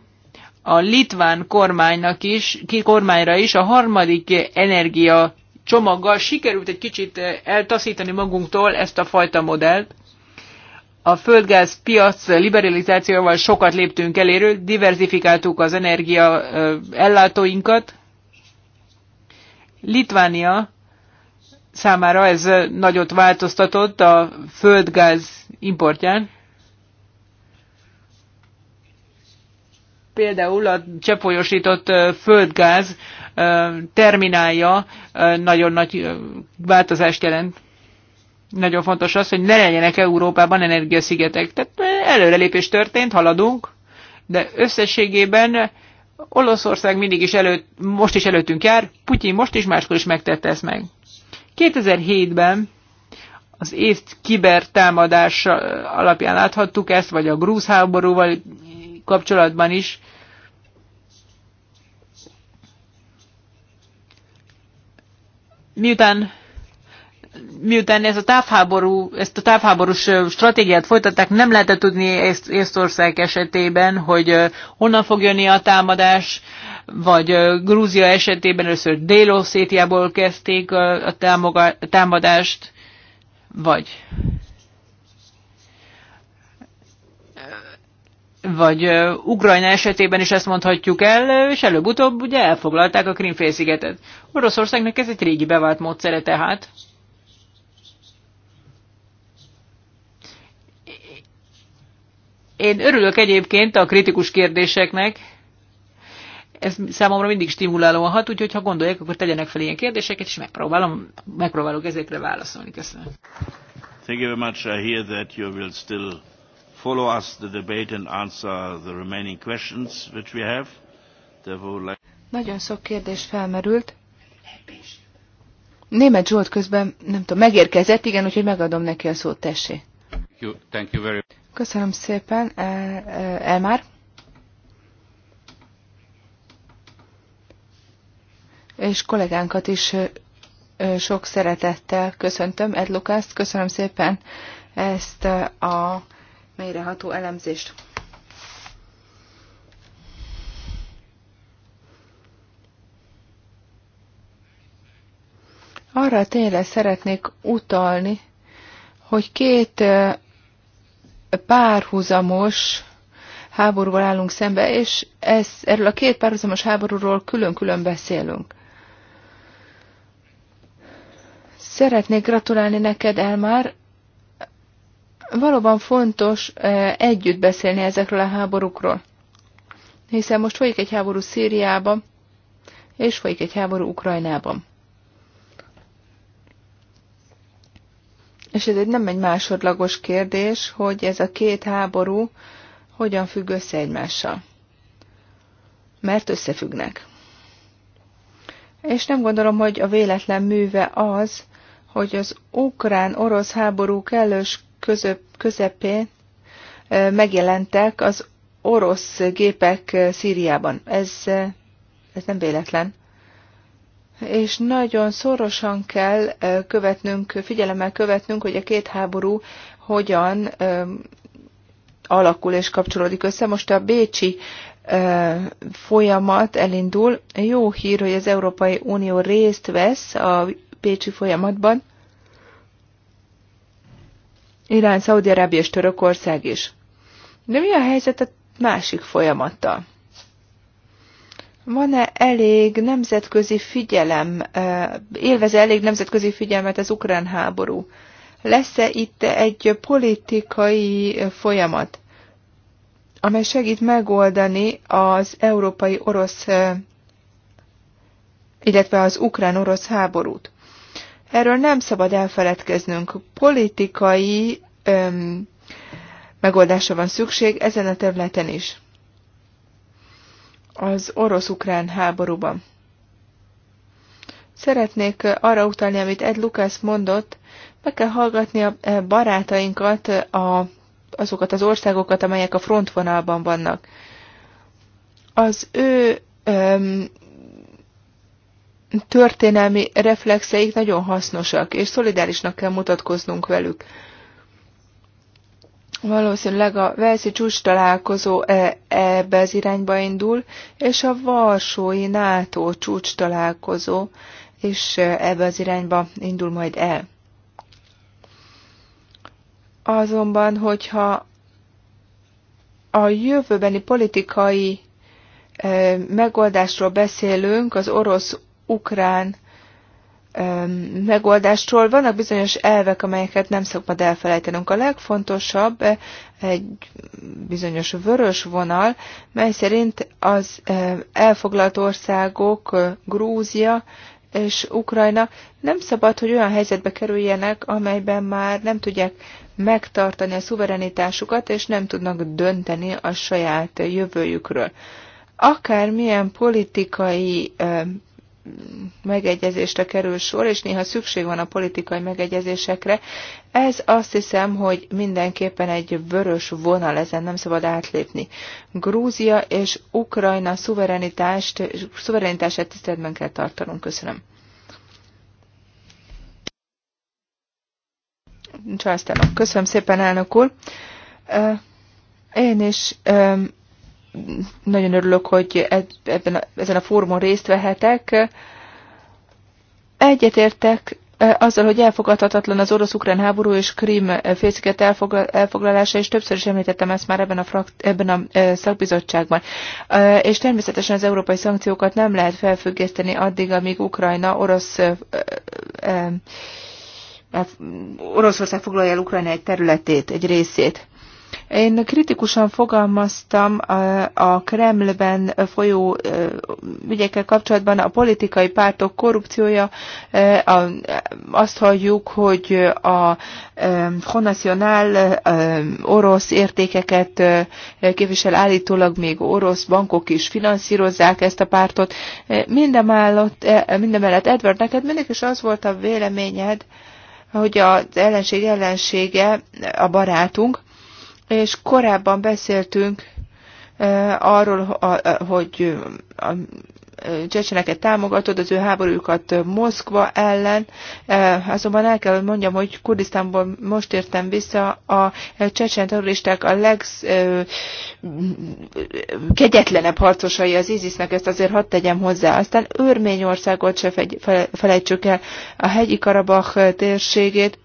a litván kormánynak is, kormányra is a harmadik energia csomaggal sikerült egy kicsit eh, eltaszítani magunktól ezt a fajta modellt. A földgáz piac liberalizációval sokat léptünk eléről, diversifikáltuk az energia eh, ellátóinkat. Litvánia számára ez nagyot változtatott a földgáz importján. Például a cseppfolyósított földgáz terminálja nagyon nagy változást jelent. Nagyon fontos az, hogy ne legyenek Európában energiaszigetek. Tehát előrelépés történt, haladunk, de összességében Olaszország mindig is előtt, most is előttünk jár, Putyin most is máskor is megtette ezt meg. 2007-ben az észt kibertámadás alapján láthattuk ezt, vagy a grúz háborúval kapcsolatban is. Miután miután ez a távháború, ezt a távháborús stratégiát folytatták, nem lehetett tudni Észtország esetében, hogy honnan fog jönni a támadás, vagy Grúzia esetében először Dél-Oszétiából kezdték a támadást, vagy vagy Ukrajna esetében is ezt mondhatjuk el, és előbb-utóbb ugye elfoglalták a Krimfélszigetet. Oroszországnak ez egy régi bevált módszere tehát. Én örülök egyébként a kritikus kérdéseknek, ez számomra mindig stimulálóan hat, úgyhogy ha gondolják, akkor tegyenek fel ilyen kérdéseket, és megpróbálom, megpróbálok ezekre válaszolni. Köszönöm. Thank you very much. I hear that you will still follow us the debate and answer the remaining questions which we have. Therefore, like... Nagyon sok kérdés felmerült. Német Zsolt közben, nem tudom, megérkezett, igen, úgyhogy megadom neki a szót, tessé. Thank you, thank you very... Köszönöm szépen, Elmár. és kollégánkat is sok szeretettel köszöntöm. Ed Lukászt, köszönöm szépen ezt a mélyreható elemzést. Arra tényleg szeretnék utalni, hogy két párhuzamos háborúval állunk szembe, és ez, erről a két párhuzamos háborúról külön-külön beszélünk. Szeretnék gratulálni neked, Elmár. Valóban fontos eh, együtt beszélni ezekről a háborúkról. Hiszen most folyik egy háború Szíriában, és folyik egy háború Ukrajnában. És ez egy nem egy másodlagos kérdés, hogy ez a két háború hogyan függ össze egymással. Mert összefüggnek. És nem gondolom, hogy a véletlen műve az, hogy az ukrán-orosz háború kellős közöp, közepén megjelentek az orosz gépek Szíriában. Ez, ez nem véletlen. És nagyon szorosan kell követnünk, figyelemmel követnünk, hogy a két háború hogyan alakul és kapcsolódik össze. Most a Bécsi folyamat elindul. Jó hír, hogy az Európai Unió részt vesz a Pécsi folyamatban. Irán, Szaudi-Arábia és Törökország is. De mi a helyzet a másik folyamattal? Van-e elég nemzetközi figyelem, élvez-e elég nemzetközi figyelmet az ukrán háború? Lesz-e itt egy politikai folyamat, amely segít megoldani az európai-orosz, illetve az ukrán-orosz háborút? Erről nem szabad elfeledkeznünk. Politikai öm, megoldásra van szükség ezen a területen is. Az orosz-ukrán háborúban. Szeretnék arra utalni, amit Ed Lucas mondott, meg kell hallgatni a e, barátainkat, a, azokat az országokat, amelyek a frontvonalban vannak. Az ő öm, történelmi reflexeik nagyon hasznosak, és szolidárisnak kell mutatkoznunk velük. Valószínűleg a Velszi csúcs találkozó e, ebbe az irányba indul, és a Varsói NATO csúcs találkozó is e, ebbe az irányba indul majd el. Azonban, hogyha a jövőbeni politikai e, megoldásról beszélünk az orosz ukrán megoldásról. Vannak bizonyos elvek, amelyeket nem szokott elfelejtenünk. A legfontosabb eh, egy bizonyos vörös vonal, mely szerint az eh, elfoglalt országok, eh, Grúzia és Ukrajna nem szabad, hogy olyan helyzetbe kerüljenek, amelyben már nem tudják megtartani a szuverenitásukat, és nem tudnak dönteni a saját jövőjükről. Akármilyen politikai megegyezésre kerül sor, és néha szükség van a politikai megegyezésekre. Ez azt hiszem, hogy mindenképpen egy vörös vonal, ezen nem szabad átlépni. Grúzia és Ukrajna szuverenitást, szuverenitását tiszteletben kell tartanunk. Köszönöm. Charles Köszönöm szépen, elnök úr. Én is nagyon örülök, hogy ebben a, ezen a fórumon részt vehetek. Egyetértek e, azzal, hogy elfogadhatatlan az orosz-ukrán háború és Krím e, félsziget elfoglalása, és többször is említettem ezt már ebben a, frakt, ebben a e, szakbizottságban. És természetesen az európai szankciókat nem lehet felfüggeszteni addig, amíg Ukrajna orosz Oroszország foglalja el Ukrajna egy területét, egy részét. Én kritikusan fogalmaztam a Kremlben folyó ügyekkel kapcsolatban a politikai pártok korrupciója. Azt halljuk, hogy a Honacionál orosz értékeket képvisel állítólag még orosz bankok is finanszírozzák ezt a pártot. Mindemellett, mindemellett Edward, neked mindig is az volt a véleményed, hogy az ellenség ellensége a barátunk, és korábban beszéltünk arról, hogy a csecseneket támogatod, az ő háborújukat Moszkva ellen. Azonban el kell, hogy mondjam, hogy Kurdisztánból most értem vissza, a csecsen terroristák a legkegyetlenebb harcosai az ISIS-nek, ezt azért hadd tegyem hozzá. Aztán Örményországot se felejtsük el, a hegyi Karabach térségét,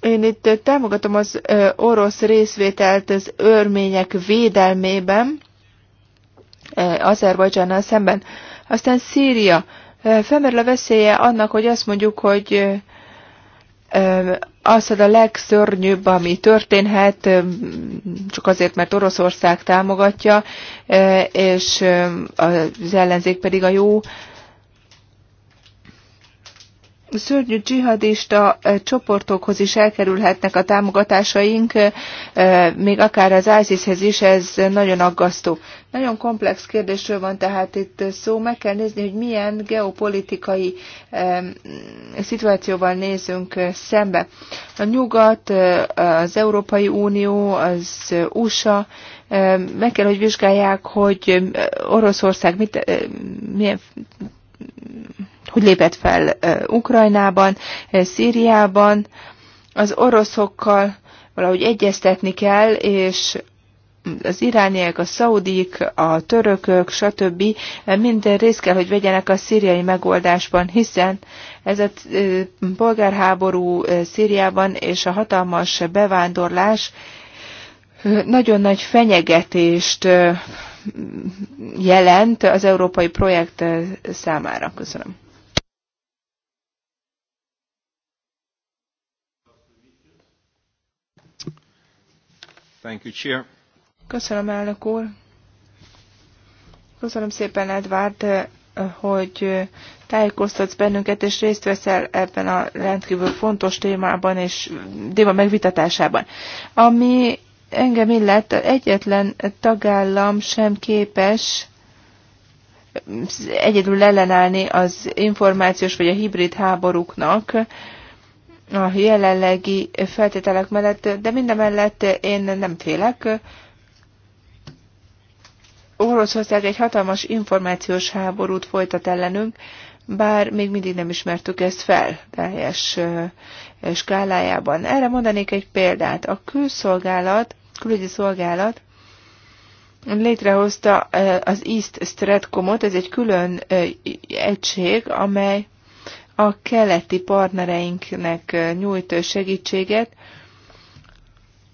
én itt támogatom az orosz részvételt az örmények védelmében, Azerbajdzsánnal szemben. Aztán Szíria. Felmerül a veszélye annak, hogy azt mondjuk, hogy az a legszörnyűbb, ami történhet, csak azért, mert Oroszország támogatja, és az ellenzék pedig a jó szörnyű dzsihadista csoportokhoz is elkerülhetnek a támogatásaink, még akár az ISIS-hez is, ez nagyon aggasztó. Nagyon komplex kérdésről van tehát itt szó, meg kell nézni, hogy milyen geopolitikai szituációval nézünk szembe. A nyugat, az Európai Unió, az USA, meg kell, hogy vizsgálják, hogy Oroszország mit, milyen hogy lépett fel Ukrajnában, Szíriában, az oroszokkal valahogy egyeztetni kell, és az irániak, a szaudik, a törökök, stb. minden részt kell, hogy vegyenek a szíriai megoldásban, hiszen ez a polgárháború Szíriában és a hatalmas bevándorlás nagyon nagy fenyegetést jelent az európai projekt számára. Köszönöm. Thank you, Chair. Köszönöm, elnök úr. Köszönöm szépen, Edward, hogy tájékoztatsz bennünket, és részt veszel ebben a rendkívül fontos témában és téma megvitatásában. Ami engem illet, egyetlen tagállam sem képes egyedül ellenállni az információs vagy a hibrid háborúknak, a jelenlegi feltételek mellett, de mindemellett én nem félek. Oroszország egy hatalmas információs háborút folytat ellenünk, bár még mindig nem ismertük ezt fel teljes eh, skálájában. Erre mondanék egy példát. A külszolgálat, külügyi szolgálat létrehozta eh, az East Stratcomot, ez egy külön eh, egység, amely a keleti partnereinknek nyújt segítséget,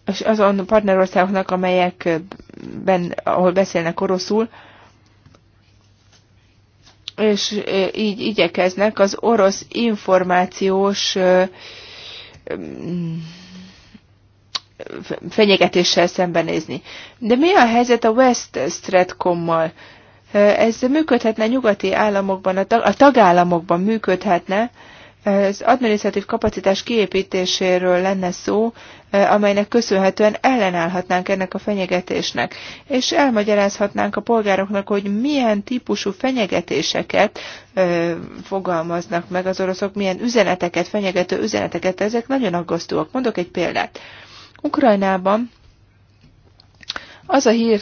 és azon partnerországoknak, amelyekben, ahol beszélnek oroszul, és így igyekeznek az orosz információs fenyegetéssel szembenézni. De mi a helyzet a West Stratcom-mal? Ez működhetne nyugati államokban, a tagállamokban működhetne, az adminisztratív kapacitás kiépítéséről lenne szó, amelynek köszönhetően ellenállhatnánk ennek a fenyegetésnek, és elmagyarázhatnánk a polgároknak, hogy milyen típusú fenyegetéseket ö, fogalmaznak meg az oroszok, milyen üzeneteket, fenyegető üzeneteket, ezek nagyon aggasztóak. Mondok egy példát. Ukrajnában az a hír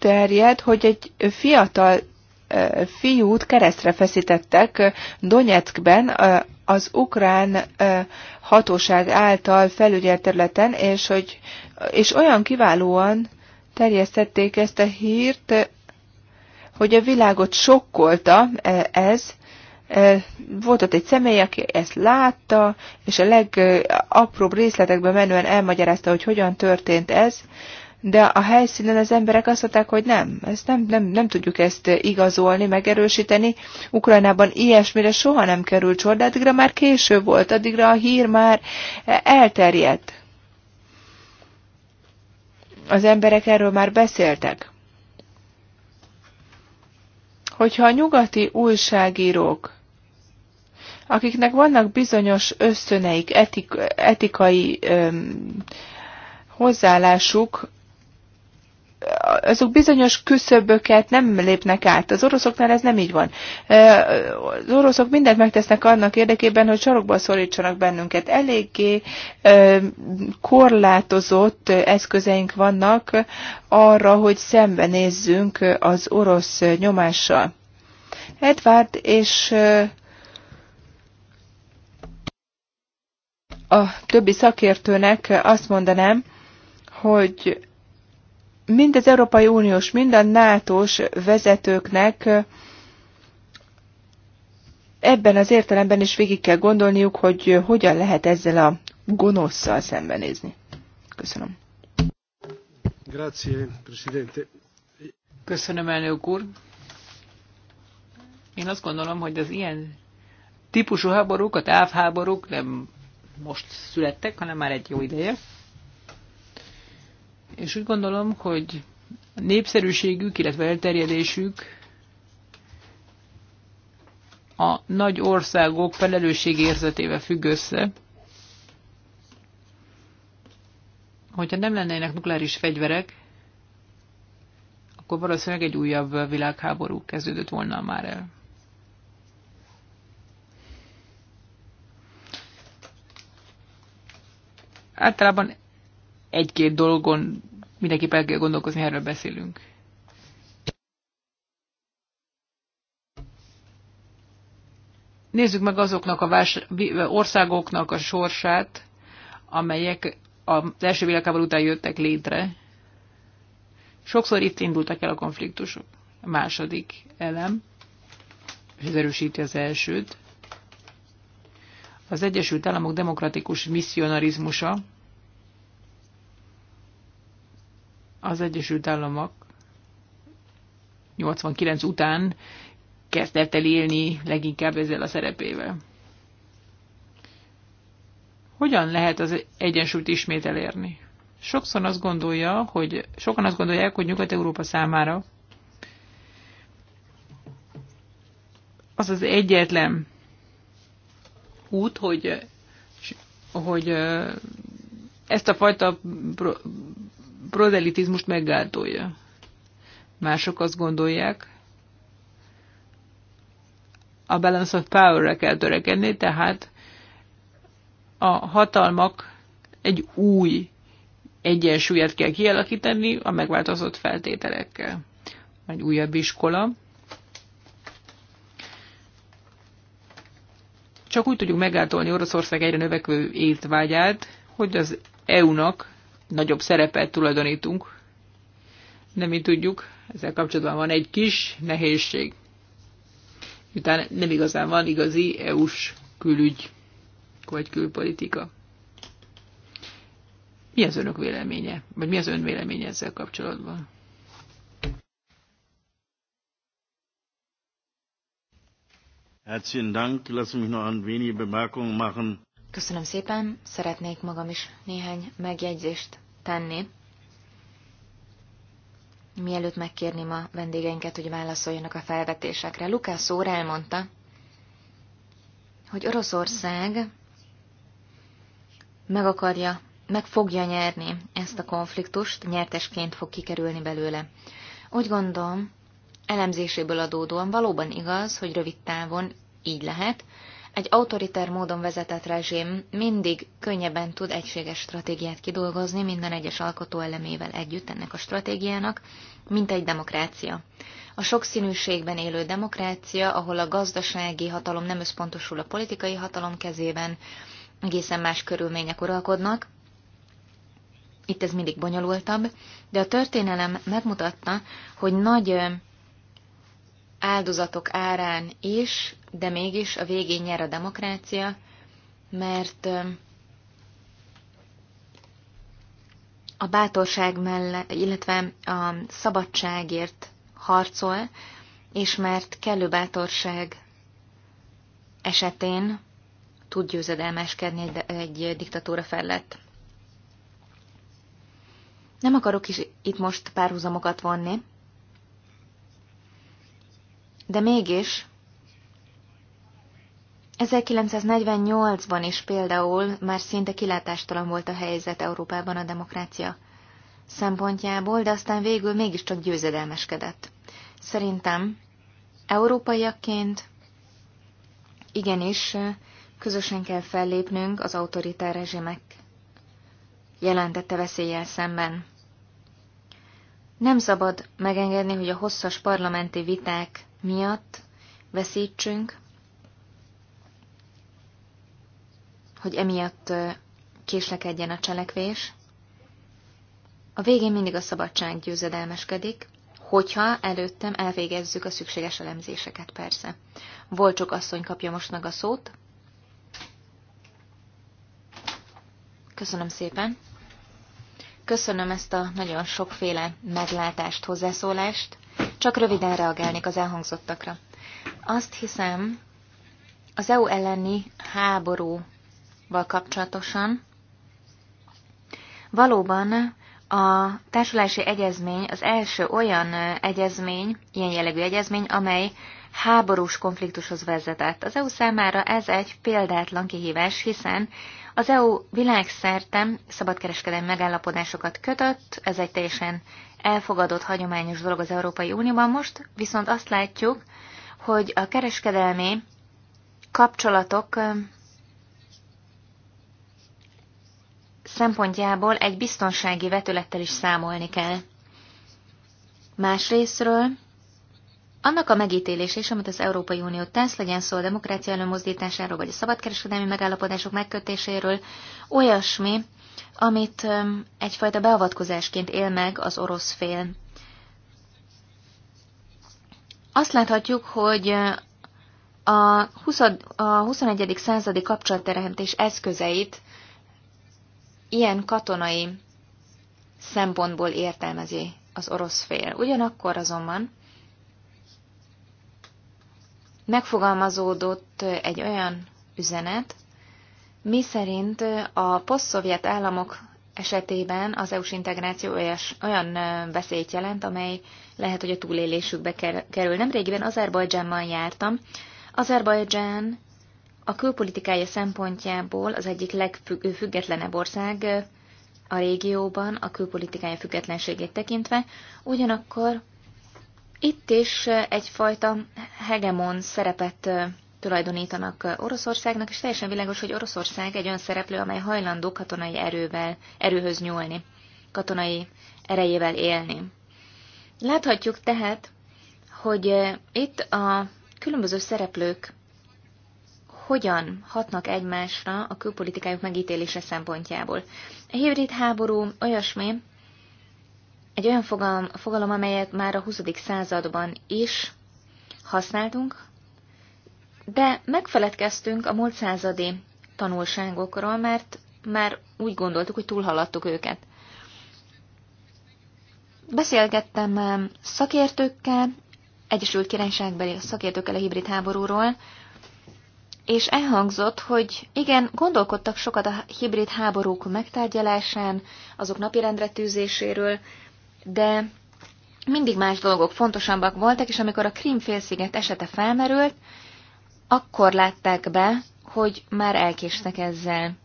terjed, hogy egy fiatal fiút keresztre feszítettek Donetskben az ukrán hatóság által felügyelt területen, és, hogy, és olyan kiválóan terjesztették ezt a hírt, hogy a világot sokkolta ez. Volt ott egy személy, aki ezt látta, és a legapróbb részletekben menően elmagyarázta, hogy hogyan történt ez de a helyszínen az emberek azt mondták, hogy nem, ezt nem, nem, nem tudjuk ezt igazolni, megerősíteni. Ukrajnában ilyesmire soha nem került sor, de addigra már késő volt, addigra a hír már elterjedt. Az emberek erről már beszéltek. Hogyha a nyugati újságírók akiknek vannak bizonyos ösztöneik, etik, etikai öm, hozzáállásuk, azok bizonyos küszöböket nem lépnek át. Az oroszoknál ez nem így van. Az oroszok mindent megtesznek annak érdekében, hogy sarokba szorítsanak bennünket. Eléggé korlátozott eszközeink vannak arra, hogy szembenézzünk az orosz nyomással. Edward és a többi szakértőnek azt mondanám, hogy mind az Európai Uniós, mind a NATO-s vezetőknek ebben az értelemben is végig kell gondolniuk, hogy hogyan lehet ezzel a gonoszszal szembenézni. Köszönöm. Grazie, Presidente. Köszönöm, elnök úr. Én azt gondolom, hogy az ilyen típusú háborúk, a távháborúk nem most születtek, hanem már egy jó ideje és úgy gondolom, hogy a népszerűségük, illetve elterjedésük a nagy országok felelősségérzetével függ össze. Hogyha nem lennének nukleáris fegyverek, akkor valószínűleg egy újabb világháború kezdődött volna már el. Általában egy-két dolgon mindenképp el kell gondolkozni, erről beszélünk. Nézzük meg azoknak a vás, országoknak a sorsát, amelyek az első világháború után jöttek létre. Sokszor itt indultak el a konfliktusok. A második elem, és ez erősíti az elsőt, az Egyesült Államok demokratikus misszionarizmusa, az Egyesült Államok 89 után kezdett el élni leginkább ezzel a szerepével. Hogyan lehet az egyensúlyt ismét elérni? Sokszor azt gondolja, hogy sokan azt gondolják, hogy Nyugat-Európa számára az az egyetlen út, hogy, hogy ezt a fajta prozelitizmust meggátolja. Mások azt gondolják, a balance of power-re kell törekedni, tehát a hatalmak egy új egyensúlyát kell kialakítani a megváltozott feltételekkel. Egy újabb iskola. Csak úgy tudjuk megáltolni Oroszország egyre növekvő étvágyát, hogy az EU-nak nagyobb szerepet tulajdonítunk. Nem mi tudjuk, ezzel kapcsolatban van egy kis nehézség. Miután nem igazán van igazi EU-s külügy vagy külpolitika. Mi az önök véleménye? Vagy mi az ön véleménye ezzel kapcsolatban? Herzlichen Dank. Lassen mich noch ein wenige Bemerkungen machen. Köszönöm szépen, szeretnék magam is néhány megjegyzést tenni. Mielőtt megkérném a vendégeinket, hogy válaszoljanak a felvetésekre, Lukás szóra elmondta, hogy Oroszország meg akarja, meg fogja nyerni ezt a konfliktust, nyertesként fog kikerülni belőle. Úgy gondolom, elemzéséből adódóan valóban igaz, hogy rövid távon így lehet, egy autoriter módon vezetett rezsim mindig könnyebben tud egységes stratégiát kidolgozni minden egyes alkotó elemével együtt ennek a stratégiának, mint egy demokrácia. A sokszínűségben élő demokrácia, ahol a gazdasági hatalom nem összpontosul a politikai hatalom kezében, egészen más körülmények uralkodnak, itt ez mindig bonyolultabb, de a történelem megmutatta, hogy nagy áldozatok árán is, de mégis a végén nyer a demokrácia, mert a bátorság mellett, illetve a szabadságért harcol, és mert kellő bátorság esetén tud győzedelmeskedni egy, egy diktatúra felett. Nem akarok is itt most párhuzamokat vonni de mégis 1948-ban is például már szinte kilátástalan volt a helyzet Európában a demokrácia szempontjából, de aztán végül mégiscsak győzedelmeskedett. Szerintem európaiakként igenis közösen kell fellépnünk az autoritár rezsimek jelentette veszéllyel szemben. Nem szabad megengedni, hogy a hosszas parlamenti viták miatt veszítsünk, hogy emiatt késlekedjen a cselekvés. A végén mindig a szabadság győzedelmeskedik, hogyha előttem elvégezzük a szükséges elemzéseket, persze. Volcsok asszony kapja most meg a szót. Köszönöm szépen. Köszönöm ezt a nagyon sokféle meglátást, hozzászólást. Csak röviden reagálnék az elhangzottakra. Azt hiszem, az EU elleni háborúval kapcsolatosan valóban a társulási egyezmény az első olyan egyezmény, ilyen jellegű egyezmény, amely háborús konfliktushoz vezetett. Az EU számára ez egy példátlan kihívás, hiszen az EU világszerte szabadkereskedelmi megállapodásokat kötött, ez egy teljesen elfogadott hagyományos dolog az Európai Unióban. Most viszont azt látjuk, hogy a kereskedelmi kapcsolatok szempontjából egy biztonsági vetülettel is számolni kell. Másrésztről annak a megítélés is, amit az Európai Unió tesz, legyen szó a demokrácia előmozdításáról, vagy a szabadkereskedelmi megállapodások megkötéséről, olyasmi, amit egyfajta beavatkozásként él meg az orosz fél. Azt láthatjuk, hogy a, 20, a 21. századi kapcsolatteremtés eszközeit ilyen katonai szempontból értelmezi az orosz fél. Ugyanakkor azonban megfogalmazódott egy olyan üzenet, mi szerint a posztszovjet államok esetében az EU-s integráció olyas, olyan veszélyt jelent, amely lehet, hogy a túlélésükbe kerül. Nemrégiben Azerbajdzsánban jártam. Azerbajdzsán a külpolitikája szempontjából az egyik legfüggetlenebb ország a régióban, a külpolitikája függetlenségét tekintve, ugyanakkor itt is egyfajta hegemon szerepet tulajdonítanak Oroszországnak, és teljesen világos, hogy Oroszország egy olyan szereplő, amely hajlandó katonai erővel, erőhöz nyúlni, katonai erejével élni. Láthatjuk tehát, hogy eh, itt a különböző szereplők hogyan hatnak egymásra a külpolitikájuk megítélése szempontjából. A hibrid háború olyasmi, egy olyan fogalom, fogalom, amelyet már a 20. században is használtunk, de megfeledkeztünk a múlt századi tanulságokról, mert már úgy gondoltuk, hogy túlhaladtuk őket. Beszélgettem um, szakértőkkel, Egyesült Királyságbeli szakértőkkel a hibrid háborúról, és elhangzott, hogy igen, gondolkodtak sokat a hibrid háborúk megtárgyalásán, azok napirendre tűzéséről, de mindig más dolgok fontosabbak voltak, és amikor a Krim esete felmerült, akkor látták be, hogy már elkésnek ezzel.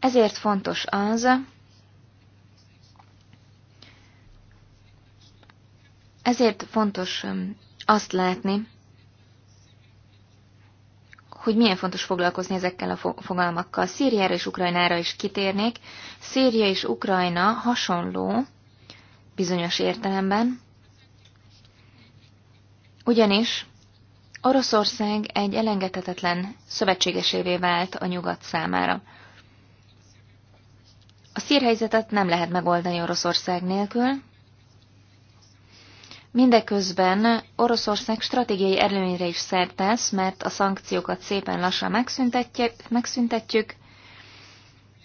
Ezért fontos az, ezért fontos azt látni, hogy milyen fontos foglalkozni ezekkel a fogalmakkal. Szíriára és Ukrajnára is kitérnék. Szíria és Ukrajna hasonló bizonyos értelemben, ugyanis Oroszország egy elengedhetetlen szövetségesévé vált a nyugat számára. A szírhelyzetet nem lehet megoldani Oroszország nélkül. Mindeközben Oroszország stratégiai előnyre is szert tesz, mert a szankciókat szépen lassan megszüntetjük,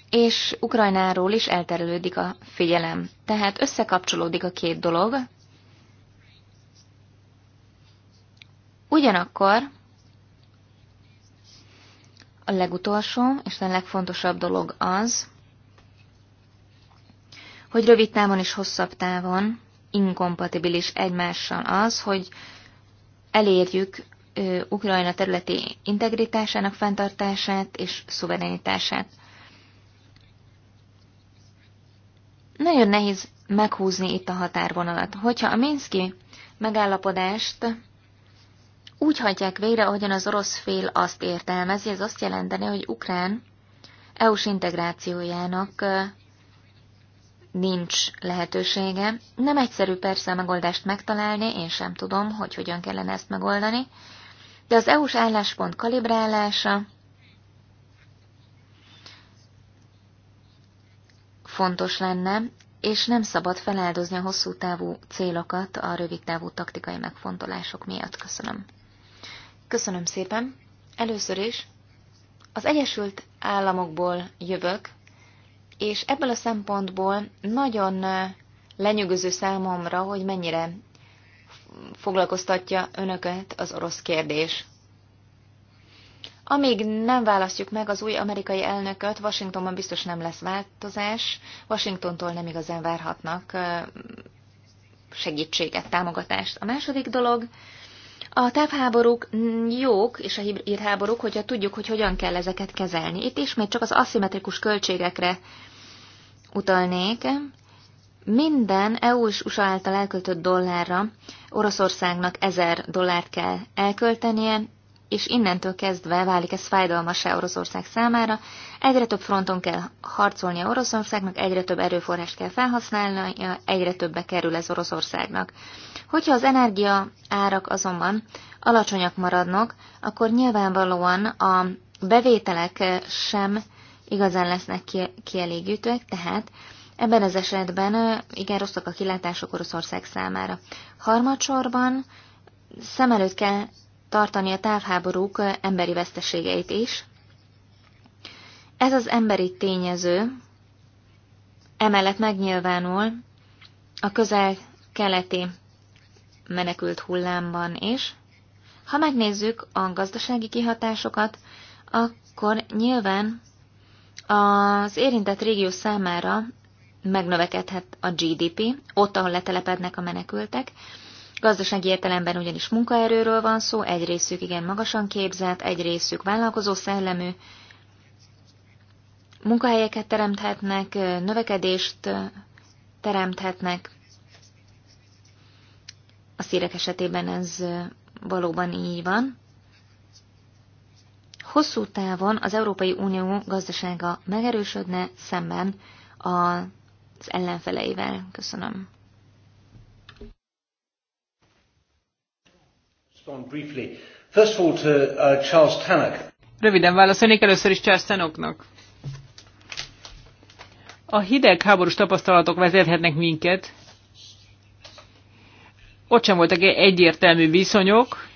és Ukrajnáról is elterelődik a figyelem. Tehát összekapcsolódik a két dolog, Ugyanakkor a legutolsó és a legfontosabb dolog az, hogy rövid távon és hosszabb távon inkompatibilis egymással az, hogy elérjük Ukrajna területi integritásának fenntartását és szuverenitását. Nagyon nehéz meghúzni itt a határvonalat. Hogyha a Minszki megállapodást úgy hagyják végre, ahogyan az orosz fél azt értelmezi, ez azt jelenteni, hogy Ukrán EU-s integrációjának nincs lehetősége. Nem egyszerű persze a megoldást megtalálni, én sem tudom, hogy hogyan kellene ezt megoldani, de az EU-s álláspont kalibrálása fontos lenne, és nem szabad feláldozni a hosszú távú célokat a rövid távú taktikai megfontolások miatt. Köszönöm. Köszönöm szépen. Először is az Egyesült Államokból jövök, és ebből a szempontból nagyon lenyűgöző számomra, hogy mennyire foglalkoztatja önöket az orosz kérdés. Amíg nem választjuk meg az új amerikai elnököt, Washingtonban biztos nem lesz változás, Washingtontól nem igazán várhatnak segítséget, támogatást. A második dolog, a tevháborúk mm, jók, és a hibrid háborúk, hogyha tudjuk, hogy hogyan kell ezeket kezelni. Itt ismét csak az aszimmetrikus költségekre utalnék. Minden EU-s USA által elköltött dollárra Oroszországnak 1000 dollárt kell elköltenie, és innentől kezdve válik ez fájdalmasá Oroszország számára, Egyre több fronton kell harcolnia Oroszországnak, egyre több erőforrást kell felhasználnia, egyre többbe kerül ez Oroszországnak. Hogyha az energia árak azonban alacsonyak maradnak, akkor nyilvánvalóan a bevételek sem igazán lesznek kielégítőek, tehát ebben az esetben igen rosszak a kilátások Oroszország számára. Harmadsorban szem előtt kell tartani a távháborúk emberi veszteségeit is, ez az emberi tényező emellett megnyilvánul a közel-keleti menekült hullámban is. Ha megnézzük a gazdasági kihatásokat, akkor nyilván az érintett régió számára megnövekedhet a GDP, ott, ahol letelepednek a menekültek. Gazdasági értelemben ugyanis munkaerőről van szó, egy részük igen magasan képzett, egy részük vállalkozó szellemű, munkahelyeket teremthetnek, növekedést teremthetnek. A szírek esetében ez valóban így van. Hosszú távon az Európai Unió gazdasága megerősödne szemben az ellenfeleivel. Köszönöm. Uh, Röviden válaszolnék először is Charles Tannocknak. A hidegháborús tapasztalatok vezethetnek minket. Ott sem voltak e- egyértelmű viszonyok.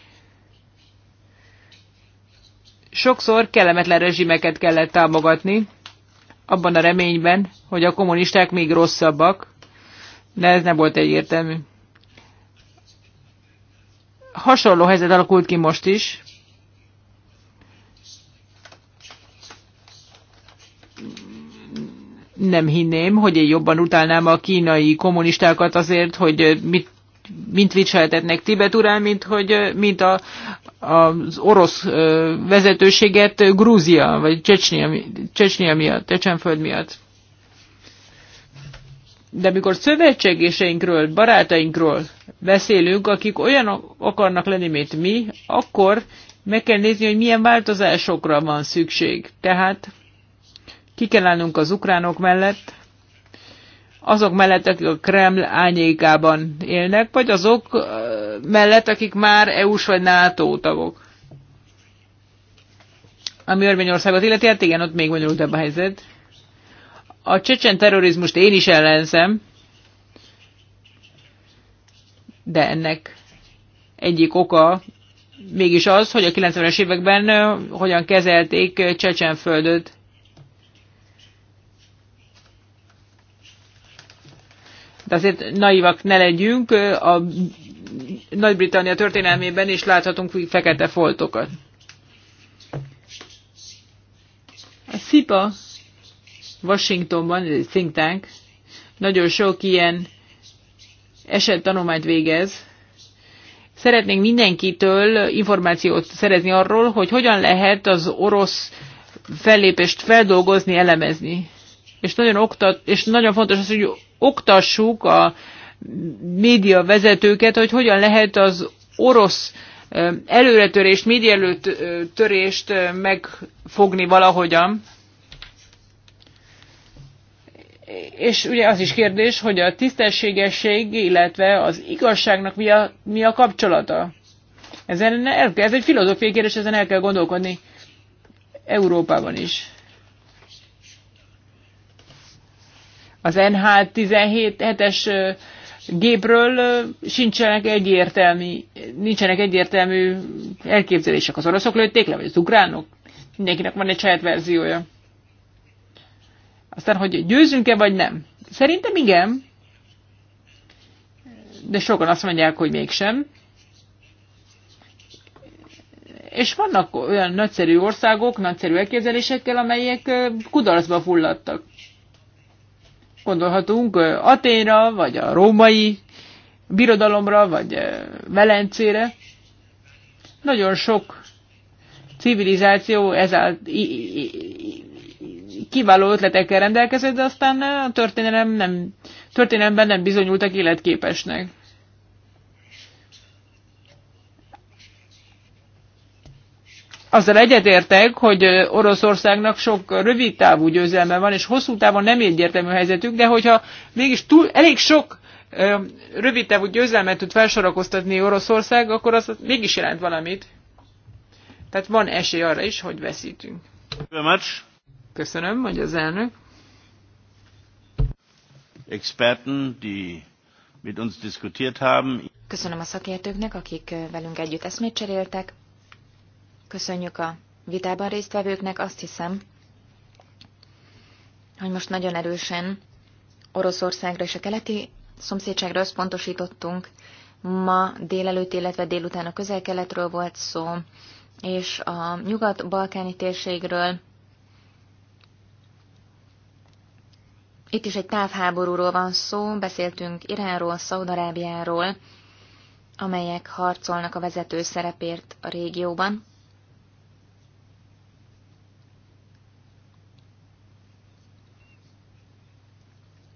Sokszor kellemetlen rezsimeket kellett támogatni, abban a reményben, hogy a kommunisták még rosszabbak, de ez nem volt egyértelmű. Hasonló helyzet alakult ki most is. nem hinném, hogy én jobban utálnám a kínai kommunistákat azért, hogy mit, mint viseltetnek Tibet urán, mint, hogy, mint a, az orosz vezetőséget Grúzia, vagy Csecsnia, Csecsnia miatt, Csecsenföld miatt. De mikor szövetségéseinkről, barátainkról beszélünk, akik olyan akarnak lenni, mint mi, akkor meg kell nézni, hogy milyen változásokra van szükség. Tehát ki kell állnunk az ukránok mellett, azok mellett, akik a Kreml ányékában élnek, vagy azok mellett, akik már EU-s vagy NATO tagok. Ami Örményországot illeti, hát igen, ott még bonyolultabb a helyzet. A csecsen terrorizmust én is ellenzem, de ennek egyik oka mégis az, hogy a 90-es években hogyan kezelték Csecsenföldöt. de azért naivak ne legyünk, a Nagy-Britannia történelmében is láthatunk fekete foltokat. A SIPA Washingtonban, ez egy think tank, nagyon sok ilyen tanulmányt végez. Szeretnénk mindenkitől információt szerezni arról, hogy hogyan lehet az orosz fellépést feldolgozni, elemezni és nagyon, oktat, és nagyon fontos az, hogy oktassuk a média vezetőket, hogy hogyan lehet az orosz előretörést, média előtörést megfogni valahogyan. És ugye az is kérdés, hogy a tisztességesség, illetve az igazságnak mi a, mi a kapcsolata. Ezen el, ez egy filozófiai kérdés, ezen el kell gondolkodni Európában is. az NH17-es gépről sincsenek egyértelmű, nincsenek egyértelmű elképzelések. Az oroszok lőtték le, vagy az ukránok? Mindenkinek van egy saját verziója. Aztán, hogy győzünk-e, vagy nem? Szerintem igen, de sokan azt mondják, hogy mégsem. És vannak olyan nagyszerű országok, nagyszerű elképzelésekkel, amelyek kudarcba fulladtak. Gondolhatunk Aténra, vagy a római birodalomra, vagy Velencére. Nagyon sok civilizáció ezáltal kiváló ötletekkel rendelkezett, de aztán a történelem nem, történelemben nem bizonyultak életképesnek. azzal egyetértek, hogy Oroszországnak sok rövid távú győzelme van, és hosszú távon nem egyértelmű helyzetük, de hogyha mégis túl, elég sok rövid távú győzelmet tud felsorakoztatni Oroszország, akkor az mégis jelent valamit. Tehát van esély arra is, hogy veszítünk. Köszönöm, hogy az elnök. Experten, die mit uns diskutiert haben. Köszönöm a szakértőknek, akik velünk együtt eszmét cseréltek. Köszönjük a vitában résztvevőknek. Azt hiszem, hogy most nagyon erősen Oroszországra és a keleti szomszédságra összpontosítottunk. Ma délelőtt, illetve délután a közel-keletről volt szó, és a nyugat-balkáni térségről. Itt is egy távháborúról van szó, beszéltünk Iránról, Szaudarábiáról, amelyek harcolnak a vezető szerepért a régióban.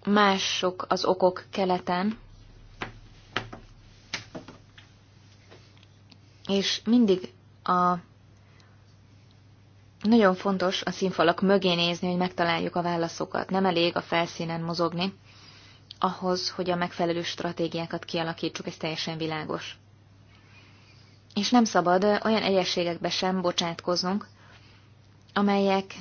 mások az okok keleten, és mindig a nagyon fontos a színfalak mögé nézni, hogy megtaláljuk a válaszokat. Nem elég a felszínen mozogni ahhoz, hogy a megfelelő stratégiákat kialakítsuk, ez teljesen világos. És nem szabad olyan egyességekbe sem bocsátkoznunk, amelyek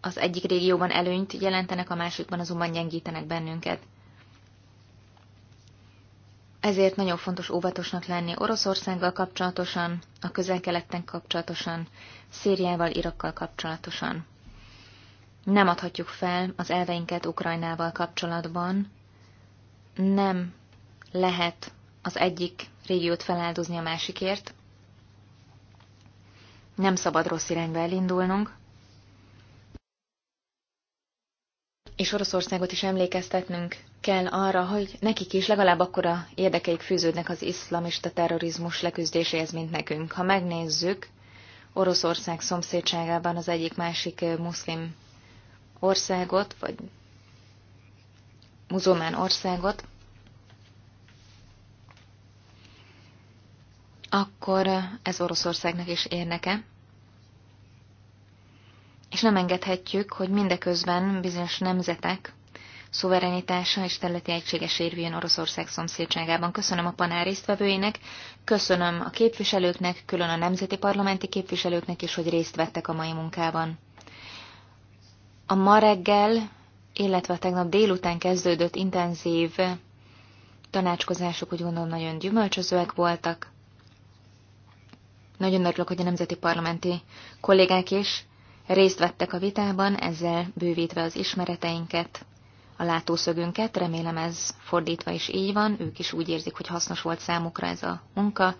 az egyik régióban előnyt jelentenek, a másikban azonban gyengítenek bennünket. Ezért nagyon fontos óvatosnak lenni Oroszországgal kapcsolatosan, a közel kapcsolatosan, Szíriával, Irakkal kapcsolatosan. Nem adhatjuk fel az elveinket Ukrajnával kapcsolatban, nem lehet az egyik régiót feláldozni a másikért, nem szabad rossz irányba elindulnunk, és Oroszországot is emlékeztetnünk kell arra, hogy nekik is legalább akkora érdekeik fűződnek az iszlamista terrorizmus leküzdéséhez, mint nekünk. Ha megnézzük, Oroszország szomszédságában az egyik másik muszlim országot, vagy muzulmán országot, akkor ez Oroszországnak is érneke és nem engedhetjük, hogy mindeközben bizonyos nemzetek szuverenitása és területi egységes érvűjön Oroszország szomszédságában. Köszönöm a panel résztvevőinek, köszönöm a képviselőknek, külön a nemzeti parlamenti képviselőknek is, hogy részt vettek a mai munkában. A ma reggel, illetve tegnap délután kezdődött intenzív tanácskozások úgy gondolom nagyon gyümölcsözőek voltak. Nagyon örülök, hogy a nemzeti parlamenti kollégák is részt vettek a vitában, ezzel bővítve az ismereteinket, a látószögünket, remélem ez fordítva is így van, ők is úgy érzik, hogy hasznos volt számukra ez a munka.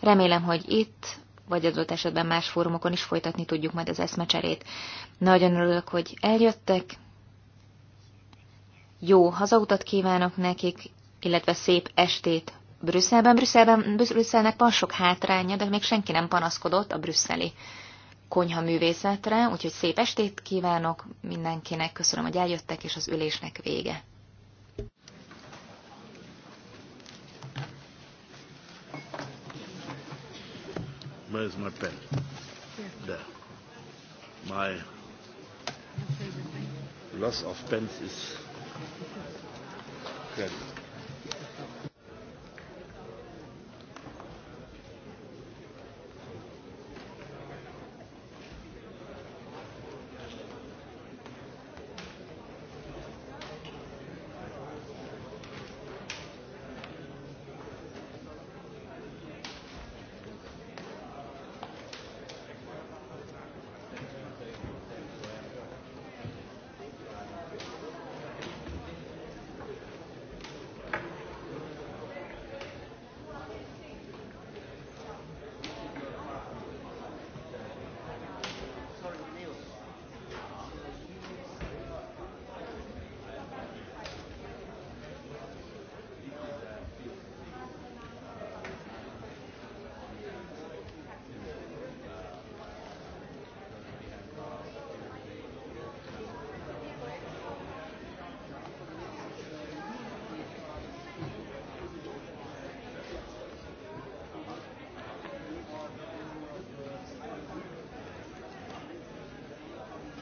Remélem, hogy itt, vagy adott esetben más fórumokon is folytatni tudjuk majd az eszmecserét. Nagyon örülök, hogy eljöttek, jó hazautat kívánok nekik, illetve szép estét Brüsszelben. Brüsszelben, Brüsszelnek van sok hátránya, de még senki nem panaszkodott a brüsszeli konyha művészetre, úgyhogy szép estét kívánok mindenkinek, köszönöm, hogy eljöttek, és az ülésnek vége. Where's my pen? Here. There. My loss of pens is credit.